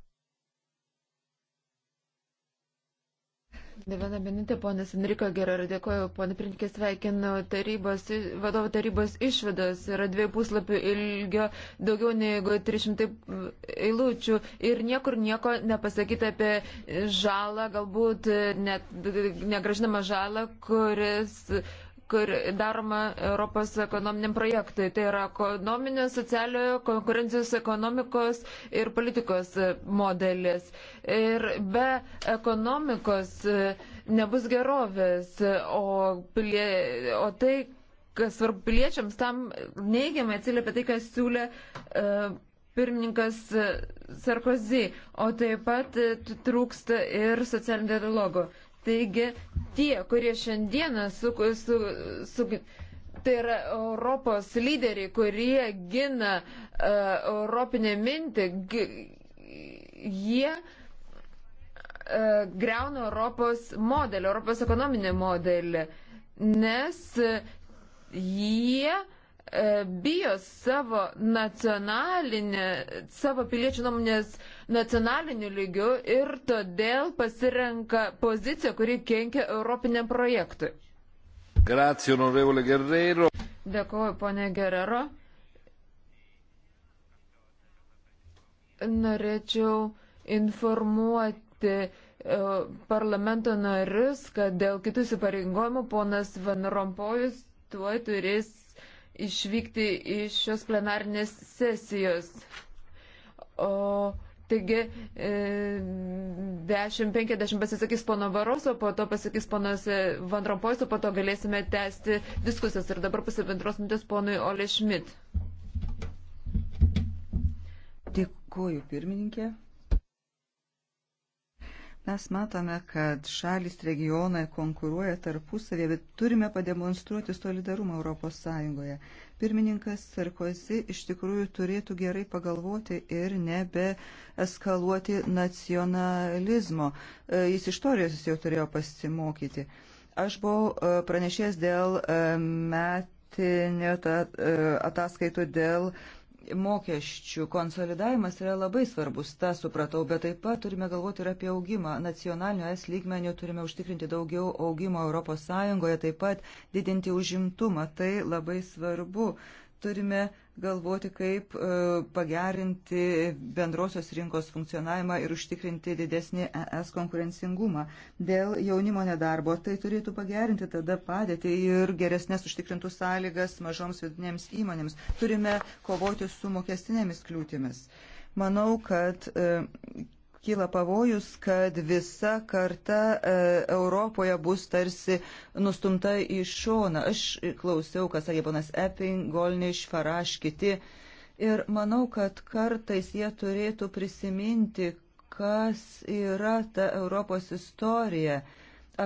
S1: Ne vieną minutę, ponas Enriko Gerar, dėkoju, ponė Prinkė, sveikinu tarybos, vadovo tarybos išvados, yra dviejų puslapių ilgio, daugiau negu 300 eilučių ir niekur nieko nepasakyta apie žalą, galbūt net negražinamą žalą, kuris kur daroma Europos ekonominiam projektui. Tai yra ekonominio, socialiojo, konkurencijos ekonomikos ir politikos modelis. Ir be ekonomikos e, nebus gerovės, o, pilie, o tai, kas svarbu piliečiams, tam neigiamai atsiliepia tai, kas siūlė. Uh, pirmininkas e, Sarkozy, o taip pat trūksta ir socialinio dialogo. Taigi tie, kurie šiandieną su, su, su, tai yra Europos lyderiai, kurie gina uh, europinę mintį, g, jie uh, e, greuna Europos modelį, Europos ekonominį modelį, nes jie uh, bijo savo nacionalinę, savo piliečių nuomonės uh, nacionaliniu lygiu ir todėl pasirenka poziciją, kuri kenkia Europiniam projektui.
S2: Grazie, onorevole Guerrero.
S1: Dėkuoju, ponė Guerrero. Norėčiau informuoti e, parlamento narius, kad dėl kitų įsipareigojimų ponas Van Rompojus tuoj turės išvykti iš šios plenarnės sesijos. O Taigi 10.50 e, pasisakys pono Baroso, po to pasakys ponas e, Van Rompojus, po to galėsime tęsti diskusijas. Ir dabar pusantros minutės ponui Ole Schmidt.
S4: Dėkuoju pirmininkė. Mes matome, kad šalis regionai konkuruoja tarpusavėje, bet turime pademonstruoti solidarumą Europos Sąjungoje. Pirmininkas Sarkozy iš tikrųjų turėtų gerai pagalvoti ir nebe eskaluoti nacionalizmo. E, jis iš istorijos jau turėjo pasimokyti. Aš buvau e, pranešęs dėl e, metinio ataskaitų dėl mokesčių konsolidavimas yra labai svarbus, tą supratau, bet taip pat turime galvoti ir apie augimą. Nacionalinio es lygmenio turime užtikrinti daugiau augimo ES, taip pat didinti užimtumą. Tai labai svarbu turime galvoti, kaip e, pagerinti bendrosios rinkos funkcionavimą ir užtikrinti didesnį ES konkurencingumą. Dėl jaunimo nedarbo tai turėtų pagerinti tada padėti ir geresnės užtikrintų sąlygas mažoms vidinėms įmonėms. Turime kovoti su mokestinėmis kliūtimis. Manau, kad e, kyla pavojus, kad visa karta e, Europoje bus tarsi nustumta į šoną. Aš klausiau, kas sakė panas Epping, Golniš, Faraš, kiti. Ir manau, kad kartais jie turėtų prisiminti, kas yra ta Europos istorija,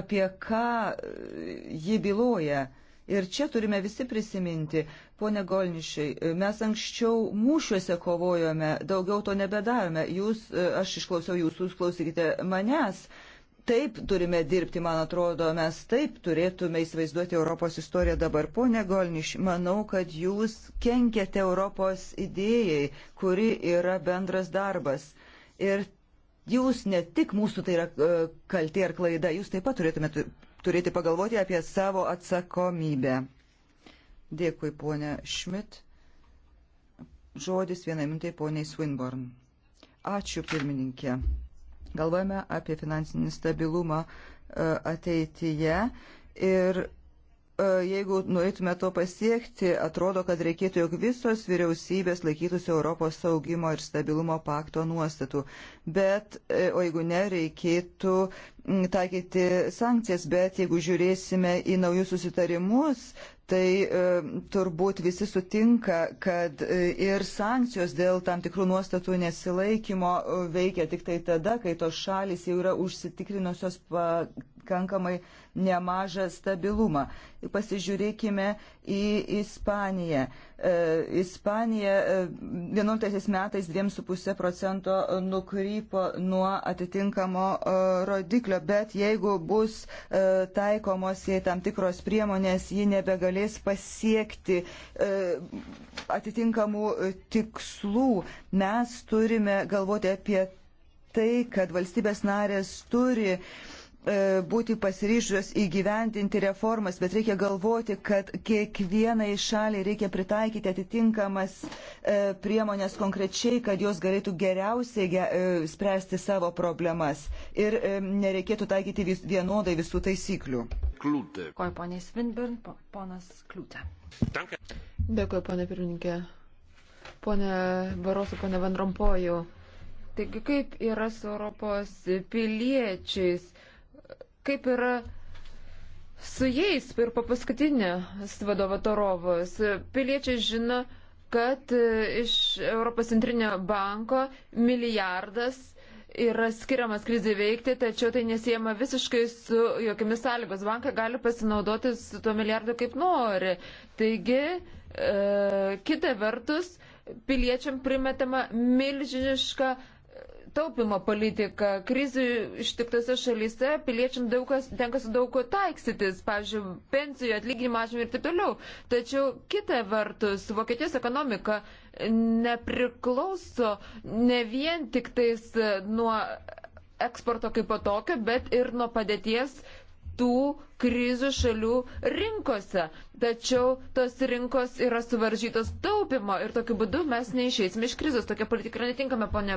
S4: apie ką e, ji byloja. Ir čia turime visi prisiminti, pone Golnišai, mes anksčiau mūšiuose kovojome, daugiau to nebedarome. Jūs, e, aš išklausiau jūsų, jūs klausykite manęs. Taip turime dirbti, man atrodo, mes taip turėtume įsivaizduoti Europos istoriją dabar. Pone Golniš, manau, kad jūs kenkiate Europos idėjai, kuri yra bendras darbas. Ir jūs ne tik mūsų tai yra e, kalti ar klaida, jūs taip pat turėtumėte turėti pagalvoti apie savo atsakomybę. Dėkui, ponė Šmit. Žodis vienai mintai poniai Swinburne. Ačiū, pirmininkė. Galvojame apie finansinį stabilumą e, ateityje ir e, jeigu norėtume to pasiekti, atrodo, kad reikėtų, jog visos vyriausybės laikytųsi Europos saugimo ir stabilumo pakto nuostatų. Bet, e, o jeigu ne, reikėtų taikyti sankcijas, bet jeigu žiūrėsime į naujus susitarimus, tai e, turbūt visi sutinka, kad e, ir sankcijos dėl tam tikrų nuostatų nesilaikymo e, veikia tik tai tada, kai tos šalis jau yra užsitikrinusios pakankamai nemažą stabilumą. Pasižiūrėkime į Ispaniją. E, Ispanija 11 e, metais 2,5 procento nukrypo nuo atitinkamo e, rodiklio, bet jeigu bus taikomos į tam tikros priemonės, ji nebegalės pasiekti atitinkamų tikslų. Mes turime galvoti apie tai, kad valstybės narės turi uh, E, būti pasiryžusios įgyvendinti reformas, bet reikia galvoti, kad kiekvienai šaliai reikia pritaikyti atitinkamas e, priemonės konkrečiai, kad jos galėtų geriausiai e, spręsti savo problemas ir nereikėtų taikyti vis, vienodai visų taisyklių. Kliūtė.
S1: Ko, ponė Svinburn, ponas Kliūtė. Dėkuoju, ponė pirmininkė. Pone Barosu, pone Vandrompoju. Taigi kaip yra su Europos piliečiais? kaip yra su jais ir po paskutinės vadovo Torovos. Piliečiai žino, kad e, iš Europos centrinio banko milijardas yra skiriamas krizai veikti, tačiau tai nesijama visiškai su jokiamis sąlygos. Bankai gali pasinaudoti su tuo milijardu kaip nori. Taigi, e, kita vertus, piliečiam primetama milžiniška taupimo politiką. Krizių ištiktose šalyse piliečiam daug kas, tenka su daug ko taiksytis, pavyzdžiui, pensijų atlyginimo atžymį ir taip toliau. Tačiau kita vertus, Vokietijos ekonomika nepriklauso ne vien tik tais nuo eksporto kaip po tokio, bet ir nuo padėties tų krizių šalių rinkose. Tačiau tos rinkos yra suvaržytos taupimo ir tokiu būdu mes neišeisime iš krizės. Tokia politika yra netinkama, ponė,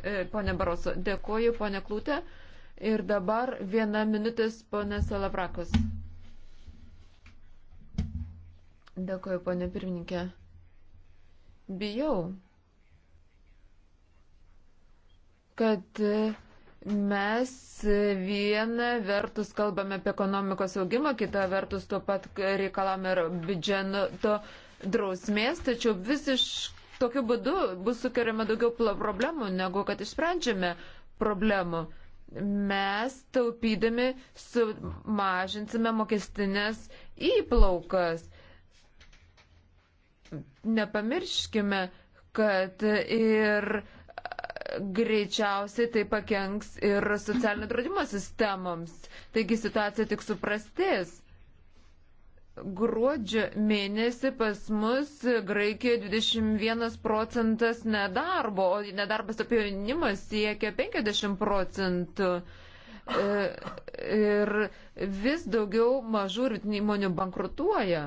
S1: e, ponė Baroso. Dėkuoju, ponė Klūtė. Ir dabar viena minutės, ponė Salavrakos. Dėkuoju, ponė pirmininkė. Bijau, kad mes vieną vertus kalbame apie ekonomikos augimą, kitą vertus tuo pat reikalame ir biudžeto drausmės, tačiau visiškai tokiu būdu bus sukeriama daugiau problemų, negu kad išsprendžiame problemų. Mes taupydami sumažinsime mokestinės įplaukas. Nepamirškime, kad ir greičiausiai tai pakenks ir socialinio draudimo sistemoms. Taigi situacija tik suprastės. Gruodžio mėnesį pas mus Graikijoje 21 procentas nedarbo, o nedarbas apie jaunimą siekia 50 procentų. E, ir vis daugiau mažų rytinių įmonių bankrutuoja.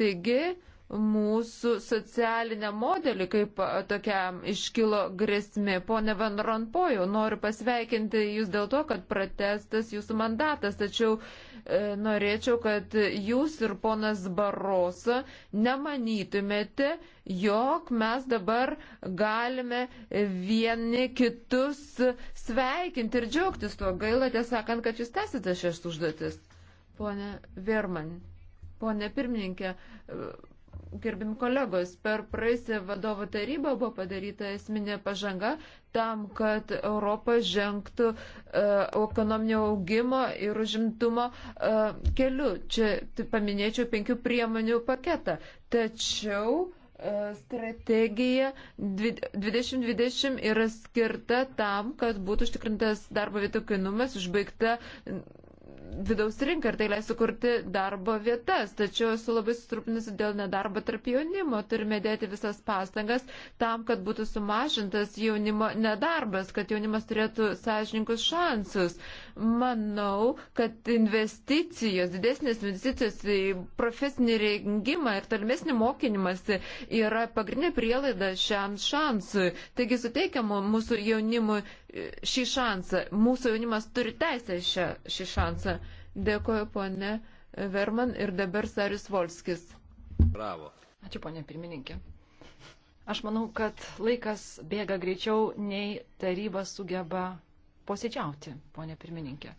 S1: Taigi, mūsų socialinę modelį, kaip tokiam iškilo grėsmi. Pone Van Rompojau, noriu pasveikinti Jūs dėl to, kad protestas Jūsų mandatas, tačiau e, norėčiau, kad Jūs ir ponas Barosa nemanytumėte, jog mes dabar galime vieni kitus sveikinti ir džiaugtis tuo. Gaila, tiesąkant, kad Jūs tęsite šias užduotis. Pone Verman, pone pirmininkė, e, gerbim kolegos, per praeisę vadovo tarybą buvo padaryta esminė pažanga tam, kad Europa žengtų uh, ekonominio augimo ir užimtumo uh, keliu. Čia tai paminėčiau penkių priemonių paketą. Tačiau e, strategija 2020 yra skirta tam, kad būtų užtikrintas darbo vietų kainumas, užbaigta vidaus rinką ir tai leis sukurti darbo vietas. Tačiau esu labai sutrūpinusi dėl nedarbo tarp jaunimo. Turime dėti visas pastangas tam, kad būtų sumažintas jaunimo nedarbas, kad jaunimas turėtų sąžininkus šansus. Manau, kad investicijos, didesnės investicijos į profesinį rengimą ir tolimesnį mokinimąsi yra pagrindinė prielaida šiam šansui. Taigi suteikiamo mūsų jaunimui e, šį šansą. Mūsų jaunimas turi teisę šią, šį šansą. Dėkoju, ponė Verman ir dabar Saris Volskis. Bravo. Ačiū, ponė pirmininkė. Aš
S3: manau, kad laikas bėga greičiau, nei taryba sugeba posėdžiauti, ponė pirmininkė.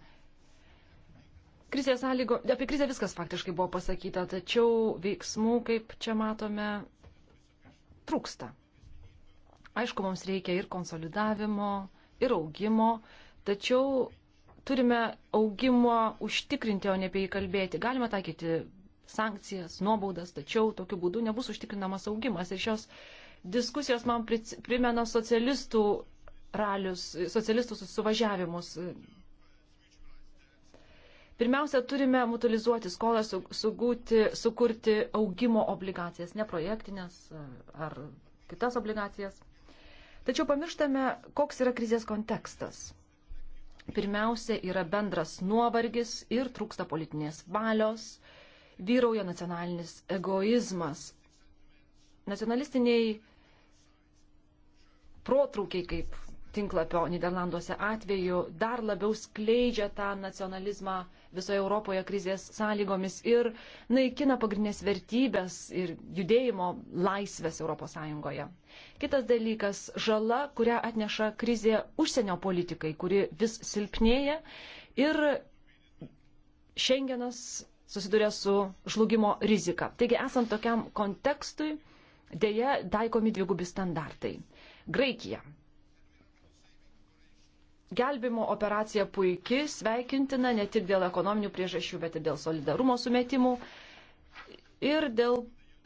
S3: Krizė sąlygo, apie krizę viskas faktiškai buvo pasakyta, tačiau veiksmų, kaip čia matome, trūksta. Aišku, mums reikia ir konsolidavimo, ir augimo, tačiau turime augimo užtikrinti, o ne apie jį kalbėti. Galime taikyti sankcijas, nuobaudas, tačiau tokiu būdu nebus užtikrinamas augimas. Ir šios diskusijos man primena socialistų ralius, socialistų suvažiavimus. Pirmiausia, turime mutualizuoti skolą, sugūti, sukurti augimo obligacijas, ne projektinės e, ar kitas obligacijas. Tačiau pamirštame, koks yra krizės kontekstas. Pirmiausia, yra bendras nuovargis ir trūksta politinės valios, vyrauja nacionalinis egoizmas. Nacionalistiniai protrūkiai, kaip tinklapio Niderlanduose atveju dar labiau skleidžia tą nacionalizmą visoje Europoje krizės sąlygomis ir naikina pagrindinės vertybės ir judėjimo laisvės ES. Kitas dalykas - žala, kurią atneša krizė užsienio politikai, kuri vis silpnėja ir Šengenas susiduria su žlugimo rizika. Taigi, esant tokiam kontekstui, dėja taikomi dvigubi standartai. Graikija Gelbimo operacija puikiai, sveikintina ne tik dėl ekonominių priežasčių, bet ir dėl solidarumo sumetimų ir dėl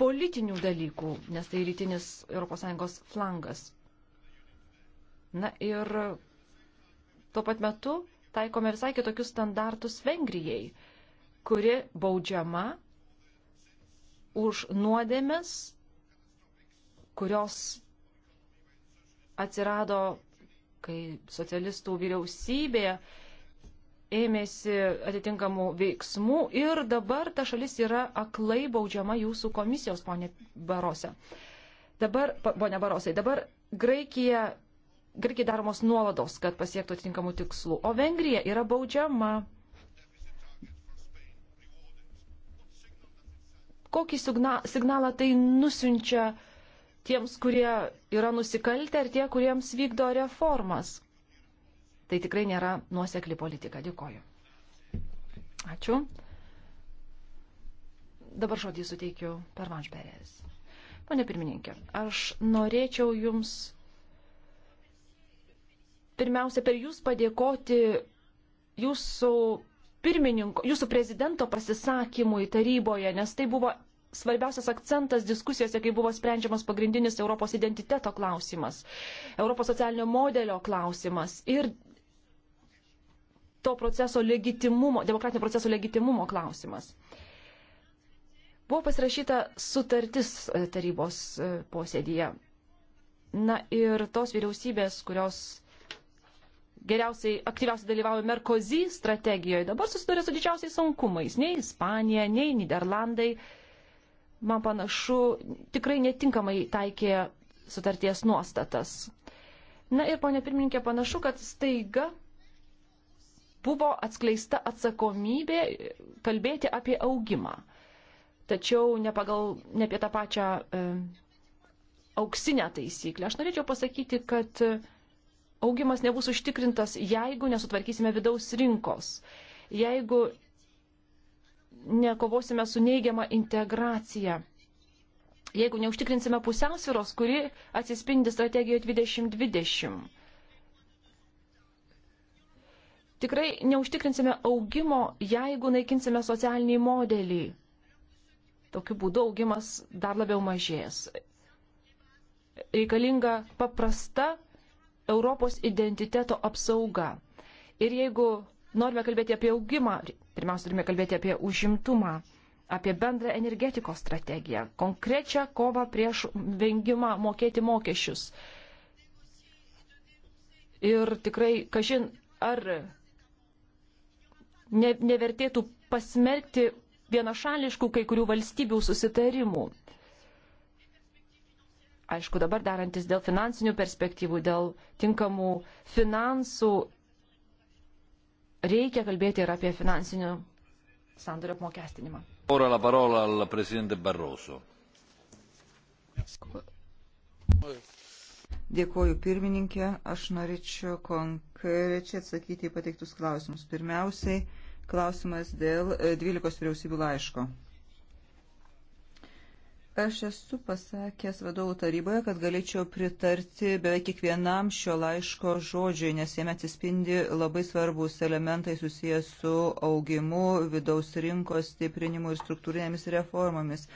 S3: politinių dalykų, nes tai rytinis ES flangas. Na ir tuo pat metu taikome visai kitokius standartus Vengrijai, kuri baudžiama už nuodėmes, kurios atsirado kai socialistų vyriausybė ėmėsi atitinkamų veiksmų ir dabar ta šalis yra aklai baudžiama jūsų komisijos, ponė Barose. Dabar, ponė Barosai, dabar Graikija, Graikija daromos nuolados, kad pasiektų atitinkamų tikslų, o Vengrija yra baudžiama. Kokį signalą tai nusinčia? tiems, kurie yra nusikaltę ir tie, kuriems vykdo reformas. Tai tikrai nėra nuosekli politika. Dėkoju. Ačiū. Dabar žodį suteikiu per Vanšberės. Pane pirmininkė, aš norėčiau Jums pirmiausia per Jūs padėkoti Jūsų pirmininko, jūsų prezidento pasisakymui taryboje, nes tai buvo svarbiausias akcentas diskusijose, kai buvo sprendžiamas pagrindinis Europos identiteto klausimas, Europos socialinio modelio klausimas ir to proceso legitimumo, demokratinio proceso legitimumo klausimas. Buvo pasirašyta sutartis e, tarybos e, posėdėje. Na ir tos vyriausybės, kurios geriausiai, aktyviausiai dalyvauja Merkozy strategijoje, dabar susiduria su didžiausiais sunkumais. Nei Ispanija, nei Niderlandai man panašu, tikrai netinkamai taikė sutarties nuostatas. Na ir, ponė pirmininkė, panašu, kad staiga buvo atskleista atsakomybė kalbėti apie augimą. Tačiau ne, pagal, ne apie tą pačią e, auksinę taisyklę. Aš norėčiau pasakyti, kad e, augimas nebus užtikrintas, jeigu nesutvarkysime vidaus rinkos. Jeigu nekovosime su neigiama integracija. Jeigu neužtikrinsime pusiausviros, kuri atsispindi strategijoje 2020. Tikrai neužtikrinsime augimo, jeigu naikinsime socialinį modelį. Tokiu būdu augimas dar labiau mažės. Reikalinga paprasta Europos identiteto apsauga. Ir jeigu norime kalbėti apie augimą, Pirmiausia, turime kalbėti apie užimtumą, apie bendrą energetikos strategiją, konkrečią kovą prieš vengimą mokėti mokesčius. Ir tikrai, kažin, ar ne, nevertėtų pasmerkti vienašališkų kai kurių valstybių susitarimų. Aišku, dabar darantis dėl finansinių perspektyvų, dėl tinkamų finansų reikia kalbėti ir apie finansinių sandorio apmokestinimą.
S2: Ora la parola al presidente Barroso.
S4: Dėkuoju pirmininkė, aš norėčiau konkrečiai atsakyti į pateiktus klausimus. Pirmiausiai, klausimas dėl 12 vyriausybių laiško. Aš esu pasakęs vadovų taryboje, kad galėčiau pritarti beveik kiekvienam šio laiško žodžiui, nes jame atsispindi labai svarbus elementai susijęs su augimu, vidaus rinkos stiprinimu ir struktūrinėmis reformomis.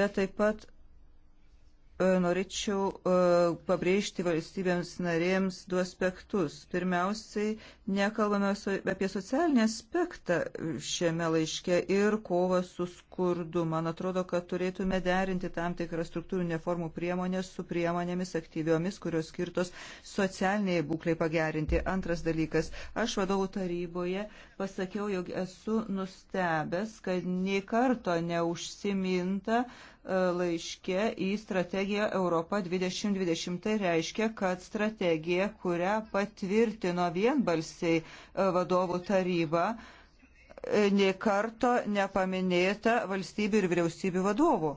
S4: Bet taip pat e, norėčiau e, pabrėžti valstybėms narėms du aspektus. Pirmiausiai, nekalbame apie socialinį aspektą šiame laiške ir kovą su skurdu skurdu. Man atrodo, kad turėtume derinti tam tikrą struktūrinę formų priemonės su priemonėmis aktyviomis, kurios skirtos socialiniai būkliai pagerinti. Antras dalykas. Aš vadovų taryboje pasakiau, jog esu nustebęs, kad nei karto neužsiminta e, laiške į strategiją Europa 2020. Tai reiškia, kad strategija, kurią patvirtino vienbalsiai e, vadovų taryba, nei karto nepaminėta valstybių ir vyriausybių vadovų.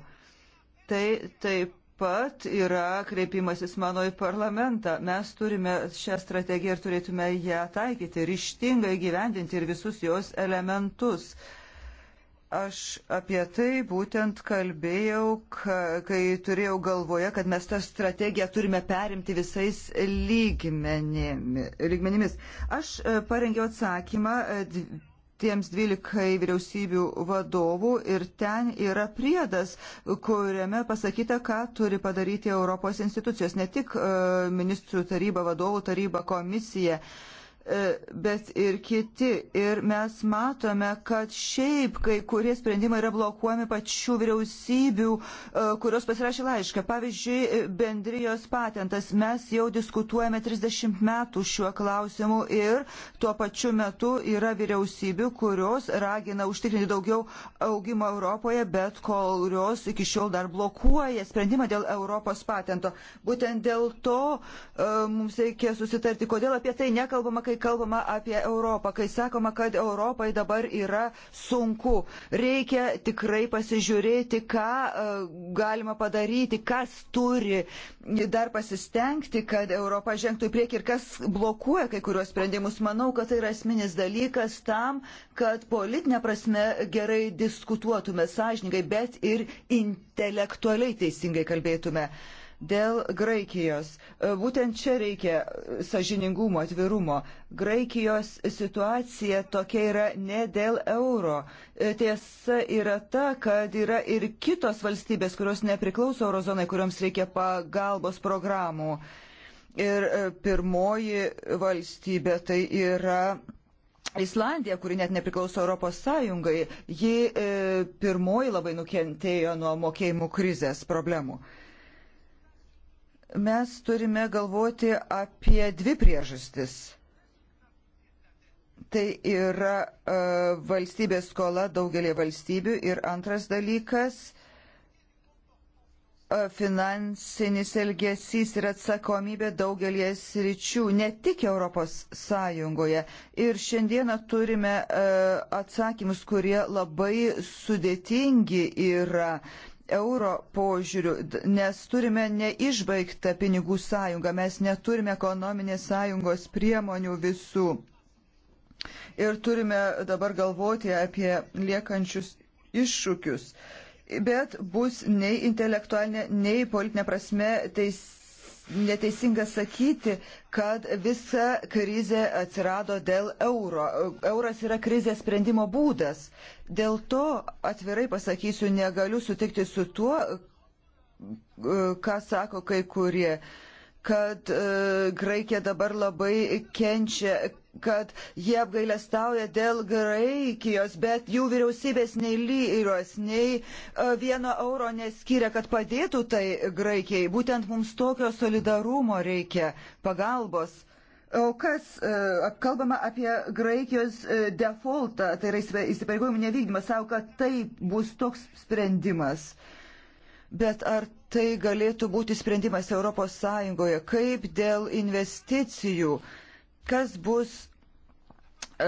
S4: Tai taip pat yra kreipimasis mano į parlamentą. Mes turime šią strategiją ir turėtume ją taikyti, ryštingai gyvendinti ir visus jos elementus. Aš apie tai būtent kalbėjau, kai turėjau galvoje, kad mes tą strategiją turime perimti visais lygmenimis. Aš e, parengiau atsakymą e, tiems 12 vyriausybių vadovų ir ten yra priedas, kuriame pasakyta, ką turi padaryti Europos institucijos, ne tik e, ministrų taryba, vadovų taryba, komisija. Uh, E, bet ir kiti. Ir mes matome, kad šiaip kai kurie sprendimai yra blokuojami pačių vyriausybių, e, kurios pasirašė laišką. Pavyzdžiui, e, bendrijos patentas. Mes jau diskutuojame 30 metų šiuo klausimu ir tuo pačiu metu yra vyriausybių, kurios ragina užtikrinti daugiau augimo Europoje, bet kurios iki šiol dar blokuoja sprendimą dėl Europos patento. Būtent dėl to mums reikia susitarti, kodėl apie tai nekalbama, kai kai kalbama apie Europą, kai sakoma, kad Europai dabar yra sunku. Reikia tikrai pasižiūrėti, ką e, galima padaryti, kas turi dar pasistengti, kad Europa žengtų į priekį ir kas blokuoja kai kuriuos sprendimus. Manau, kad tai yra esminis dalykas tam, kad politinė prasme gerai diskutuotume sąžininkai, bet ir intelektualiai teisingai kalbėtume. Uh, Dėl Graikijos. E, būtent čia reikia sažiningumo, atvirumo. Graikijos situacija tokia yra ne dėl euro. E, tiesa yra ta, kad yra ir kitos valstybės, kurios nepriklauso eurozonai, kuriuoms reikia pagalbos programų. Ir e, pirmoji valstybė tai yra Islandija, kuri net nepriklauso Europos Sąjungai, ji e, pirmoji labai nukentėjo nuo mokėjimų krizės problemų. E, Mes turime galvoti apie dvi priežastis. Tai yra e, valstybės skola daugelį valstybių ir antras dalykas e, finansinis elgesys ir atsakomybė daugelie sričių, ne tik Europos Sąjungoje. Ir šiandieną turime e, atsakymus, kurie labai sudėtingi yra euro požiūriu, nes turime neišbaigtą pinigų sąjungą, mes neturime ekonominės sąjungos priemonių visų. Ir turime dabar galvoti apie liekančius iššūkius. Bet bus nei intelektualinė, nei politinė prasme teis, neteisinga sakyti, kad visa krizė atsirado dėl euro. Euras yra krizės sprendimo būdas. Dėl to atvirai pasakysiu, negaliu sutikti su tuo, ką sako kai kurie kad e, Graikija dabar labai kenčia, kad jie apgailestauja dėl Graikijos, bet jų vyriausybės nei lyros, nei e, vieno euro neskiria, kad padėtų tai Graikijai. Būtent mums tokio solidarumo reikia, pagalbos. O kas, e, kalbama apie Graikijos e, defaultą, tai yra įsipareigojimų nevykdymą, savo, kad tai bus toks sprendimas. Bet ar tai galėtų būti sprendimas ES, kaip dėl investicijų, kas bus e,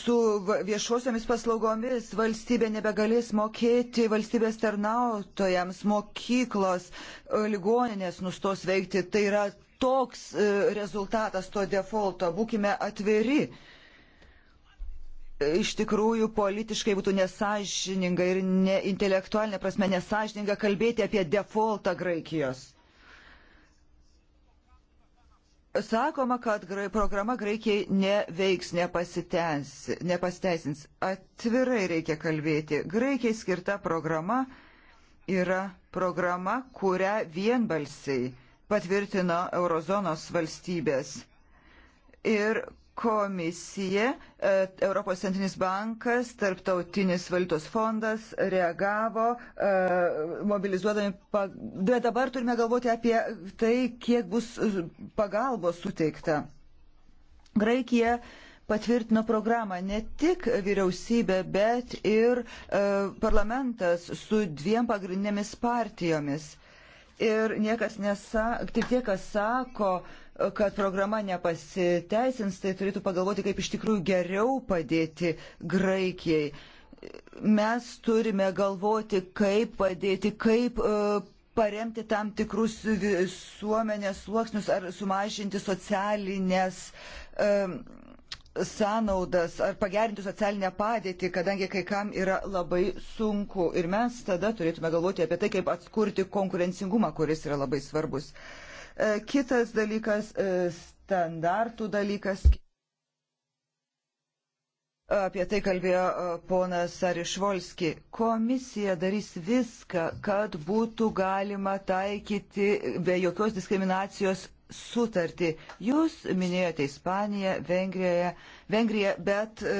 S4: su viešuosiamis paslaugomis valstybė nebegalės mokėti valstybės tarnautojams, mokyklos, ligoninės nustos veikti. Tai yra toks e, rezultatas to defaulto, būkime atviri. E, iš tikrųjų, politiškai būtų nesažininga ir ne, intelektualinė prasme nesažininga kalbėti apie defaultą Graikijos. Sakoma, kad programa Graikijai neveiks, nepasiteisins. Atvirai reikia kalbėti. Graikijai skirta programa yra programa, kurią vienbalsiai patvirtino eurozonos valstybės. Ir komisija, e, Europos centrinis bankas, Tarptautinis valiutos fondas reagavo, e, mobilizuodami, bet dabar turime galvoti apie tai, kiek bus pagalbos suteikta. Graikija patvirtino programą ne tik vyriausybė, bet ir e, parlamentas su dviem pagrindinėmis partijomis Ir niekas nesako, tik tie, kas sako, kad programa nepasiteisins, tai turėtų pagalvoti, kaip iš tikrųjų geriau padėti Graikijai. Mes turime galvoti, kaip padėti, kaip e, paremti tam tikrus visuomenės sluoksnius ar sumažinti socialinės. Um, sąnaudas ar pagerinti socialinę padėtį, kadangi kai kam yra labai sunku. Ir mes tada turėtume galvoti apie tai, kaip atskurti konkurencingumą, kuris yra labai svarbus. E, kitas dalykas e, - standartų dalykas. Apie tai kalbėjo e, ponas Arišvolski. Komisija darys viską, kad būtų galima taikyti be jokios diskriminacijos sutartį. Jūs minėjote Ispaniją, Vengriją, Vengriją bet e,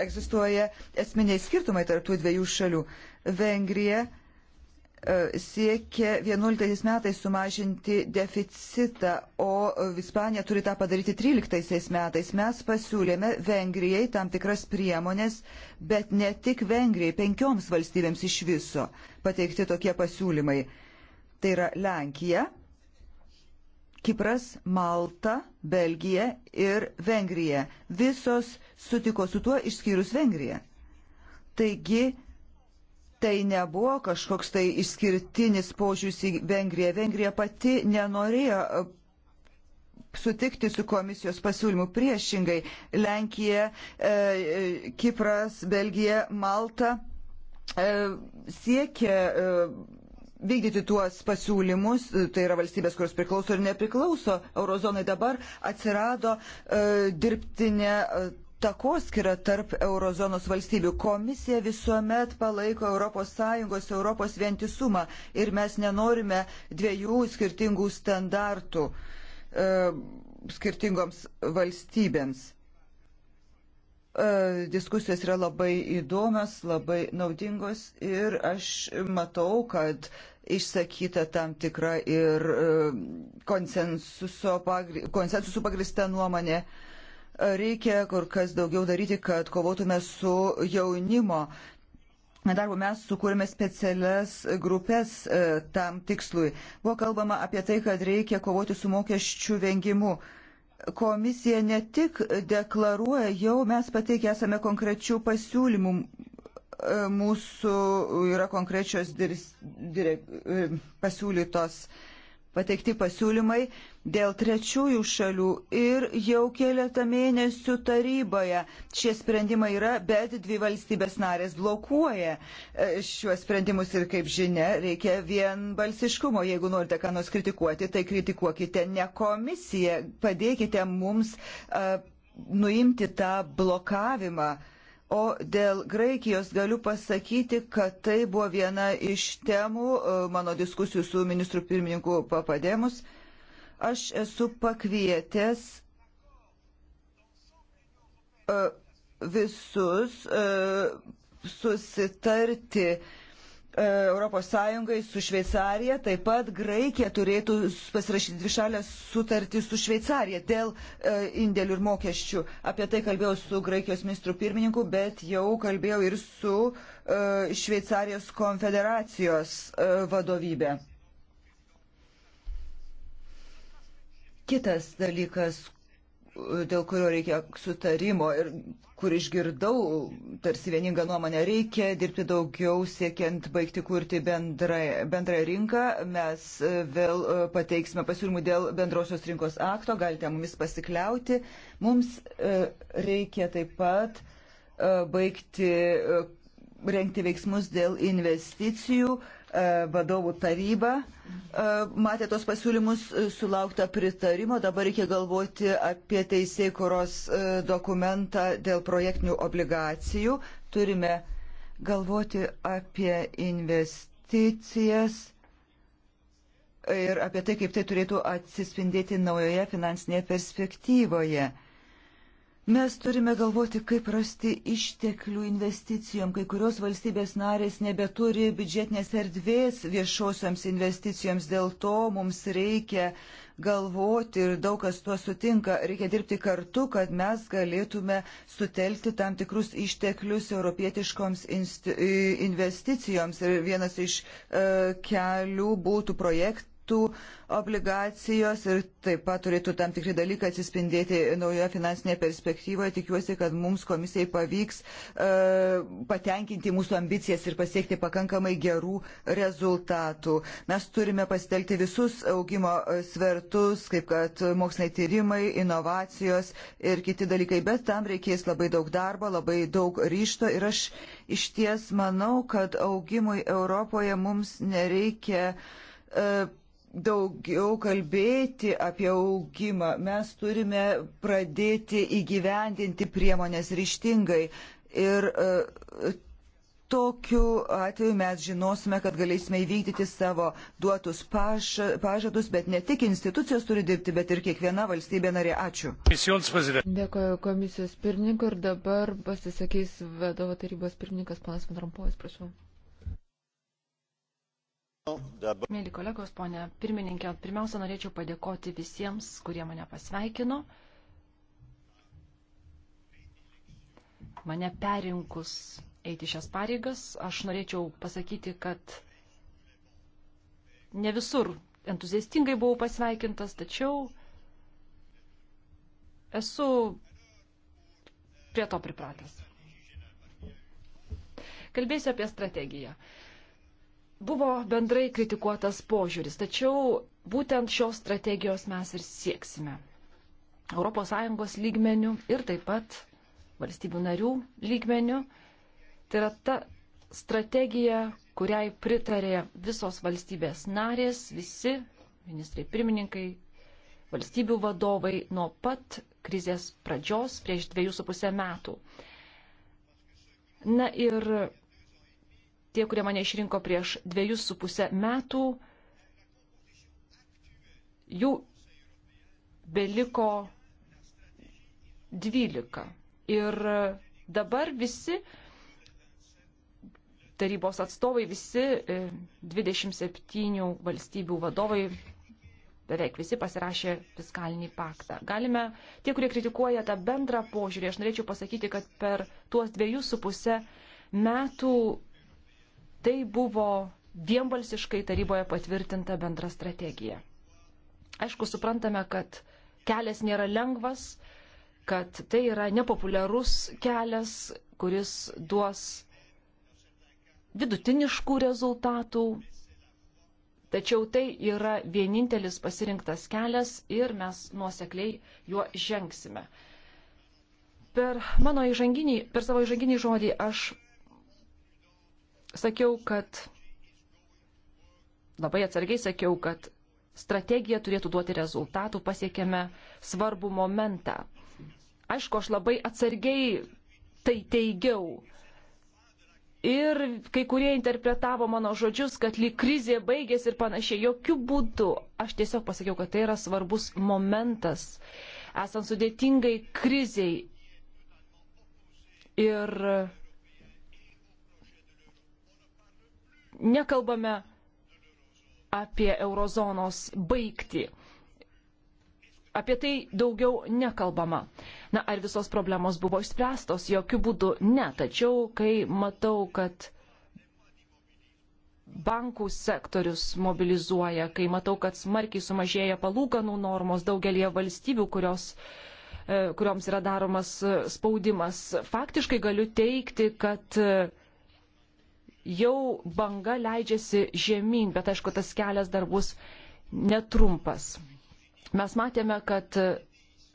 S4: egzistuoja esminiai skirtumai tarp tų dviejų šalių. Vengrija e, siekia 11 metais sumažinti deficitą, o Ispanija turi tą padaryti 13 metais. Mes pasiūlėme Vengrijai tam tikras priemonės, bet ne tik Vengrijai, penkioms valstybėms iš viso pateikti tokie pasiūlymai. Tai yra Lenkija, Kipras, Malta, Belgija ir Vengrija. Visos sutiko su tuo išskyrus Vengriją. Taigi tai nebuvo kažkoks tai išskirtinis požiūris į Vengriją. Vengrija pati nenorėjo e, sutikti su komisijos pasiūlymu. Priešingai, Lenkija, e, e Kipras, Belgija, Malta e, siekia. E, vykdyti tuos pasiūlymus, e, tai yra valstybės, kurios priklauso ir nepriklauso eurozonai dabar, atsirado e, dirbtinė e, takoskira tarp eurozonos valstybių. Komisija visuomet palaiko ES, Europos vientisumą ir mes nenorime dviejų skirtingų standartų e, skirtingoms valstybėms. E, diskusijos yra labai įdomios, labai naudingos ir aš matau, kad e, išsakyta tam tikra ir e, pagri, konsensusų pagrista nuomonė. Reikia kur kas daugiau daryti, kad kovotume su jaunimo Darbo mes sukūrėme specialias grupės e, tam tikslui. Buvo kalbama apie tai, kad reikia kovoti su mokesčių vengimu. Komisija ne tik deklaruoja, jau mes pateikę esame konkrečių pasiūlymų E, mūsų yra konkrečios diris, dire, e, pasiūlytos pateikti pasiūlymai dėl trečiųjų šalių ir jau keletą mėnesių taryboje šie sprendimai yra, bet dvi valstybės narės blokuoja e, šiuos sprendimus ir kaip žinia, reikia vienbalsiškumo. Jeigu norite ką nors kritikuoti, tai kritikuokite ne komisiją, padėkite mums uh, nuimti tą blokavimą. Uh, O dėl Graikijos galiu pasakyti, kad tai buvo viena iš temų e, mano diskusijų su ministru pirmininku Papadėmus. Aš esu pakvietęs e, visus e, susitarti ES su Šveicarija, taip pat Graikija turėtų pasirašyti dvišalę sutartį su Šveicarija dėl e, indėlių ir mokesčių. Apie tai kalbėjau su Graikijos ministru pirmininku, bet jau kalbėjau ir su e, Šveicarijos konfederacijos e, vadovybė. Kitas dalykas, dėl kurio reikia sutarimo ir kur išgirdau tarsi vieningą nuomonę, reikia dirbti daugiau siekiant baigti kurti bendrąją rinką. Mes e, vėl e, pateiksime pasiūlymų dėl bendrosios rinkos akto, galite mumis pasikliauti. Mums e, reikia taip pat baigti rengti veiksmus dėl investicijų E, vadovų taryba e, matė tos pasiūlymus, e, sulaukta pritarimo, dabar reikia galvoti apie teisėjų kuros dokumentą dėl projektinių obligacijų, turime galvoti apie investicijas ir apie tai, kaip tai turėtų atsispindėti naujoje finansinėje perspektyvoje. Mes turime galvoti, kaip rasti išteklių investicijom. Kai kurios valstybės narės nebeturi biudžetinės erdvės viešosioms investicijoms, dėl to mums reikia galvoti ir daug kas tuo sutinka. Reikia dirbti kartu, kad mes galėtume sutelkti tam tikrus išteklius europietiškoms investicijoms. Ir vienas iš e, kelių būtų projekt, turėtų obligacijos ir taip pat turėtų tam tikri dalykai atsispindėti naujoje finansinėje perspektyvoje. Tikiuosi, kad mums komisijai pavyks e, patenkinti mūsų ambicijas ir pasiekti pakankamai gerų rezultatų. Mes turime pasitelkti visus augimo svertus, kaip kad moksliniai tyrimai, inovacijos ir kiti dalykai, bet tam reikės labai daug darbo, labai daug ryšto ir aš iš ties manau, kad augimui Europoje mums nereikia e, daugiau kalbėti apie augimą. Mes turime pradėti įgyvendinti priemonės ryštingai. Ir e, tokiu atveju mes žinosime, kad galėsime įvykdyti savo duotus paž, pažadus, bet ne tik institucijos turi dirbti, bet ir kiekviena valstybė narė. Ačiū.
S1: Dėkoju komisijos pirmininkui ir dabar pasisakys vadovo tarybos pirmininkas panas Vandrampojas, prašau. Mėly kolegos, ponė pirmininkė,
S3: pirmiausia norėčiau padėkoti visiems, kurie mane pasveikino. Mane perinkus eiti šias pareigas, aš norėčiau pasakyti, kad ne visur entuziastingai buvau pasveikintas, tačiau esu prie to pripratęs. Kalbėsiu apie strategiją. Buvo bendrai kritikuotas požiūris, tačiau būtent šios strategijos mes ir sieksime. ES lygmenių ir taip pat valstybių narių lygmenių. Tai yra ta strategija, kuriai pritarė visos valstybės narės, visi ministrai pirmininkai, valstybių vadovai nuo pat krizės pradžios prieš dviejus su pusę metų. Na ir tie, kurie mane išrinko prieš dviejus su pusę metų, jų beliko dvylika. Ir dabar visi tarybos atstovai, visi 27 e, valstybių vadovai beveik visi pasirašė fiskalinį paktą. Galime, tie, kurie kritikuoja tą bendrą požiūrį, aš norėčiau pasakyti, kad per tuos dviejus su pusę metų Tai buvo vienbalsiškai taryboje patvirtinta bendra strategija. Aišku, suprantame, kad kelias nėra lengvas, kad tai yra nepopuliarus kelias, kuris duos vidutiniškų rezultatų, tačiau tai yra vienintelis pasirinktas kelias ir mes nuosekliai juo žengsime. Per, mano įžanginį, per savo įžanginį žodį aš sakiau, kad labai atsargiai sakiau, kad strategija turėtų duoti rezultatų, pasiekėme svarbų momentą. Aišku, aš labai atsargiai tai teigiau. Ir kai kurie interpretavo mano žodžius, kad lyg krizė baigėsi ir panašiai. Jokių būdų. Aš tiesiog pasakiau, kad tai yra svarbus momentas, esant sudėtingai kriziai. Ir nekalbame apie eurozonos baigtį. Apie tai daugiau nekalbama. Na, ar visos problemos buvo išspręstos? Jokių būdų ne. Tačiau, kai matau, kad bankų sektorius mobilizuoja, kai matau, kad smarkiai sumažėja palūkanų normos daugelie valstybių, kurios, e, kurioms yra daromas e, spaudimas. Faktiškai galiu teikti, kad e, jau banga leidžiasi žemyn, bet aišku, tas kelias dar bus netrumpas. Mes matėme, kad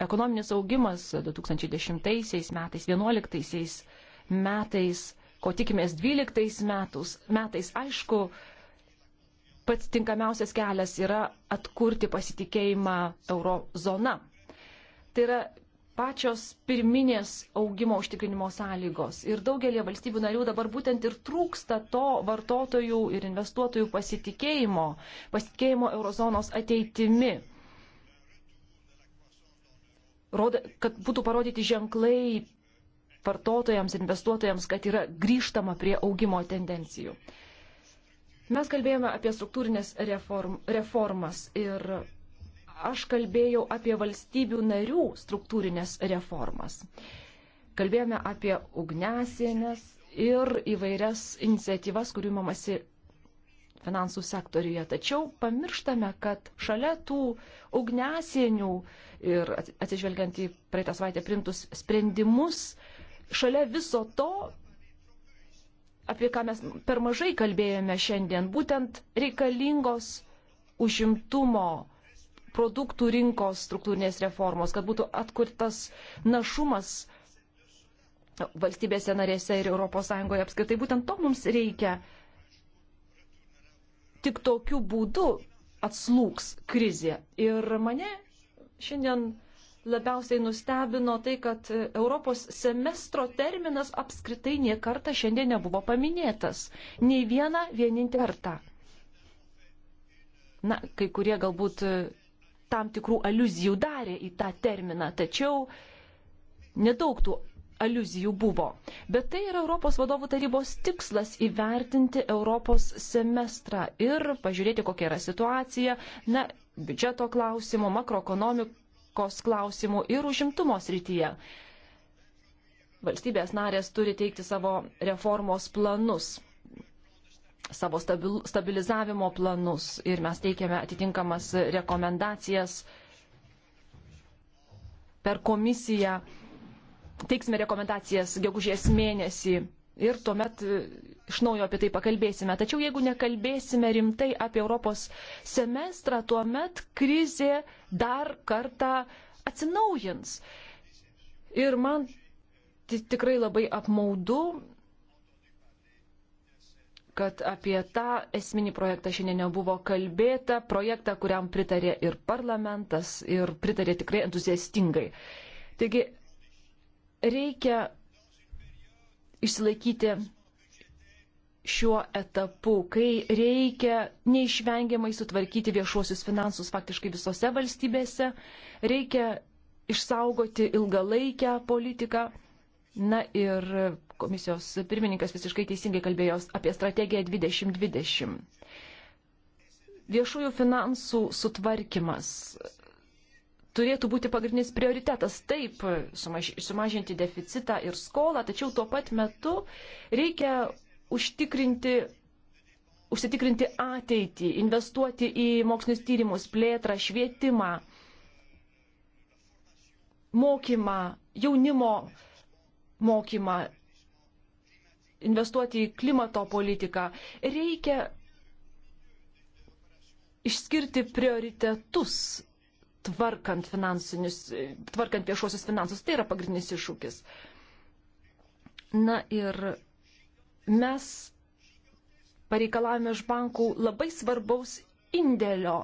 S3: ekonominis augimas 2010 metais, 2011 metais, ko tikimės 2012 metus, metais, aišku, pats tinkamiausias kelias yra atkurti pasitikėjimą eurozona. Tai yra pačios pirminės augimo užtikrinimo sąlygos. Ir daugelie valstybių narių dabar būtent ir trūksta to vartotojų ir investuotojų pasitikėjimo, pasitikėjimo eurozonos ateitimi rodo, kad būtų parodyti ženklai vartotojams, investuotojams, kad yra grįžtama prie augimo tendencijų. Mes kalbėjome apie struktūrinės reform, reformas ir aš kalbėjau apie valstybių narių struktūrinės reformas. Kalbėjome apie ugnesienės ir įvairias iniciatyvas, kurių mamasi finansų sektoriuje. Tačiau pamirštame, kad šalia tų ugnesienių ir atsižvelgiant į praeitą savaitę primtus sprendimus, šalia viso to, apie ką mes per mažai kalbėjome šiandien, būtent reikalingos užimtumo produktų rinkos struktūrinės reformos, kad būtų atkurtas našumas valstybėse narėse ir ES apskritai. Būtent to mums reikia. Tik tokiu būdu atslūks krizė. Ir mane šiandien labiausiai nustebino tai, kad Europos semestro terminas apskritai nie kartą šiandien nebuvo paminėtas. Nei vieną vienintelį kartą. Na, kai kurie galbūt tam tikrų aluzijų darė į tą terminą, tačiau nedaug tų aluzijų buvo. Bet tai yra Europos vadovų tarybos tikslas įvertinti Europos semestrą ir pažiūrėti, kokia yra situacija, na, biudžeto klausimų, makroekonomikos klausimų ir užimtumo srityje. Valstybės narės turi teikti savo reformos planus savo stabilizavimo planus ir mes teikiame atitinkamas rekomendacijas per komisiją, teiksime rekomendacijas gegužės mėnesį ir tuomet e, iš naujo apie tai pakalbėsime. Tačiau jeigu nekalbėsime rimtai apie Europos semestrą, tuomet krizė dar kartą atsinaujins. Ir man tikrai labai apmaudu kad apie tą esminį projektą šiandien nebuvo kalbėta, projektą, kuriam pritarė ir parlamentas, ir pritarė tikrai entuziastingai. Taigi reikia išsilaikyti šiuo etapu, kai reikia neišvengiamai sutvarkyti viešuosius finansus faktiškai visose valstybėse, reikia išsaugoti ilgalaikę politiką. Na ir Komisijos pirmininkas visiškai teisingai kalbėjo apie strategiją 2020. Viešųjų finansų sutvarkymas turėtų būti pagrindinis prioritetas. Taip, sumaž, sumažinti deficitą ir skolą, tačiau tuo pat metu reikia užtikrinti, užsitikrinti ateitį, investuoti į mokslinius tyrimus, plėtrą, švietimą, mokymą, jaunimo mokymą, investuoti į klimato politiką, reikia išskirti prioritetus tvarkant, tvarkant viešuosius finansus. Tai yra pagrindinis iššūkis. Na ir mes pareikalavome iš bankų labai svarbaus indėlio,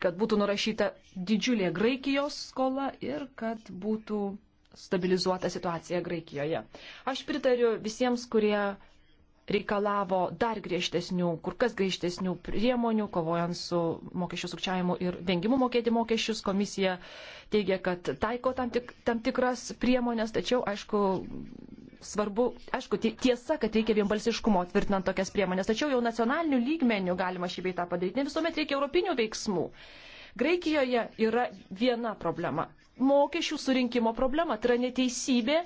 S3: kad būtų nurašyta didžiulė Graikijos skola ir kad būtų stabilizuotą situaciją Graikijoje. Aš pritariu visiems, kurie reikalavo dar griežtesnių, kur kas griežtesnių priemonių, kovojant su mokesčių sukčiavimu ir vengimu mokėti mokesčius. Komisija teigia, kad taiko tam, tik, tam tikras priemonės, tačiau, aišku, svarbu, aišku, tiesa, kad reikia vienbalsiškumo tvirtinant tokias priemonės, tačiau jau nacionalinių lygmenių galima šį beitą padaryti, ne visuomet reikia europinių veiksmų. Graikijoje yra viena problema mokesčių surinkimo problema, tai yra neteisybė.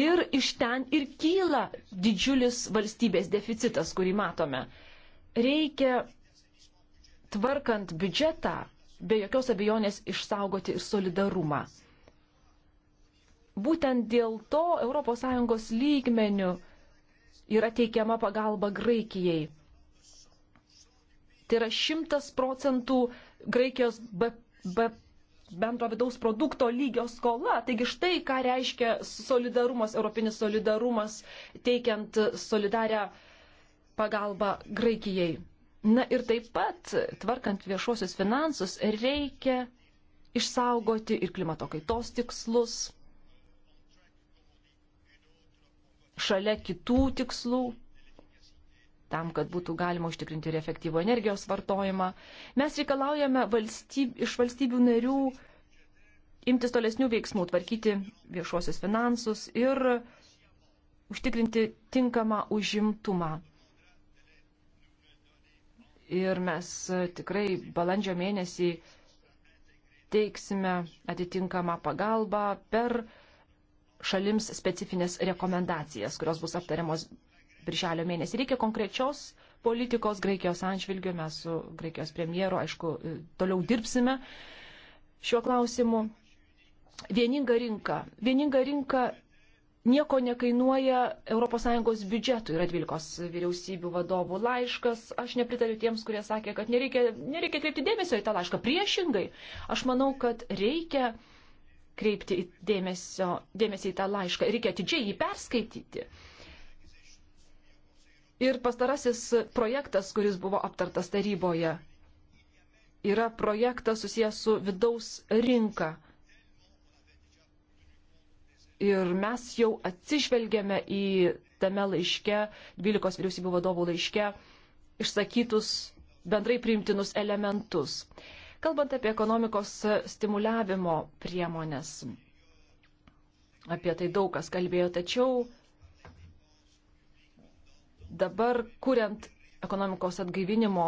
S3: Ir iš ten ir kyla didžiulis valstybės deficitas, kurį matome. Reikia tvarkant biudžetą, be jokios abejonės išsaugoti ir solidarumą. Būtent dėl to ES lygmenių yra teikiama pagalba Graikijai. Tai yra šimtas procentų Graikijos BP bendro vidaus produkto lygio skola. Taigi štai ką reiškia solidarumas, europinis solidarumas, teikiant solidarią pagalbą Graikijai. Na ir taip pat, tvarkant viešuosius finansus, reikia išsaugoti ir klimato kaitos tikslus, šalia kitų tikslų, tam, kad būtų galima užtikrinti ir efektyvų energijos vartojimą. Mes reikalaujame valstyb, iš valstybių narių imtis tolesnių veiksmų, tvarkyti viešuosius finansus ir užtikrinti tinkamą užimtumą. Ir mes e, tikrai balandžio mėnesį teiksime atitinkamą pagalbą per šalims specifines rekomendacijas, kurios bus aptariamos birželio mėnesį. Reikia konkrečios politikos Graikijos atžvilgiu, mes su Graikijos premjeru, aišku, e, toliau dirbsime šiuo klausimu. Vieninga rinka. Vieninga rinka nieko nekainuoja ES biudžetui, yra 12 vyriausybių vadovų laiškas. Aš nepritariu tiems, kurie sakė, kad nereikia, nereikia kreipti dėmesio į tą laišką. Priešingai, aš manau, kad reikia kreipti dėmesio, dėmesį į tą laišką, reikia atidžiai jį perskaityti Ir pastarasis projektas, kuris buvo aptartas taryboje, yra projektas susijęs su vidaus rinka. Ir mes jau atsižvelgėme į tame laiške, 12 vyriausybių vadovų laiške, išsakytus bendrai priimtinus elementus. Kalbant apie ekonomikos stimuliavimo priemonės, apie tai daug kas kalbėjo, tačiau dabar kuriant ekonomikos atgaivinimo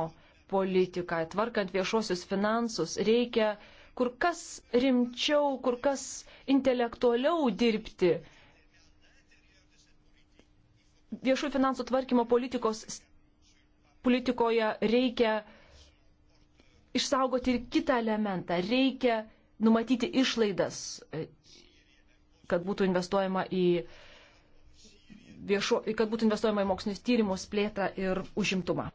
S3: politiką, tvarkant viešuosius finansus, reikia kur kas rimčiau, kur kas intelektualiau dirbti. Viešų finansų tvarkymo politikos, politikoje reikia išsaugoti ir kitą elementą. Reikia numatyti išlaidas, kad būtų investuojama į uh, viešo, kad būtų investuojama į mokslinius tyrimus, plėtrą ir užimtumą.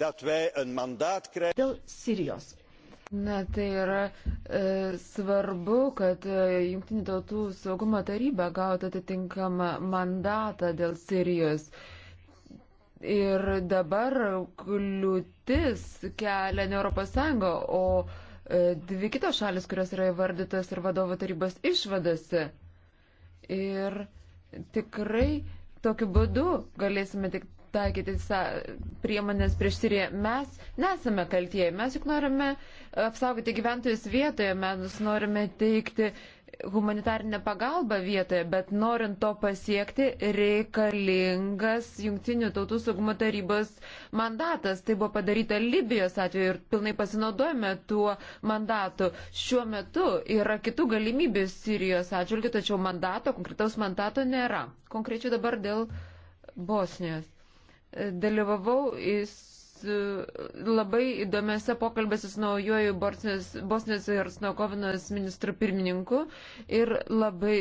S5: Dėl Sirijos.
S1: Na tai yra e, svarbu, kad e, Junktinių tautų saugumo taryba gautų atitinkamą mandatą dėl Sirijos. Ir dabar kliūtis kelia ne Europos Sąjunga, o e, dvi kitos šalis, kurios yra įvardytos ir vadovo tarybos išvadose. Ir tikrai Tokiu būdu galėsime tik taikyti priemonės prieš Siriją. Mes nesame kaltieji, mes juk norime apsaugoti gyventojus vietoje, mes norime teikti humanitarinę pagalbą vietoje, bet norint to pasiekti, reikalingas Junktinių tautų saugumo tarybos mandatas. Tai buvo padaryta Libijos atveju ir pilnai pasinaudojame tuo mandatu. Šiuo metu yra kitų galimybių Sirijos atžvilgių, tačiau mandato, konkretaus mandato nėra. Konkrečiai dabar dėl Bosnijos. Dalyvavau į labai įdomiose pokalbėse su naujoju Bosnijos ir Snaukovinos ministru pirmininku ir labai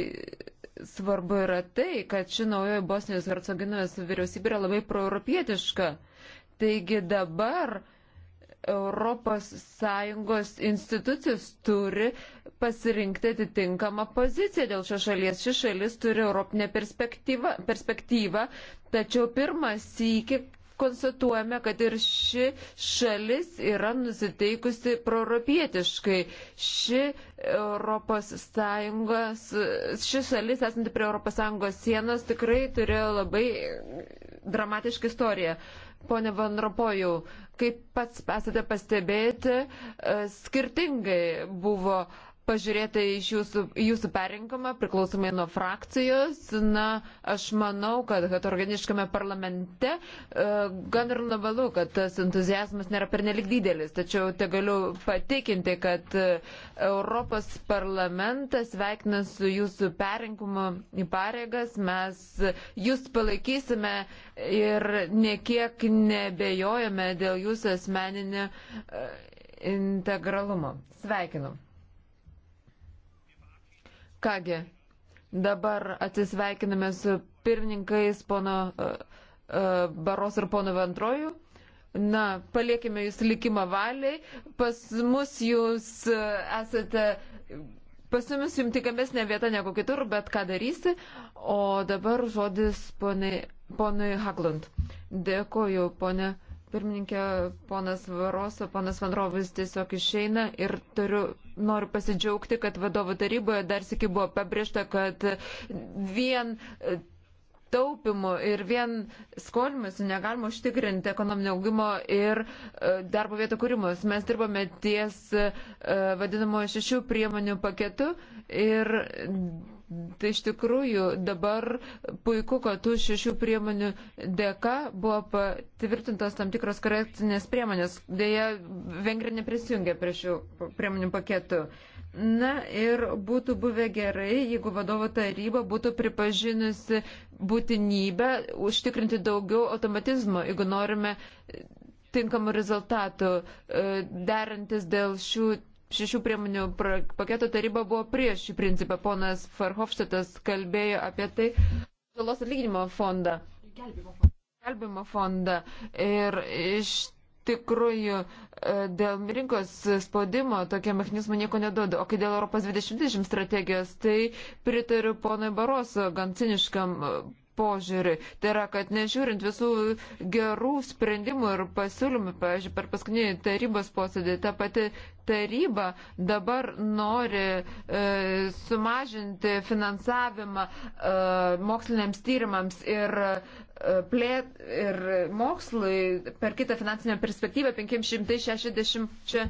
S1: svarbu yra tai, kad ši naujoji Bosnijos ir Hercegovinos vyriausybė yra labai proeuropietiška. Taigi dabar ES institucijos turi pasirinkti atitinkamą poziciją dėl šios šalies. Ši šalis turi europinę perspektyvą, perspektyvą tačiau pirmą sįki konstatuojame, kad ir ši šalis yra nusiteikusi proeuropietiškai. Ši Europos Sąjungos, ši šalis esanti prie Europos Sąjungos sienos tikrai turėjo labai dramatišką istoriją. Pone Van Ropojau, kaip pats esate pastebėti, skirtingai buvo uh, pažiūrėta iš jūsų, jūsų perrinkimą priklausomai nuo frakcijos. Na, aš manau, kad, kad organiškame parlamente e, gan ir nuvalu, kad tas entuzijazmas nėra pernelik didelis. Tačiau te galiu patikinti, kad e, Europos parlamentas veikina su jūsų perrinkimu į pareigas. Mes jūs palaikysime ir niekiek nebejojame dėl jūsų asmeninio e, integralumo. Sveikinu. Kągi, dabar atsisveikiname su pirmininkais pono e, e, Baros ir pono Ventrojų. Na, paliekime jūs likimą valiai. Pas mus jūs e, esate, pas mus jums tikamesnė vieta negu kitur, bet ką darysi. O dabar žodis ponai, ponui Haglund. Dėkoju, ponė. Pirmininkė, ponas Varoso, ponas Vandrovas tiesiog išeina ir turiu, noriu pasidžiaugti, kad vadovų taryboje dar sėki buvo pabrėžta, kad vien e, taupimu ir vien skolimisu negalima užtikrinti ekonominio augimo ir e, darbo vietų kūrimus. Mes dirbame ties e, vadinamojo šešių priemonių paketu ir Tai iš tikrųjų dabar puiku, kad tų šešių priemonių dėka buvo patvirtintos tam tikros korekcinės priemonės. Deja, Vengrija neprisijungė prie šių priemonių paketų. Na ir būtų buvę gerai, jeigu vadovo taryba būtų pripažinusi būtinybę užtikrinti daugiau automatizmo, jeigu norime tinkamų rezultatų, e, derantis dėl šių šešių priemonių paketo taryba buvo prieš šį principą. Ponas Farhofštetas kalbėjo apie tai žalos atlyginimo fondą. Gelbimo fondą. Ir iš tikrųjų e, dėl rinkos spaudimo tokie mechanizmai nieko neduoda. O kai dėl Europos 2020 strategijos, tai pritariu ponui Baroso gan ciniškam požiūrį. Tai yra, kad nežiūrint visų gerų sprendimų ir pasiūlymų, pavyzdžiui, per paskutinį tarybos posėdį, ta pati taryba dabar nori e, sumažinti finansavimą e, moksliniams tyrimams ir, e, plėt, ir mokslui per kitą finansinę perspektyvą 560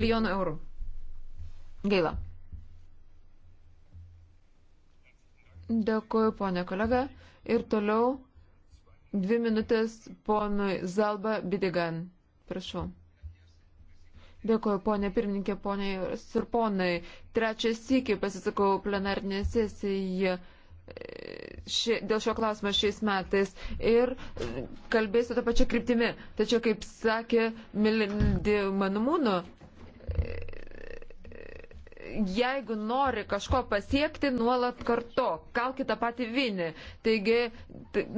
S1: milijonų eurų. Gaila. Dėkuoju, ponė kolega. Ir toliau dvi minutės ponui Zalba Bidigan. Prašau. Dėkuoju, ponė pirmininkė, ponė ir ponai. Trečią sykį pasisakau plenarnė sesija e, ši, dėl šio klausimo šiais metais ir e, kalbėsiu tą pačią kryptimį. Tačiau, kaip sakė Mildi Manumūno, e, jeigu nori kažko pasiekti, nuolat karto, kalkit tą patį vinį. Taigi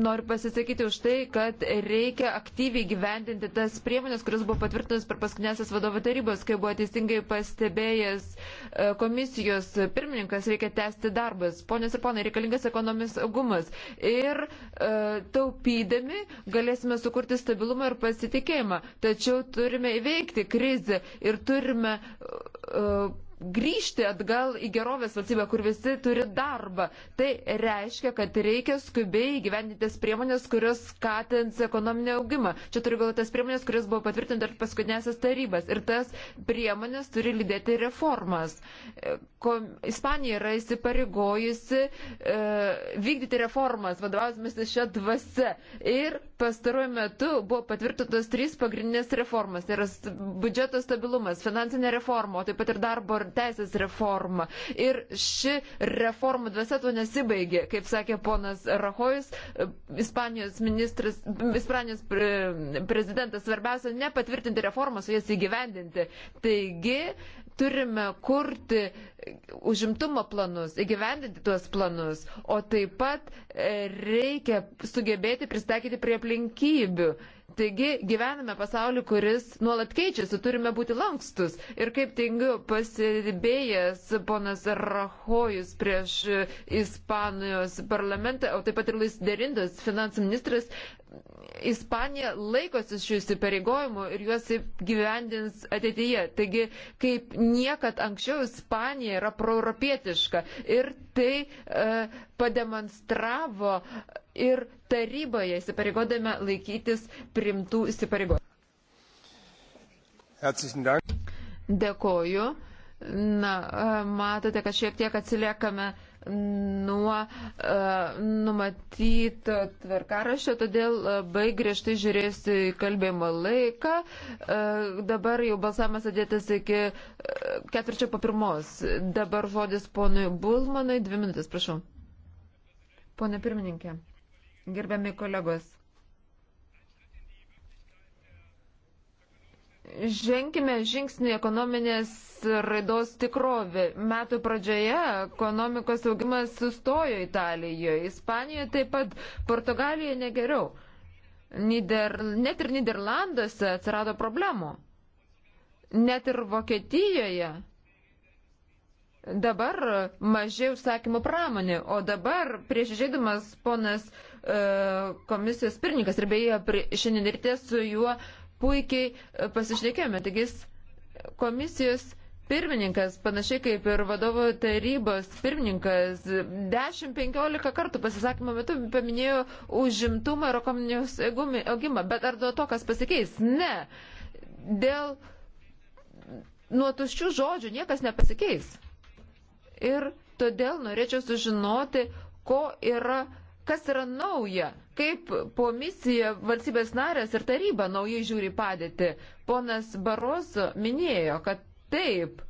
S1: noriu pasisakyti už tai, kad reikia aktyviai gyvendinti tas priemonės, kuris buvo patvirtintas per paskutinėsias vadovo tarybos, kai buvo teisingai pastebėjęs e, komisijos pirmininkas, reikia tęsti darbas. Ponios ir ponai, reikalingas ekonomis augumas. Ir e, taupydami galėsime sukurti stabilumą ir pasitikėjimą. Tačiau turime įveikti krizę ir turime. E, grįžti atgal į gerovės valstybę, kur visi turi darbą. Tai reiškia, kad reikia skubiai gyventintas priemonės, kurios skatins ekonominį augimą. Čia turiu galvoje tas priemonės, kurios buvo patvirtintas per paskutinėsias tarybas. Ir tas priemonės turi lydėti reformas. E, Ko, Ispanija yra įsipareigojusi e, vykdyti reformas, vadovausimės šią dvasę. Ir pastaruoju metu buvo patvirtintos trys pagrindinės reformas. Tai yra biudžeto stabilumas, finansinė reforma, o taip pat ir darbo teisės reforma. Ir ši reforma dvasia to nesibaigė, kaip sakė ponas Rahojus, Ispanijos ministras, Ispanijos prezidentas, svarbiausia nepatvirtinti reformą, su jas įgyvendinti. Taigi, turime kurti užimtumo planus, įgyvendinti tuos planus, o taip pat e, reikia sugebėti pristaikyti prie aplinkybių. Taigi gyvename pasaulį, kuris nuolat keičiasi, turime būti lankstus. Ir kaip tingiu pasidibėjęs ponas Rahojus prieš Ispanijos parlamentą, o taip pat ir Luis Derindas, finansų ministras, Ispanija laikosi šių įsipareigojimų ir juos gyvendins ateityje. Taigi, kaip niekad anksčiau Ispanija yra proeuropietiška ir tai e, pademonstravo ir taryboje įsipareigodami laikytis primtų įsipareigojimų. Dėkoju. Na, e, matote, kad šiek tiek atsiliekame nuo uh, numatyto tvarkarašio, todėl labai e, griežtai žiūrėsiu į kalbėjimo laiką. Uh, dabar jau balsavimas atdėtas iki uh, ketvirčio po pirmos. Dabar žodis ponui Bulmanui. Dvi minutės, prašau. Pone pirmininkė, gerbiami kolegos. Ženkime žingsnį ekonominės raidos tikrovė. Metų pradžioje ekonomikos augimas sustojo Italijoje, Ispanijoje taip pat, Portugalijoje negeriau. Nider... Net ir Niderlanduose atsirado problemų. Net ir Vokietijoje dabar mažiau užsakymų pramonė, o dabar prieš žaidimas ponas e, komisijos pirmininkas ir beje prie, šiandien ryte su juo puikiai e, pasišnekėjome. Taigi komisijos pirmininkas, panašiai kaip ir vadovo tarybos pirmininkas, 10-15 kartų pasisakymo metu paminėjo užimtumą ir ekonomijos augimą. Bet ar dėl to, kas pasikeis? Ne. Dėl nuo tuščių žodžių niekas nepasikeis. Ir todėl norėčiau sužinoti, ko yra Kas yra nauja? Kaip komisija, valstybės narės ir taryba naujai žiūri padėti? Ponas Barozo minėjo, kad taip,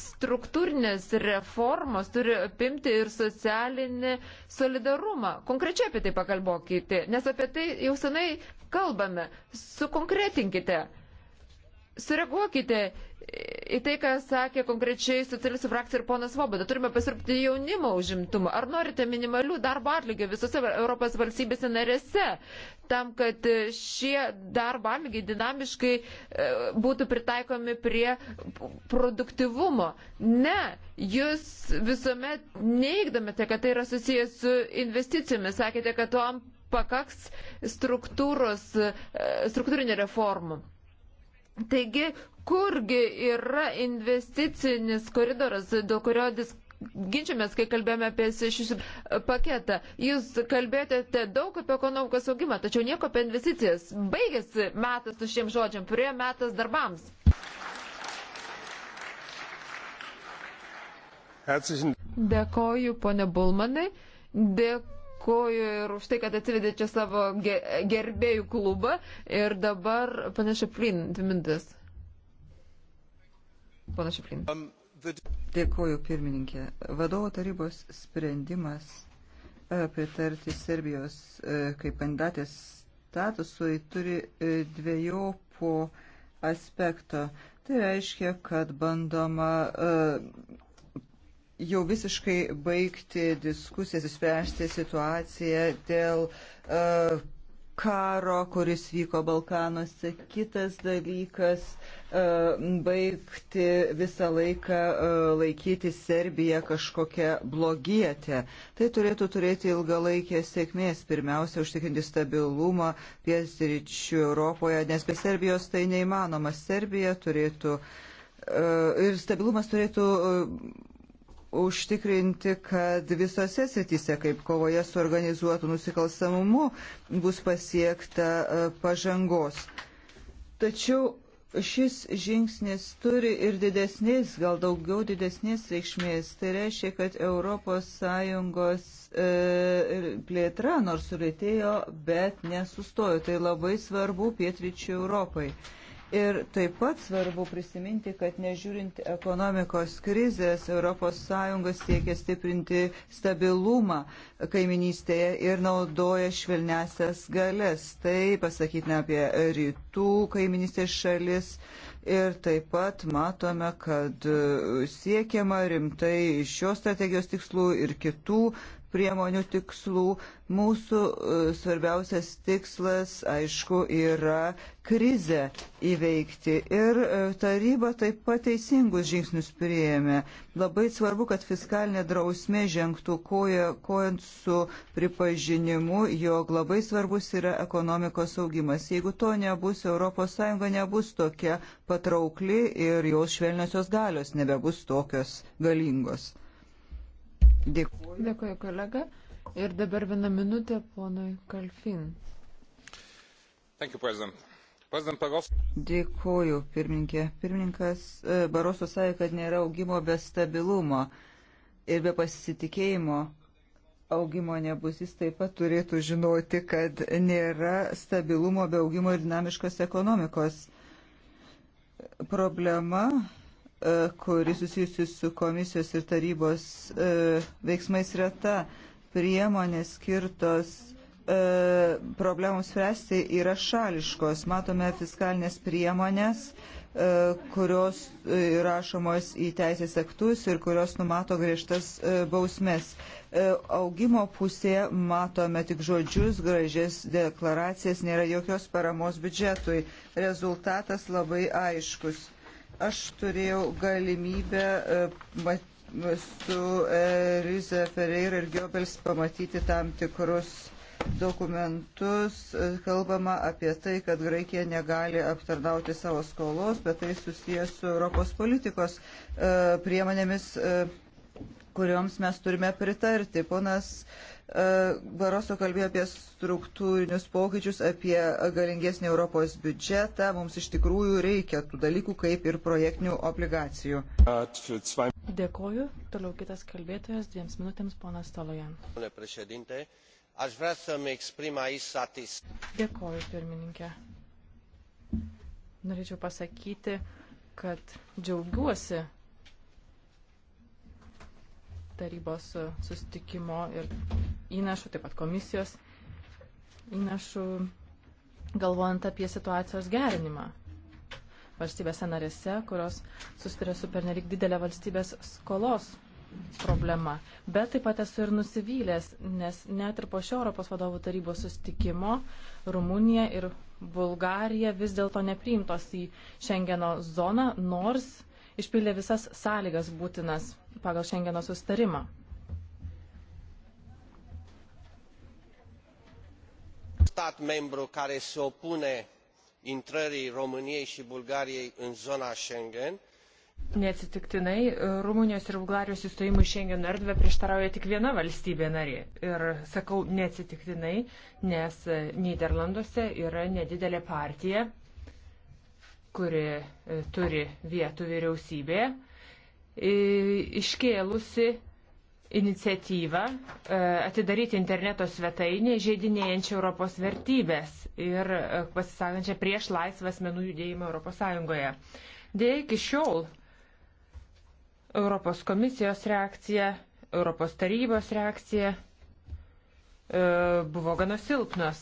S1: struktūrinės reformos turi apimti ir socialinį solidarumą. Konkrečiai apie tai pakalbokite, nes apie tai jau senai kalbame. Sukonkretinkite, sureaguokite į tai, ką sakė konkrečiai socialistų frakcija ir ponas Voboda, turime pasirūpti jaunimo užimtumą. Ar norite minimalių darbo atlygio visose Europos valstybėse narėse, tam, kad šie darbo atlygiai dinamiškai e, būtų pritaikomi prie produktivumo? Ne, jūs visuomet neigdamėte, kad tai yra susijęs su investicijomis. Sakėte, kad tuom pakaks e, struktūrinė reforma. Taigi, kurgi yra investicinis koridoras, dėl kurio diskusija ginčiamės, kai kalbėjome apie šį paketą. Jūs kalbėjote daug apie ekonomikos augimą, tačiau nieko apie investicijas. Baigėsi metas su šiem žodžiam, prie metas darbams. Dėkoju, ponė Bulmanai. Dėkoju ir už tai, kad atsivedė čia savo gerbėjų klubą. Ir dabar, panašiai, plin, dvi mintis. Pana Šiplin. Dėkuoju, pirmininkė. Vadovo tarybos
S4: sprendimas e, pritarti Serbijos e, kaip kandidatės statusui turi e, dviejopo aspekto. Tai reiškia, kad bandoma jau visiškai baigti diskusijas, išspręsti situaciją dėl karo, kuris vyko Balkanuose. Kitas dalykas baigti visą laiką e, laikyti Serbiją kažkokią blogietę. Tai turėtų turėti ilgalaikę sėkmės, pirmiausia, užtikrinti stabilumą piesryčių Europoje, nes be Serbijos tai neįmanoma. Serbija turėtų e, ir stabilumas turėtų e, užtikrinti, kad visose srityse, kaip kovoje su organizuotu nusikalstamumu, bus pasiekta pažangos. Tačiau Šis žingsnis turi ir didesnės, gal daugiau didesnės reikšmės. Tai reiškia, kad ES e, plėtra nors sulėtėjo, bet nesustojo. Tai labai svarbu pietryčių Europai. E, Ir taip pat svarbu prisiminti, kad nežiūrint ekonomikos krizės, ES siekia stiprinti stabilumą kaiminystėje ir naudoja švelnesias galės. Tai pasakytume apie rytų kaiminystės šalis. Ir taip pat matome, kad siekiama rimtai šios strategijos tikslų ir kitų priemonių tikslų. Mūsų e, svarbiausias tikslas, aišku, yra krizę įveikti. Ir e, taryba taip pat teisingus žingsnius priėmė. Labai svarbu, kad fiskalinė drausmė žengtų koja, kojant su pripažinimu, jog labai svarbus yra ekonomikos augimas. Jeigu to nebus, ES nebus tokia patraukli ir jos švelniosios galios nebebus tokios galingos.
S1: Dėkuoju. Dėkuoju, kolega. Ir dabar vieną minutę ponui Kalfin.
S7: Thank you, President.
S1: Dėkuoju, pirmininkė.
S4: Pirmininkas e, Baroso sąja, kad nėra augimo be stabilumo ir be pasitikėjimo augimo nebus. Jis taip pat turėtų žinoti, kad nėra stabilumo be augimo ir dinamiškos ekonomikos. Problema E, kuri susijusi su komisijos ir tarybos e, veiksmais yra ta priemonės skirtos e, problemams spręsti yra šališkos. Matome fiskalinės priemonės, kurios įrašomos į teisės aktus ir kurios numato griežtas bausmes. Augimo pusėje matome tik žodžius, gražias deklaracijas, nėra jokios paramos biudžetui. Rezultatas labai aiškus. Aš turėjau galimybę e, su e, Rize Ferreira ir Giobels pamatyti tam tikrus dokumentus e, kalbama apie tai, kad Graikija negali aptarnauti savo skolos, bet tai susijęs su Europos politikos priemonėmis, kurioms mes turime pritarti. Ponas E, Baroso kalbėjo apie struktūrinius pokyčius, apie galingesnį Europos biudžetą. Mums iš tikrųjų reikia tų dalykų, kaip ir projektinių obligacijų.
S8: Dėkoju. Toliau kitas kalbėtojas dviems minutėms, ponas Talojan. Dėkoju, pirmininkė. Norėčiau pasakyti, kad džiaugiuosi tarybos e, sustikimo ir įnašų, taip pat komisijos įnašų, galvojant apie situacijos gerinimą valstybėse narėse, kurios susiduria su pernelik didelė valstybės skolos problema. Bet taip pat esu ir nusivylęs, nes net ir po šio Europos vadovų tarybos sustikimo Rumunija ir Bulgarija vis dėlto nepriimtos į Šengeno zoną, nors išpildė visas sąlygas būtinas pagal Šengeno sustarimą.
S5: stat membru care se opune intrării româniei i bulgariei în zona schengen
S6: Neatsitiktinai Rumunijos ir Bulgarijos įstojimui Schengen erdvę prieštarauja tik viena valstybė narė. Ir sakau neatsitiktinai, nes Niderlanduose yra nedidelė partija, kuri e, turi vietų vyriausybėje, iškėlusi iniciatyvą e, atidaryti interneto svetainę žaidinėjančią Europos vertybės ir e, pasisakančią prieš laisvą asmenų judėjimą Europos Sąjungoje. Dėja, iki šiol Europos komisijos reakcija, Europos tarybos reakcija e, buvo gana silpnos.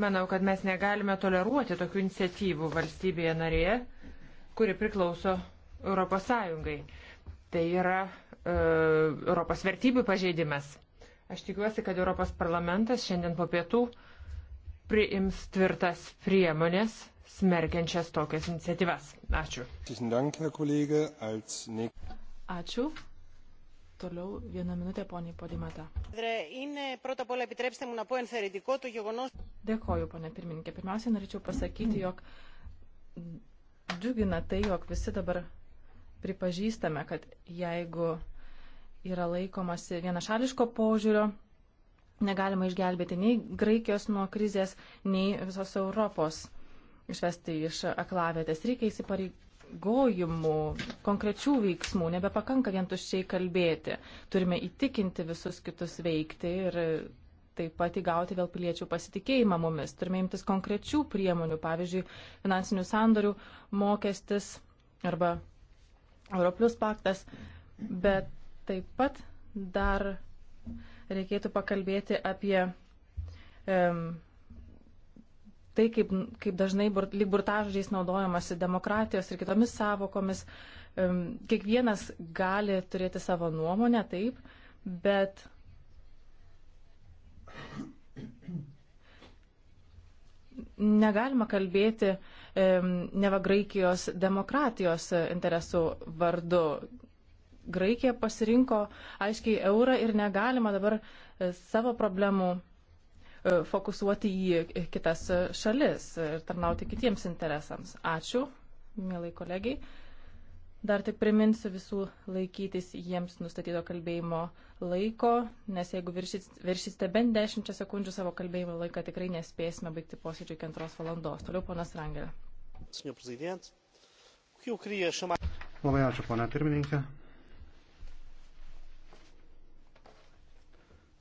S6: Manau, kad mes negalime toleruoti tokių iniciatyvų valstybėje narėje, kuri priklauso Europos Sąjungai. Tai yra E, Europos vertybių pažeidimas. Aš tikiuosi, kad Europos parlamentas šiandien po pietų priims tvirtas priemonės smerkiančias tokias iniciatyvas. Ačiū. Ačiū.
S8: Toliau vieną minutę poniai Podimata. Dėkoju, ponė pirmininkė. Pirmiausia, norėčiau pasakyti, jog džiugina tai, jog visi dabar pripažįstame, kad jeigu yra laikomasi vienašališko požiūrio. Negalima išgelbėti nei Graikijos nuo krizės, nei visos Europos išvesti iš aklavėtės. Reikia įsipareigojimų, konkrečių veiksmų, nebepakanka vien tuščiai kalbėti. Turime įtikinti visus kitus veikti ir taip pat įgauti vėl piliečių pasitikėjimą mumis. Turime imtis konkrečių priemonių, pavyzdžiui, finansinių sandorių mokestis arba Europlius paktas, bet Taip pat dar reikėtų pakalbėti apie um, tai, kaip, kaip dažnai bur, lyg burtažodžiais naudojamasi demokratijos ir kitomis savokomis. Um, kiekvienas gali turėti savo nuomonę, taip, bet negalima kalbėti um, neva Graikijos demokratijos interesų vardu. Graikija pasirinko aiškiai eurą ir negalima dabar e, savo problemų e, fokusuoti į e, kitas šalis ir tarnauti kitiems interesams. Ačiū, mielai kolegiai. Dar tik priminsiu visų laikytis jiems nustatyto kalbėjimo laiko, nes jeigu viršysite bent 10 sekundžių savo kalbėjimo laiką, tikrai nespėsime baigti posėdžio iki antros valandos. Toliau ponas Rangelė.
S5: Labai ačiū, ponia pirmininkė.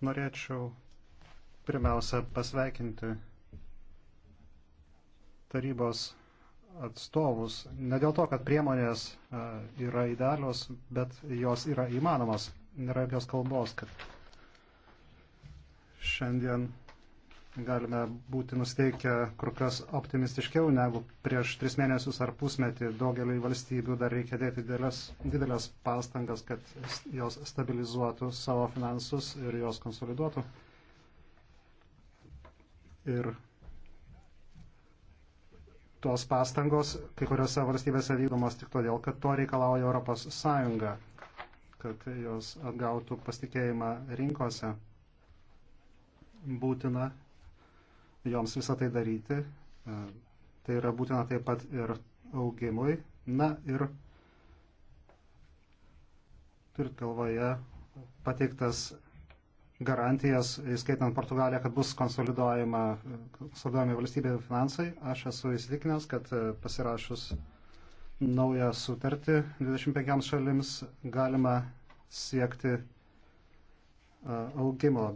S5: Norėčiau pirmiausia pasveikinti tarybos atstovus. Ne dėl to, kad priemonės yra idealios, bet jos yra įmanomos. Nėra jokios kalbos, kad šiandien galime būti nusteikę kur kas optimistiškiau negu prieš tris mėnesius ar pusmetį. Daugeliai valstybių dar reikia dėti didelės, didelės pastangas, kad jos stabilizuotų savo finansus ir jos konsoliduotų. Ir tos pastangos kai kuriuose valstybėse vykdomos tik todėl, kad to reikalauja Europos Sąjunga, kad jos atgautų pasitikėjimą rinkose. Būtina joms visą tai daryti. E, tai yra būtina taip pat ir augimui. Na ir turit galvoje pateiktas garantijas, įskaitant Portugaliją, kad bus konsoliduojami valstybė finansai. Aš esu įsitikinęs, kad e, pasirašus naują sutartį 25 šalims galima siekti e, augimo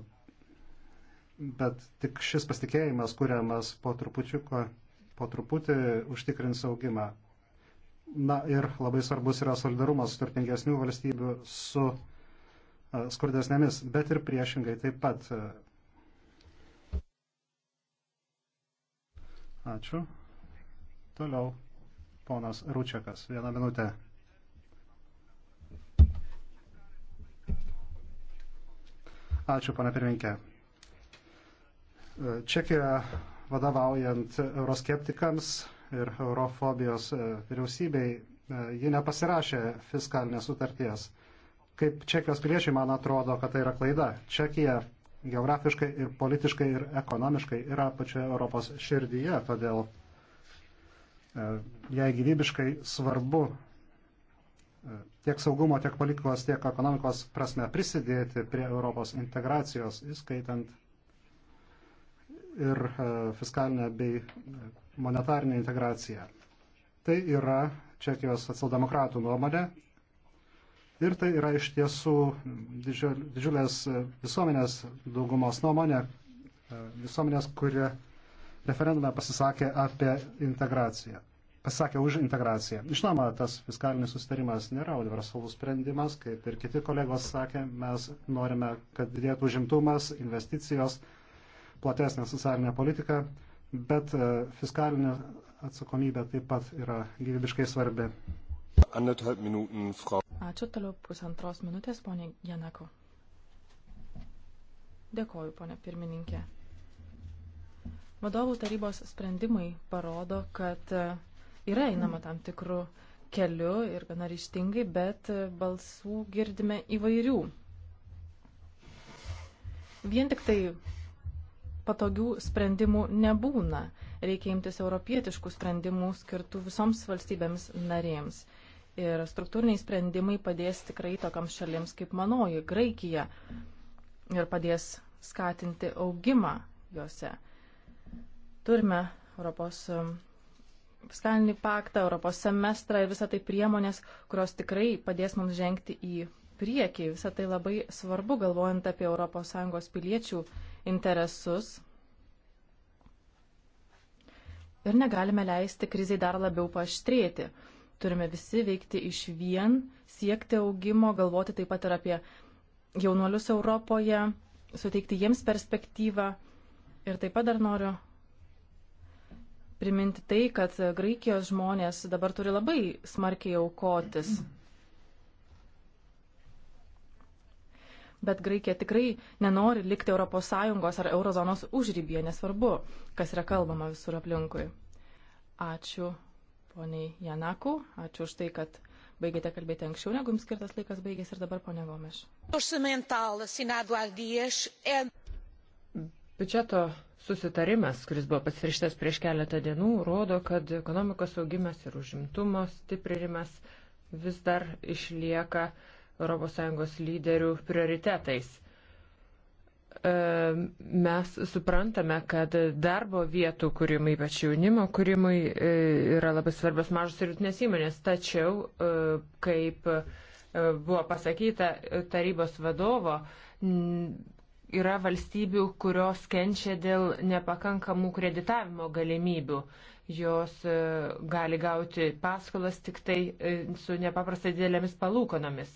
S5: bet tik šis pasitikėjimas, kuriamas po, po truputį užtikrins augimą. Na ir labai svarbus yra solidarumas su turtingesnių valstybių, su skurdesnėmis, bet ir priešingai taip pat. Ačiū. Toliau ponas Rūčiakas. Vieną minutę. Ačiū, pana pirminkė. Čekija vadovaujant euroskeptikams ir eurofobijos e, vyriausybei, e, ji nepasirašė fiskalinės sutarties. Kaip Čekijos piliečiai, man atrodo, kad tai yra klaida. Čekija geografiškai ir politiškai ir ekonomiškai yra pačioje Europos širdyje, todėl e, jai gyvybiškai svarbu tiek saugumo, tiek politikos, tiek ekonomikos prasme prisidėti prie Europos integracijos, įskaitant ir e, fiskalinę bei monetarinę integraciją. Tai yra Čekijos socialdemokratų nuomonė ir tai yra iš tiesų didžiulės visuomenės daugumos nuomonė, e, visuomenės, kurie referendume pasisakė apie integraciją pasisakė už integraciją. Žinoma, tas fiskalinis sustarimas nėra universalus sprendimas, kaip ir kiti kolegos sakė, mes norime, kad didėtų žimtumas, investicijos, platesnę socialinę politiką, bet e, fiskalinė atsakomybė taip pat yra gyvybiškai
S7: svarbi.
S8: Ačiū toliau pusantros minutės, ponė Janako. Dėkoju, ponė pirmininkė. Vadovų tarybos sprendimai parodo, kad e, yra einama tam tikrų keliu ir gana ryštingai, bet e, balsų girdime įvairių. Vien tik tai patogių sprendimų nebūna. Reikia imtis europietiškų sprendimų skirtų visoms valstybėms narėms. Ir struktūriniai sprendimai padės tikrai tokiams šalims kaip manoji Graikija ir padės skatinti augimą juose. Turime Europos um, fiskalinį paktą, Europos semestrą ir visą tai priemonės, kurios tikrai padės mums žengti į priekį. Visą tai labai svarbu, galvojant apie ES piliečių interesus. Ir negalime leisti kriziai dar labiau paštrėti. Turime visi veikti iš vien, siekti augimo, galvoti taip pat ir apie jaunuolius Europoje, suteikti jiems perspektyvą. Ir taip pat dar noriu priminti tai, kad Graikijos žmonės dabar turi labai smarkiai aukotis. Mm Bet Graikija tikrai nenori likti ES ar eurozonos užrybėje, nesvarbu, kas yra kalbama visur aplinkui. Ačiū poniai Janaku, ačiū už tai, kad baigėte kalbėti anksčiau, negu jums skirtas laikas baigėsi ir dabar ponė Gomeš.
S6: Biudžeto susitarimas, kuris buvo pasirašytas prieš keletą dienų, rodo, kad ekonomikos augimas ir užimtumo stiprinimas vis dar išlieka uh, ES lyderių prioritetais. E, mes suprantame, kad darbo vietų kūrimui, ypač jaunimo kūrimui, e, yra labai svarbios mažos ir rutinės įmonės. Tačiau, e, kaip buvo pasakyta tarybos vadovo, yra valstybių, kurios kenčia dėl nepakankamų kreditavimo galimybių. Jos gali gauti paskolas tik tai su nepaprastai didelėmis palūkonomis.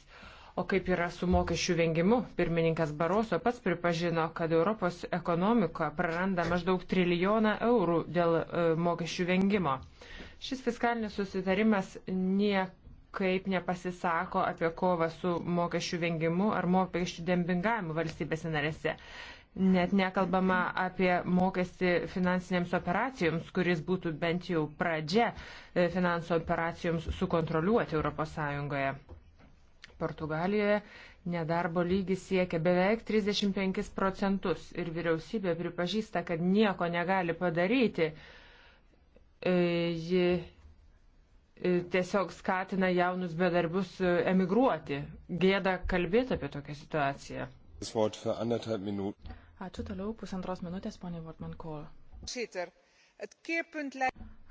S6: O kaip yra su mokesčių vengimu? Pirmininkas Baroso pats pripažino, kad Europos ekonomika praranda maždaug trilijoną eurų dėl e, mokesčių vengimo. Šis fiskalinis susitarimas niekaip nepasisako apie kovą su mokesčių vengimu ar mokesčių dembingavimu valstybėse narėse. Net nekalbama apie mokestį finansinėms operacijoms, kuris būtų bent jau pradžia e, finansų operacijoms sukontroliuoti ES. Portugalijoje nedarbo lygis siekia beveik 35 procentus ir vyriausybė pripažįsta, kad nieko negali padaryti. E, ji e, tiesiog skatina jaunus bedarbius e, emigruoti. Gėda kalbėti apie tokią situaciją.
S8: Ačiū toliau pusantros minutės, ponė Vortman Kohl.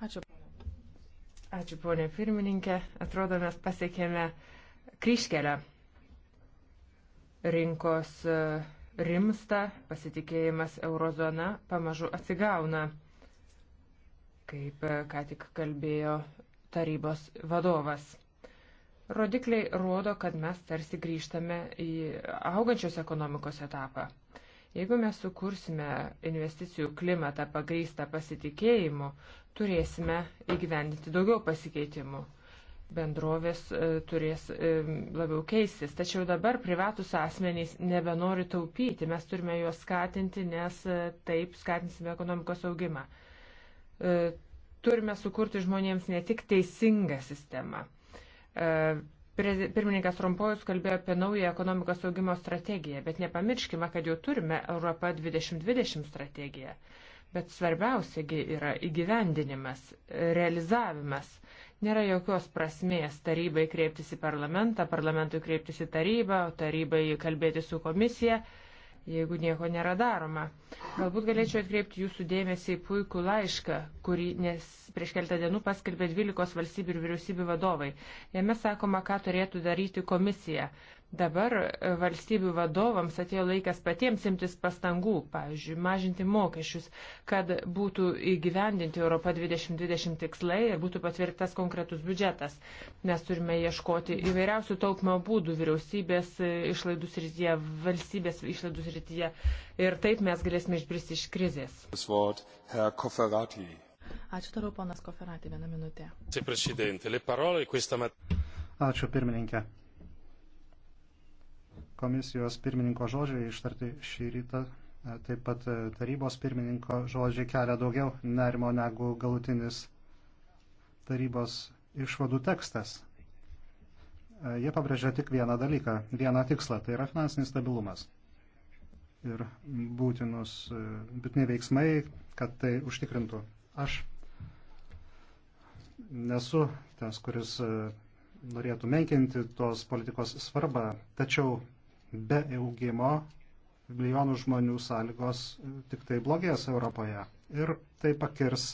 S6: Ačiū. Ačiū, ponė pirmininkė. Atrodo, mes pasiekėme uh, kryškelę. Rinkos e, rimsta, pasitikėjimas eurozona pamažu atsigauna, kaip e, ką tik kalbėjo tarybos vadovas. Rodikliai rodo, kad mes tarsi grįžtame į augančios ekonomikos etapą. Jeigu mes sukursime investicijų klimatą pagrįstą pasitikėjimu, turėsime įgyvendinti daugiau pasikeitimų bendrovės e, turės e, labiau keistis. Tačiau dabar privatus asmenys nebenori taupyti, mes turime juos skatinti, nes e, taip skatinsime ekonomikos augimą. Turime sukurti žmonėms ne tik teisingą sistemą. Pirmininkas Rompojus kalbėjo apie naują ekonomikos augimo strategiją, bet nepamirškime, kad jau turime Europą 2020 strategiją. Bet svarbiausiagi yra įgyvendinimas, realizavimas. Nėra jokios prasmės tarybai kreiptis į parlamentą, parlamentui kreiptis į tarybą, tarybai kalbėti su komisija jeigu nieko nėra daroma. Galbūt galėčiau atkreipti jūsų dėmesį į puikų laišką, kurį nes prieš keltą dienų paskelbė 12 valstybių ir vyriausybių vadovai. Jame sakoma, ką turėtų daryti komisija. Dabar e, valstybių vadovams atėjo laikas patiems imtis pastangų, pavyzdžiui, mažinti mokesčius, kad būtų įgyvendinti Europa 2020 tikslai ir būtų patvirtas konkretus biudžetas. Mes turime ieškoti įvairiausių taupimo būdų vyriausybės e, išlaidų srityje, valstybės išlaidų srityje ir taip mes galėsime išbristi iš krizės. Ačiū toliau, ponas Koferatį, vieną minutę.
S5: Ačiū pirmininkė komisijos pirmininko žodžiai ištarti šį rytą, e, taip pat e, tarybos pirmininko žodžiai kelia daugiau nerimo negu galutinis tarybos išvadų tekstas. E, jie pabrėžia tik vieną dalyką, vieną tikslą, tai yra finansinis stabilumas. Ir būtinus, būtini veiksmai, kad tai užtikrintų. Aš nesu tas, kuris norėtų menkinti tos politikos svarbą, tačiau be augimo milijonų žmonių sąlygos tik tai blogės Europoje. Ir tai pakirs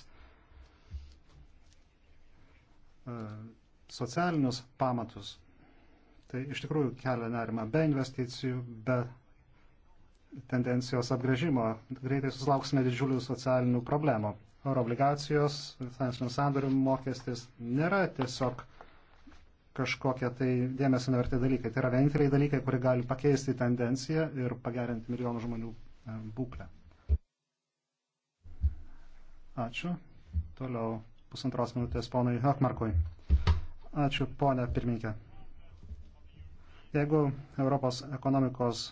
S5: e, socialinius pamatus. Tai iš tikrųjų kelia nerima be investicijų, be tendencijos apgražimo. Greitai susilauksime didžiulių socialinių problemų. Euro obligacijos, finansinių sandorių mokestis nėra tiesiog kažkokie tai dėmesio neverti dalykai. Tai yra vieninteliai dalykai, kurie gali pakeisti tendenciją ir pagerinti milijonų žmonių e, būklę. Ačiū. Toliau pusantros minutės ponui Hakmarkui. Ačiū, ponė pirminkė. Jeigu Europos ekonomikos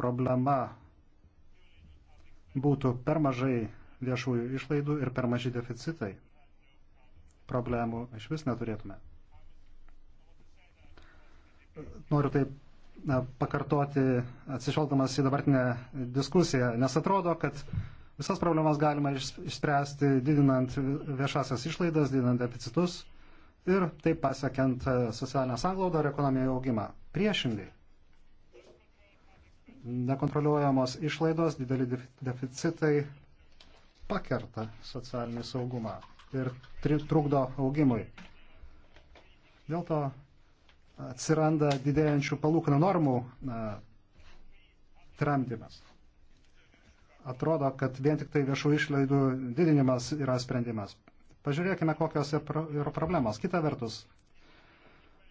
S5: problema būtų per mažai viešųjų išlaidų ir per maži deficitai, problemų iš vis neturėtume noriu taip na, pakartoti, atsižvelgdamas į dabartinę diskusiją, nes atrodo, kad visas problemas galima išspręsti didinant viešasias išlaidas, didinant deficitus ir taip pasiekiant e, socialinę sanglaudą ir ekonominį augimą. Priešingai, nekontroliuojamos išlaidos, dideli deficitai pakerta socialinį saugumą ir trukdo augimui. Dėl to atsiranda didėjančių palūkanų normų tramdymas. Atrodo, kad vien tik tai viešų išlaidų didinimas yra sprendimas. Pažiūrėkime, kokios yra problemos. Kita vertus,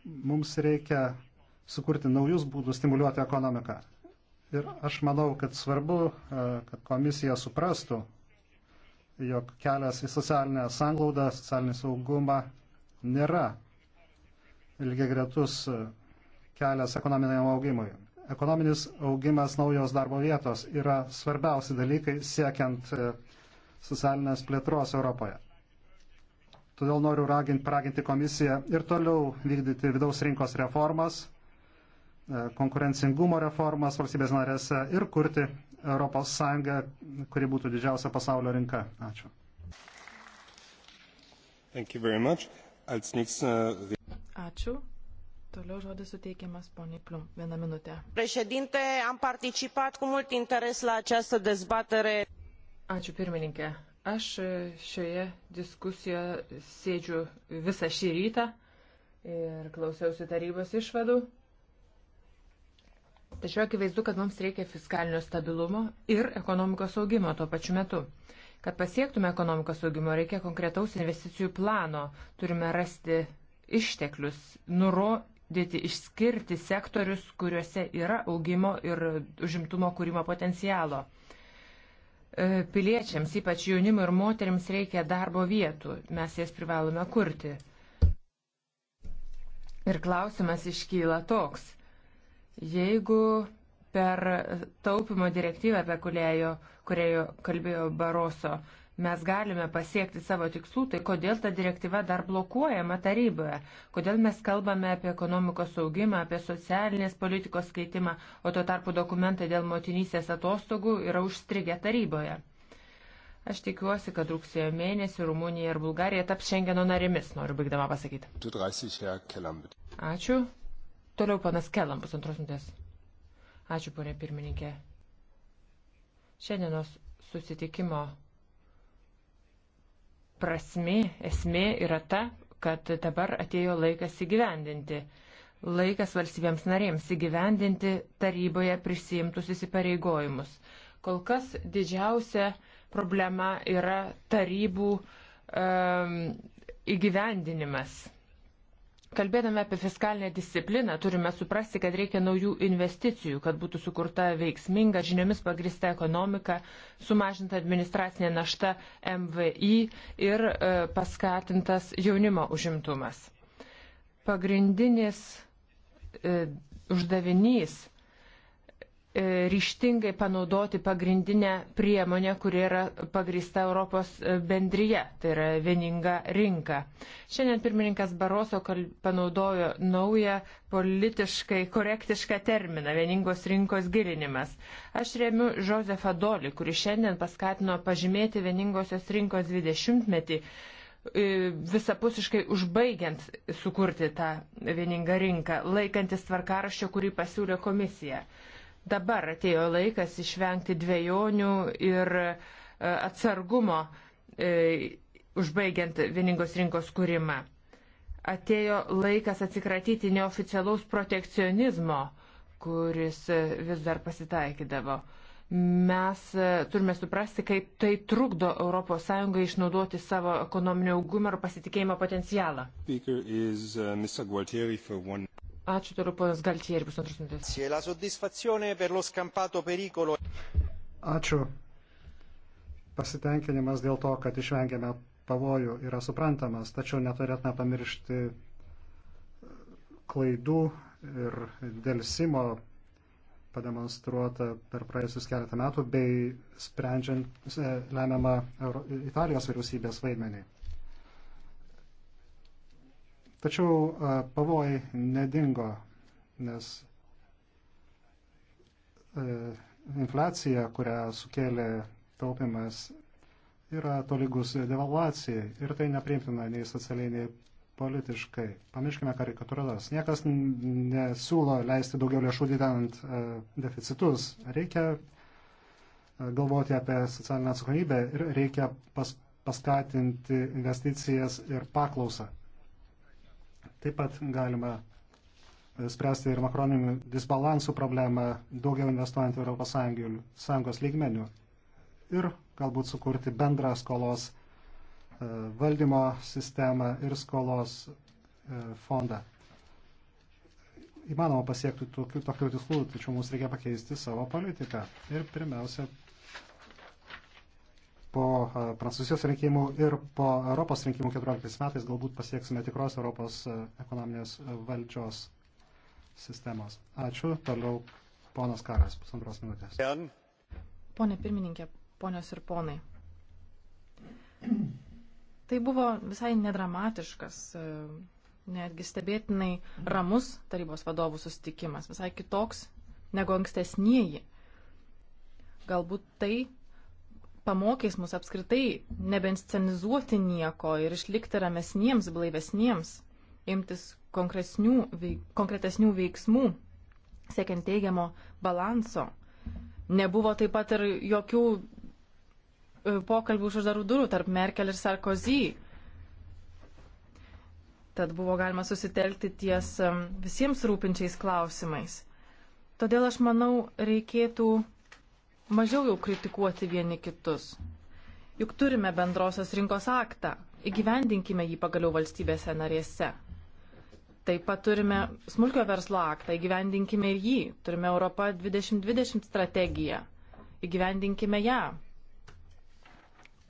S5: mums reikia sukurti naujus būdus stimuliuoti ekonomiką. Ir aš manau, kad svarbu, e, kad komisija suprastų, jog kelias į socialinę sanglaudą, socialinį saugumą nėra lygiai gretus kelias ekonominiam augimui. Ekonominis augimas, naujos darbo vietos yra svarbiausi dalykai siekiant e, socialinės plėtros Europoje. Todėl noriu raginti, paraginti komisiją ir toliau vykdyti vidaus rinkos reformas, e, konkurencingumo reformas valstybės narėse ir kurti ES, kuri būtų didžiausia pasaulio
S7: rinka. Ačiū. Thank you very much. Als nächstes, uh,
S8: Ačiū. Toliau žodis suteikiamas poniai Plum. Vieną minutę.
S7: Președinte,
S8: am participat cu mult interes la această dezbatere.
S6: Ačiū pirmininkė. Aš šioje diskusijoje sėdžiu visą šį rytą ir klausiausi tarybos išvadų. Tačiau akivaizdu, kad mums reikia fiskalinio stabilumo ir ekonomikos augimo tuo pačiu metu. Kad pasiektume ekonomikos augimo, reikia konkretaus investicijų plano. Turime rasti išteklius, nurodyti, išskirti sektorius, kuriuose yra augimo ir užimtumo kūrimo potencialo. E, piliečiams, ypač jaunimui ir moteriams, reikia darbo vietų. Mes jas privalome kurti. Ir klausimas iškyla toks. Jeigu per taupimo direktyvą, apie kurią kalbėjo Baroso, mes galime pasiekti savo tikslų, tai kodėl ta direktyva dar blokuojama taryboje? Kodėl mes kalbame apie ekonomikos augimą, apie socialinės politikos keitimą, o tuo tarpu dokumentai dėl motinysės atostogų yra užstrigę taryboje? Aš tikiuosi, kad rugsėjo mėnesį Rumunija ir Bulgarija taps Šengeno narėmis, noriu baigdama pasakyti.
S7: 30,
S6: Ačiū. Toliau panas Kelam pusantros minutės. Ačiū, ponė pirmininkė. Šiandienos susitikimo prasmi, esmė yra ta, kad dabar atėjo laikas įgyvendinti. Laikas valstybėms narėms įgyvendinti taryboje prisijimtus įsipareigojimus. Kol kas didžiausia problema yra tarybų um, įgyvendinimas Kalbėdami apie fiskalinę discipliną, turime suprasti, kad reikia naujų investicijų, kad būtų sukurta veiksminga žiniomis pagrista ekonomika, sumažinta administracinė našta MVI ir e, paskatintas jaunimo užimtumas. Pagrindinis e, uždavinys E, ryštingai panaudoti pagrindinę priemonę, kuri yra pagrįsta Europos e, bendryje, tai yra vieninga rinka. Šiandien pirmininkas Baroso panaudojo naują politiškai korektišką terminą - vieningos rinkos gilinimas. Aš remiu Josefą Dolį, kuris šiandien paskatino pažymėti vieningosios rinkos 20-metį e, visapusiškai užbaigiant sukurti tą vieningą rinką, laikantis tvarkaraščio, kurį pasiūlė komisija. Dabar atėjo laikas išvengti dviejonių ir e, atsargumo, e, užbaigiant vieningos rinkos kūrimą. Atėjo laikas atsikratyti neoficialaus protekcionizmo, kuris e, vis dar pasitaikydavo mes turime suprasti, kaip tai trukdo ES išnaudoti savo ekonominio augimo ir pasitikėjimo potencialą.
S7: Is, uh, one...
S5: Ačiū toliau ponas Galtieri, pusantros minutės. Ačiū. Pasitenkinimas dėl to, kad išvengėme pavojų, yra suprantamas, tačiau neturėtume pamiršti klaidų ir dėlsimo pademonstruota per praėjusius keletą metų, bei sprendžiant e, lemiamą Italijos vyriausybės vaidmenį. Tačiau pavojai nedingo, nes infliacija, kurią sukėlė taupimas, yra tolygus devaluacijai ir tai nepriimtina nei socialiai, nei politiškai. Pamirškime karikatūras. Niekas nesiūlo leisti daugiau lėšų didinant deficitus. Reikia galvoti apie socialinę atsakomybę ir reikia pas, paskatinti investicijas ir paklausą. Taip pat galima e, spręsti ir makroninių disbalansų problemą daugiau investuojant Europos Sąjungos lygmenių ir galbūt sukurti bendrą skolos e, valdymo sistemą ir skolos e, fondą. Įmanoma pasiekti tokių, tokių tikslų, tačiau mums reikia pakeisti savo politiką ir pirmiausia po e, Prancūzijos rinkimų ir po Europos rinkimų 14 metais galbūt pasieksime tikros Europos e, ekonominės e, valdžios sistemos. Ačiū. Toliau ponas Karas, pusantros minutės.
S8: Pone pirmininkė, ponios ir ponai. Tai buvo visai nedramatiškas, netgi stebėtinai ramus tarybos vadovų sustikimas, visai kitoks negu ankstesnieji. Galbūt tai pamokys mus apskritai nebenscenizuoti nieko ir išlikti ramesniems, blaivesniems, imtis veik, konkretesnių veiksmų, siekiant teigiamo balanso. Nebuvo taip pat ir jokių e, pokalbių už uždarų durų tarp Merkel ir Sarkozy. Tad buvo galima susitelkti ties e, visiems rūpinčiais klausimais. Todėl aš manau, reikėtų mažiau jau kritikuoti vieni kitus. Juk turime bendrosios rinkos aktą, įgyvendinkime jį pagaliau valstybėse narėse. Taip pat turime smulkio verslo aktą, įgyvendinkime ir jį. Turime Europą 2020 strategiją, įgyvendinkime ją.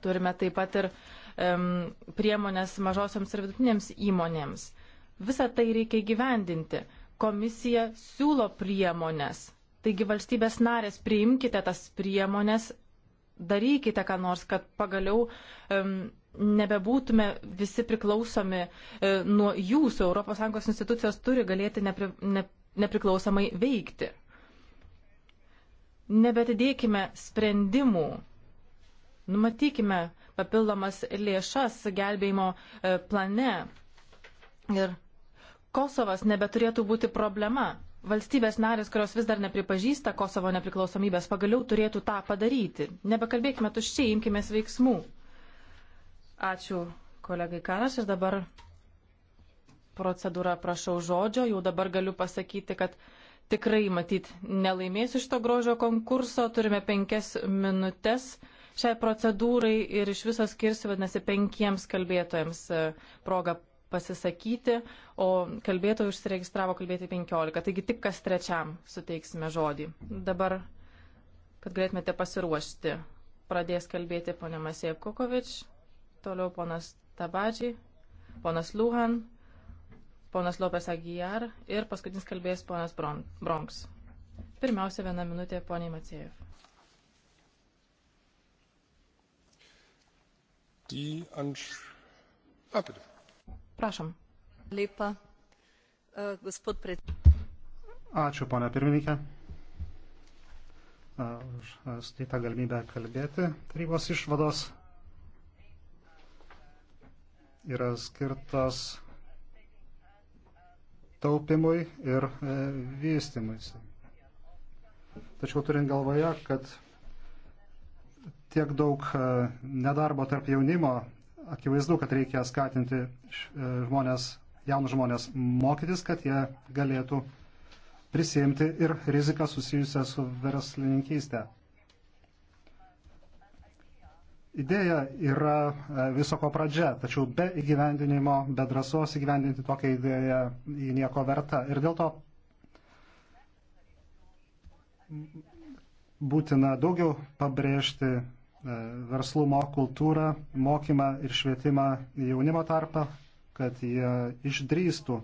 S8: Turime taip pat ir um, priemonės mažosioms ir vidutinėms įmonėms. Visą tai reikia įgyvendinti. Komisija siūlo priemonės Taigi valstybės narės priimkite tas priemonės, darykite ką nors, kad pagaliau um, nebebūtume visi priklausomi uh, nuo jūsų. ES institucijos turi galėti nepri, ne, nepriklausomai veikti. Nebetidėkime sprendimų. Numatykime papildomas lėšas gelbėjimo e, plane. Ir Kosovas nebeturėtų būti problema valstybės narės, kurios vis dar nepripažįsta Kosovo nepriklausomybės, pagaliau turėtų tą padaryti. Nebekalbėkime tuščiai, imkime veiksmų. Ačiū kolegai Karas ir dabar procedūra prašau žodžio. Jau dabar galiu pasakyti, kad tikrai matyt nelaimėsiu šito grožio konkurso. Turime penkias minutės šiai procedūrai ir iš viso skirsiu, vadinasi, penkiems kalbėtojams e, progą pasisakyti, o kalbėtojų užsiregistravo kalbėti 15, taigi tik kas trečiam suteiksime žodį. Dabar, kad galėtumėte pasiruošti, pradės kalbėti ponė Masiev Kukovič, toliau ponas Tabadžiai, ponas Luhan, ponas Lopes Agijar ir paskutinis kalbės ponas Bronks. Pirmiausia, viena minutė poniai Maciejev.
S7: Die Ansch... Ah,
S8: bitte. Prašom. Leipa,
S3: e, gospod prie.
S5: Ačiū, ponia pirmininkė, e, už e, suteiktą galimybę kalbėti. Tarybos išvados yra skirtas taupimui ir vystimuisi. Tačiau turint galvoje, kad tiek daug nedarbo tarp jaunimo akivaizdu, kad reikia skatinti e, žmonės, jaunus žmonės mokytis, kad jie galėtų prisijimti ir riziką susijusią su verslininkystė. Idėja yra e, visoko pradžia, tačiau be įgyvendinimo, be drąsos įgyvendinti tokią idėją į nieko verta. Ir dėl to būtina daugiau pabrėžti E, verslumo kultūrą, mokymą ir švietimą jaunimo tarpą, kad jie išdrįstų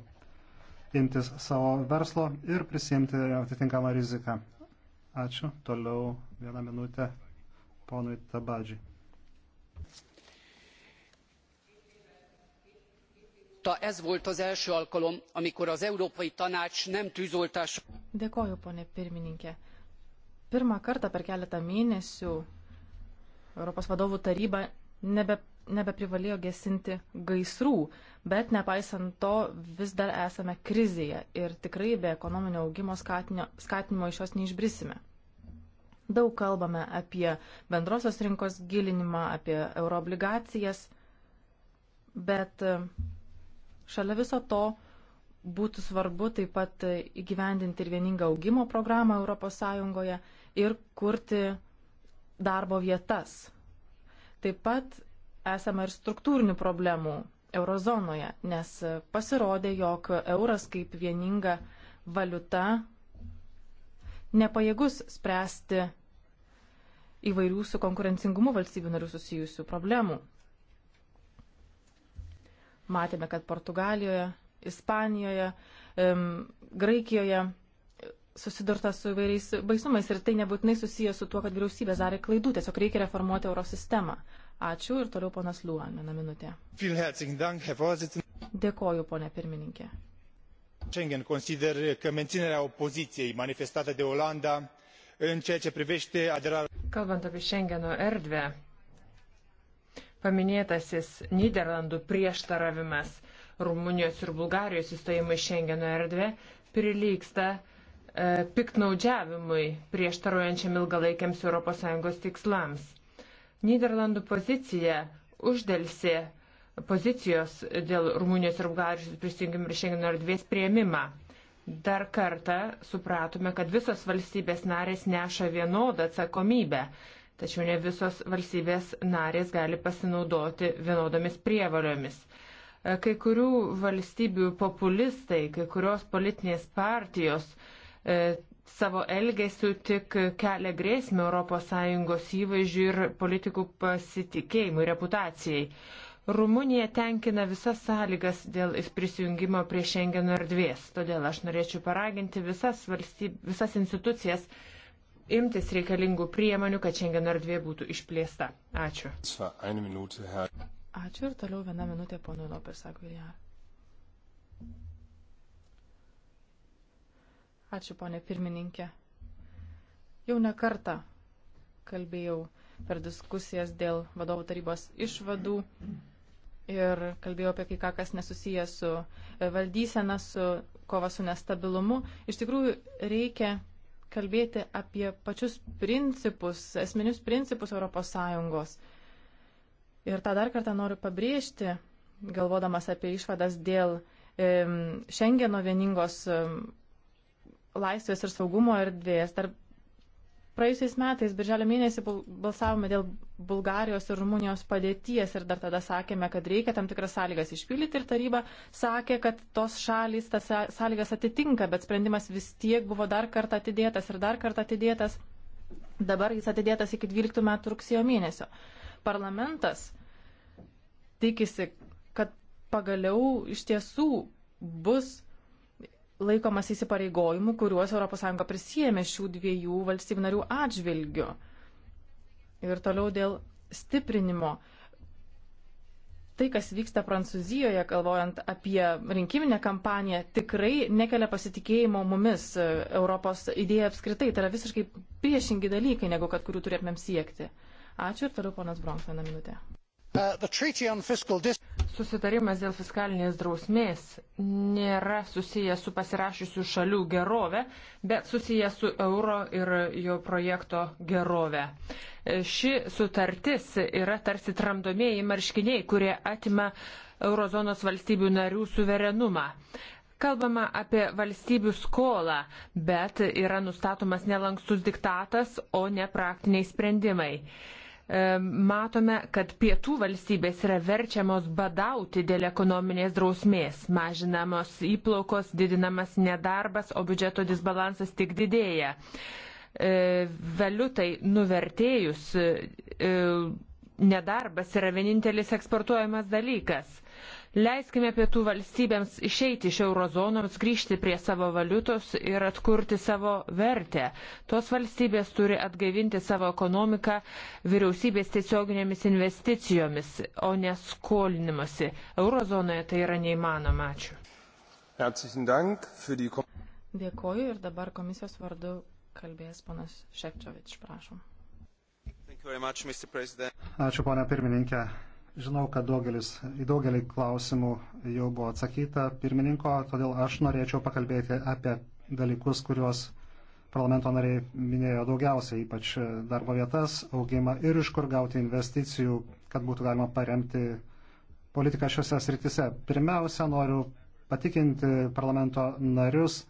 S5: imtis savo verslo ir prisimti atitinkamą riziką. Ačiū. Toliau vieną minutę ponui Tabadžiui.
S6: ez volt az első alkalom amikor az európai tanács nem tűzoltás.
S8: dėkoju pone pirmininke pirmą kartą per keletą mėnesių Europos vadovų taryba nebe, nebeprivalėjo gesinti gaisrų, bet nepaisant to vis dar esame krizėje ir tikrai be ekonominio augimo skatinio, skatinimo iš jos neišbrisime. Daug kalbame apie bendrosios rinkos gilinimą, apie euroobligacijas, bet e, šalia viso to būtų svarbu taip pat įgyvendinti ir vieningą augimo programą ES ir kurti darbo vietas. Taip pat esama ir struktūrinių problemų eurozonoje, nes pasirodė, jog euras kaip vieninga valiuta nepajėgus spręsti įvairių su konkurencingumu valstybių narių susijusių problemų. Matėme, kad Portugalijoje, Ispanijoje, um, Graikijoje susidurta su įvairiais baisumais ir tai nebūtinai susijęs su tuo, kad vyriausybė darė klaidų, tiesiog reikia reformuoti eurosistemą. Ačiū ir toliau ponas Luan, vieną minutę. Dėkoju, ponė pirmininkė.
S5: Schengen consider că menținerea opoziției manifestată de Olanda în ceea ce privește aderarea.
S6: Kalbant apie Schengeno erdvę, paminėtasis Niderlandų prieštaravimas Rumunijos ir Bulgarijos įstojimui Schengeno erdvę prilyksta uh, E, piknaudžiavimui prieštarojančiam ilgalaikiams ES tikslams. Niderlandų pozicija uždelsė pozicijos dėl Rumunijos ir Bulgarijos prisijungimų ir Šengeno erdvės prieimimą. Dar kartą supratome, kad visos valstybės narės neša vienodą atsakomybę, tačiau ne visos valstybės narės gali pasinaudoti vienodomis prievaliomis e, kai kurių valstybių populistai, kai kurios politinės partijos E, savo elgesiu tik kelia grėsmę ES įvaizdžiui ir politikų pasitikėjimui, reputacijai. Rumunija tenkina visas sąlygas dėl prisijungimo prie Schengeno erdvės. Todėl aš norėčiau paraginti visas, valstyb, visas institucijas imtis reikalingų priemonių, kad Schengeno erdvė būtų išplėsta.
S7: Ačiū.
S8: Ačiū ir toliau vieną minutę ponui Lopes, sako Jar. Ačiū, ponė pirmininkė. Jau ne kartą kalbėjau per diskusijas dėl vadovų tarybos išvadų ir kalbėjau apie kai ką, kas nesusiję su e, valdysena, su kova su nestabilumu. Iš tikrųjų, reikia kalbėti apie pačius principus, esminius principus ES. Ir tą dar kartą noriu pabrėžti, galvodamas apie išvadas dėl Šengeno vieningos laisvės ir saugumo erdvės. Dar praėjusiais metais, birželio mėnesį, balsavome dėl Bulgarijos ir Rumunijos padėties ir dar tada sakėme, kad reikia tam tikras sąlygas išpildyti ir taryba sakė, kad tos šalys tas sąlygas atitinka, bet sprendimas vis tiek buvo dar kartą atidėtas ir dar kartą atidėtas. Dabar jis atidėtas iki 12 metų rugsėjo mėnesio. Parlamentas tikisi, kad pagaliau iš tiesų bus laikomas įsipareigojimų, kuriuos ES prisėmė šių dviejų valstybių narių atžvilgių. Ir toliau dėl stiprinimo. Tai, kas vyksta Prancūzijoje, galvojant apie rinkiminę kampaniją, tikrai nekelia pasitikėjimo mumis e, Europos idėja apskritai. Tai yra visiškai priešingi dalykai, negu kad kurių turėtumėm siekti. Ačiū ir toliau ponas Bronks vieną minutę.
S6: Uh, Susitarimas dėl fiskalinės drausmės nėra susijęs su pasirašysių šalių gerove, bet susijęs su euro ir jo projekto gerove. Ši sutartis yra tarsi tramdomieji marškiniai, kurie atima eurozonos valstybių narių suverenumą. Kalbama apie valstybių skolą, bet yra nustatomas nelankstus diktatas, o ne praktiniai sprendimai. E, matome, kad pietų valstybės yra verčiamos badauti dėl ekonominės drausmės, mažinamos įplaukos, didinamas nedarbas, o biudžeto disbalansas tik didėja. E, valiutai nuvertėjus e, nedarbas yra vienintelis eksportuojamas dalykas. Leiskime pietų valstybėms išeiti iš eurozonos, grįžti prie savo valiutos ir atkurti savo vertę. Tos valstybės turi atgaivinti savo ekonomiką vyriausybės tiesioginėmis investicijomis, o ne skolinimasi. Eurozonoje tai yra neįmanoma. Ačiū. Dėkoju
S8: ir dabar komisijos vardu kalbės ponas Šepčiovič, prašom.
S5: Much, Ačiū, ponia pirmininkė. Žinau, kad daugelis, į daugelį klausimų jau buvo atsakyta pirmininko, todėl aš norėčiau pakalbėti apie dalykus, kuriuos parlamento nariai minėjo daugiausiai, ypač darbo vietas, augimą ir iš kur gauti investicijų, kad būtų galima paremti politiką šiuose srityse. Pirmiausia, noriu patikinti parlamento narius,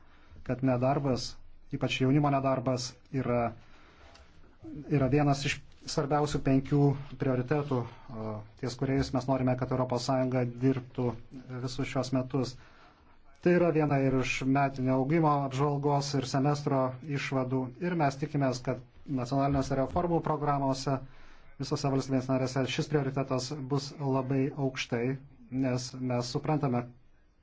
S5: kad nedarbas, ypač jaunimo nedarbas, yra, yra vienas iš svarbiausių penkių prioritetų, ties kuriais mes norime, kad ES dirbtų visus šios metus. Tai yra viena ir iš metinio augimo apžvalgos ir semestro išvadų ir mes tikimės, kad nacionalinėse reformų programuose visose valstybės narėse šis prioritetas bus labai aukštai, nes mes suprantame,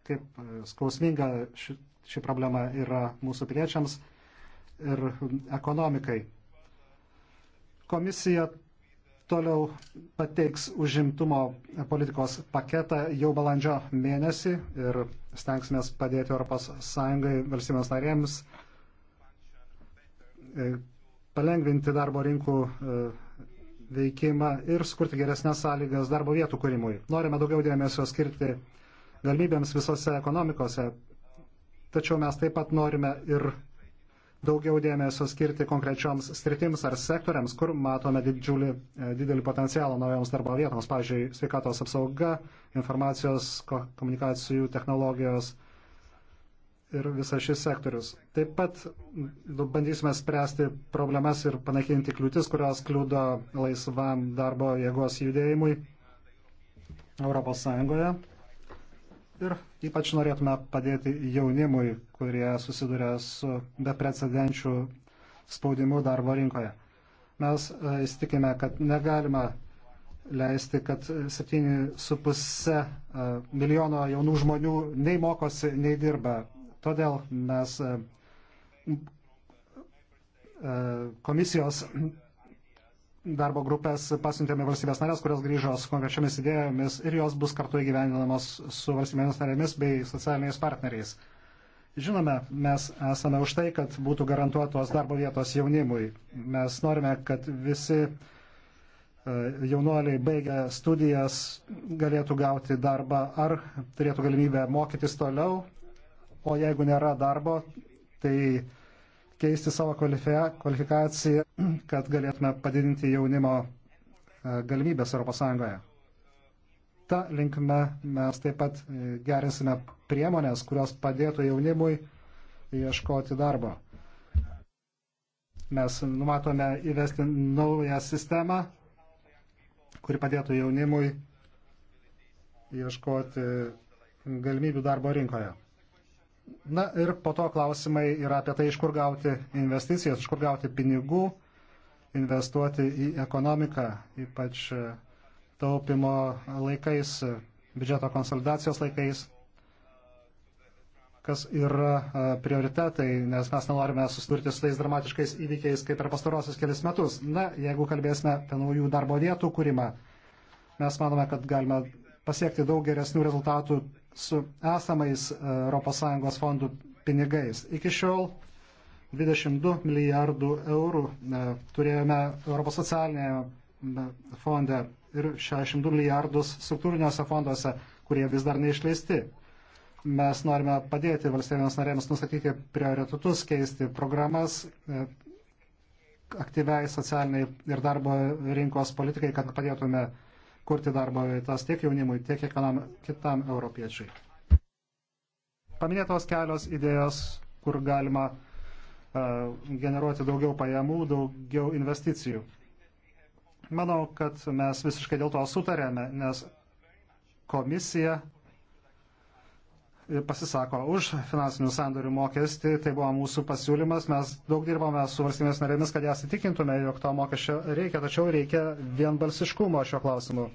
S5: kaip skausminga ši, ši problema yra mūsų piliečiams ir ekonomikai. Komisija toliau pateiks užimtumo politikos paketą jau balandžio mėnesį ir stengsime padėti ES valstybės narėms e, palengvinti darbo rinkų e, veikimą ir skurti geresnės sąlygas darbo vietų kūrimui. Norime daugiau dėmesio skirti galimybėms visose ekonomikose, tačiau mes taip pat norime ir daugiau dėmesio skirti konkrečioms stritims ar sektoriams, kur matome didžiulį, e, didelį potencialą naujoms darbo vietoms, pavyzdžiui, sveikatos apsauga, informacijos, komunikacijų, technologijos ir visas šis sektorius. Taip pat bandysime spręsti problemas ir panaikinti kliūtis, kurios kliūdo laisvam darbo jėgos judėjimui Europos Sąjungoje. Ir ypač norėtume padėti jaunimui, kurie susiduria su beprecedenčių spaudimu darbo rinkoje. Mes e, įstikime, kad negalima leisti, kad 7,5 e, milijono jaunų žmonių nei mokosi, nei dirba. Todėl mes e, komisijos darbo grupės pasiuntėme valstybės narės, kurios grįžo su konkrečiamis idėjomis ir jos bus kartu įgyveninamos su valstybėmis narėmis bei socialiniais partneriais. Žinome, mes esame už tai, kad būtų garantuotos darbo vietos jaunimui. Mes norime, kad visi e, jaunuoliai baigę studijas galėtų gauti darbą ar turėtų galimybę mokytis toliau, o jeigu nėra darbo, tai keisti savo kvalifikaciją, kad galėtume padidinti jaunimo e, galimybės ES. Ta linkme mes taip pat e, gerinsime priemonės, kurios padėtų jaunimui ieškoti darbo. Mes numatome įvesti naują sistemą, kuri padėtų jaunimui ieškoti galimybių darbo rinkoje. Na ir po to klausimai yra apie tai, iš kur gauti investicijas, iš kur gauti pinigų, investuoti į ekonomiką, ypač e, taupimo laikais, biudžeto konsolidacijos laikais, kas yra e, prioritetai, nes mes nenorime susidurti su tais dramatiškais įvykiais kaip per pastarosius kelias metus. Na, jeigu kalbėsime apie naujų darbo vietų kūrimą, mes manome, kad galime pasiekti daug geresnių rezultatų su esamais ES fondų pinigais. Iki šiol 22 milijardų eurų e, turėjome Europos socialinėje fonde ir 62 milijardus struktūriniuose fonduose, kurie vis dar neišleisti. Mes norime padėti valstybėms narėms nustatyti prioritetus, keisti programas e, aktyviai socialiniai ir darbo rinkos politikai, kad padėtume kurti darbo vietas tiek jaunimui, tiek kiekvienam kitam europiečiui. Paminėtos kelios idėjos, kur galima uh, generuoti daugiau pajamų, daugiau investicijų. Manau, kad mes visiškai dėl to sutarėme, nes komisija pasisako už finansinių sandorių mokestį. Tai buvo mūsų pasiūlymas. Mes daug dirbame su valstybės narėmis, kad jas įtikintume, jog to mokesčio reikia, tačiau reikia vienbalsiškumo šio klausimu.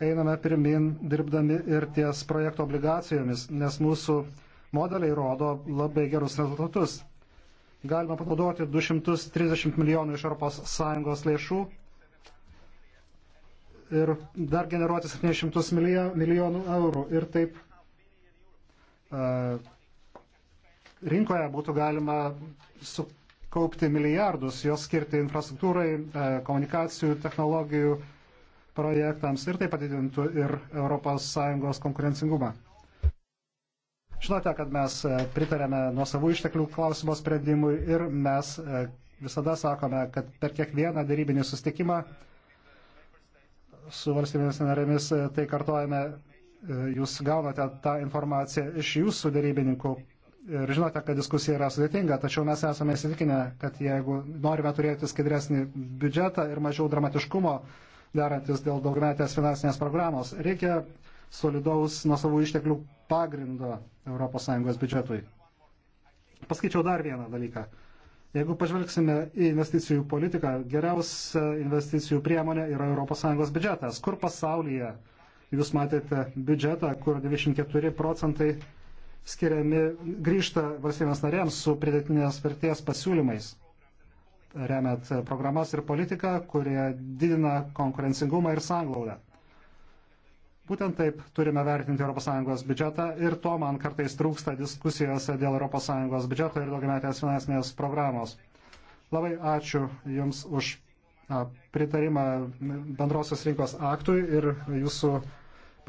S5: Einame pirmin dirbdami ir ties projekto obligacijomis, nes mūsų modeliai rodo labai gerus rezultatus. Galima panaudoti 230 milijonų iš ES lėšų ir dar generuoti 700 milijonų eurų ir taip E, rinkoje būtų galima sukaupti milijardus, jos skirti infrastruktūrai, e, komunikacijų, technologijų projektams ir tai padidintų ir ES konkurencingumą. Žinote, kad mes e, pritarėme nuo savų išteklių klausimo sprendimui ir mes visada sakome, kad per kiekvieną darybinį sustikimą su valstybėmis narėmis tai kartojame E, jūs gaunate tą informaciją iš jūsų darybininkų ir žinote, kad diskusija yra sudėtinga, tačiau mes esame įsitikinę, kad jeigu norime turėti skaidresnį biudžetą ir mažiau dramatiškumo derantis dėl daugmetės finansinės programos, reikia solidaus nuo savų išteklių pagrindo ES biudžetui. Paskaičiau dar vieną dalyką. Jeigu pažvelgsime į investicijų politiką, geriausia investicijų priemonė yra ES biudžetas. Kur pasaulyje uh, Jūs matėte biudžetą, kur 24 procentai skiriami grįžta valstybės narėms su pridėtinės vertės pasiūlymais. Remet programas ir politiką, kurie didina konkurencingumą ir sanglaudą. Būtent taip turime vertinti ES biudžetą ir to man kartais trūksta diskusijose dėl ES biudžeto ir daugiametės finansinės programos. Labai ačiū Jums už pritarimą bendrosios rinkos aktui ir Jūsų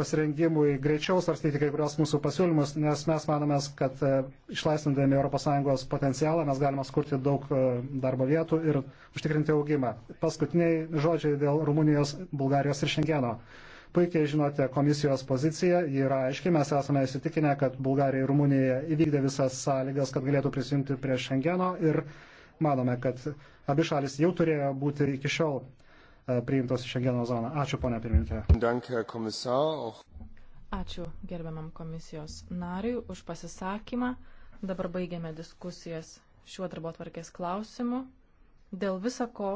S5: pasirengimui greičiau svarstyti kai kurios mūsų pasiūlymus, nes mes manome, kad e, išlaisvindami ES potencialą mes galime skurti daug e, darbo vietų ir užtikrinti augimą. Paskutiniai žodžiai dėl Rumunijos, Bulgarijos ir Šengeno. Puikiai žinote komisijos poziciją, ji yra aiški, mes esame įsitikinę, kad Bulgarija ir Rumunija įvykdė visas sąlygas, kad galėtų prisijungti prie Šengeno ir manome, kad abi šalis jau turėjo būti iki šiol E, priimtos į Šengeno zoną. Ačiū, ponia pirmininkė.
S8: Ačiū gerbiamam komisijos nariui už pasisakymą. Dabar baigiame diskusijas šiuo darbo tvarkės klausimu. Dėl visa ko,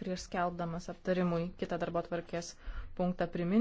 S8: prieš skelbdamas aptarimui kitą darbo tvarkės punktą priminti,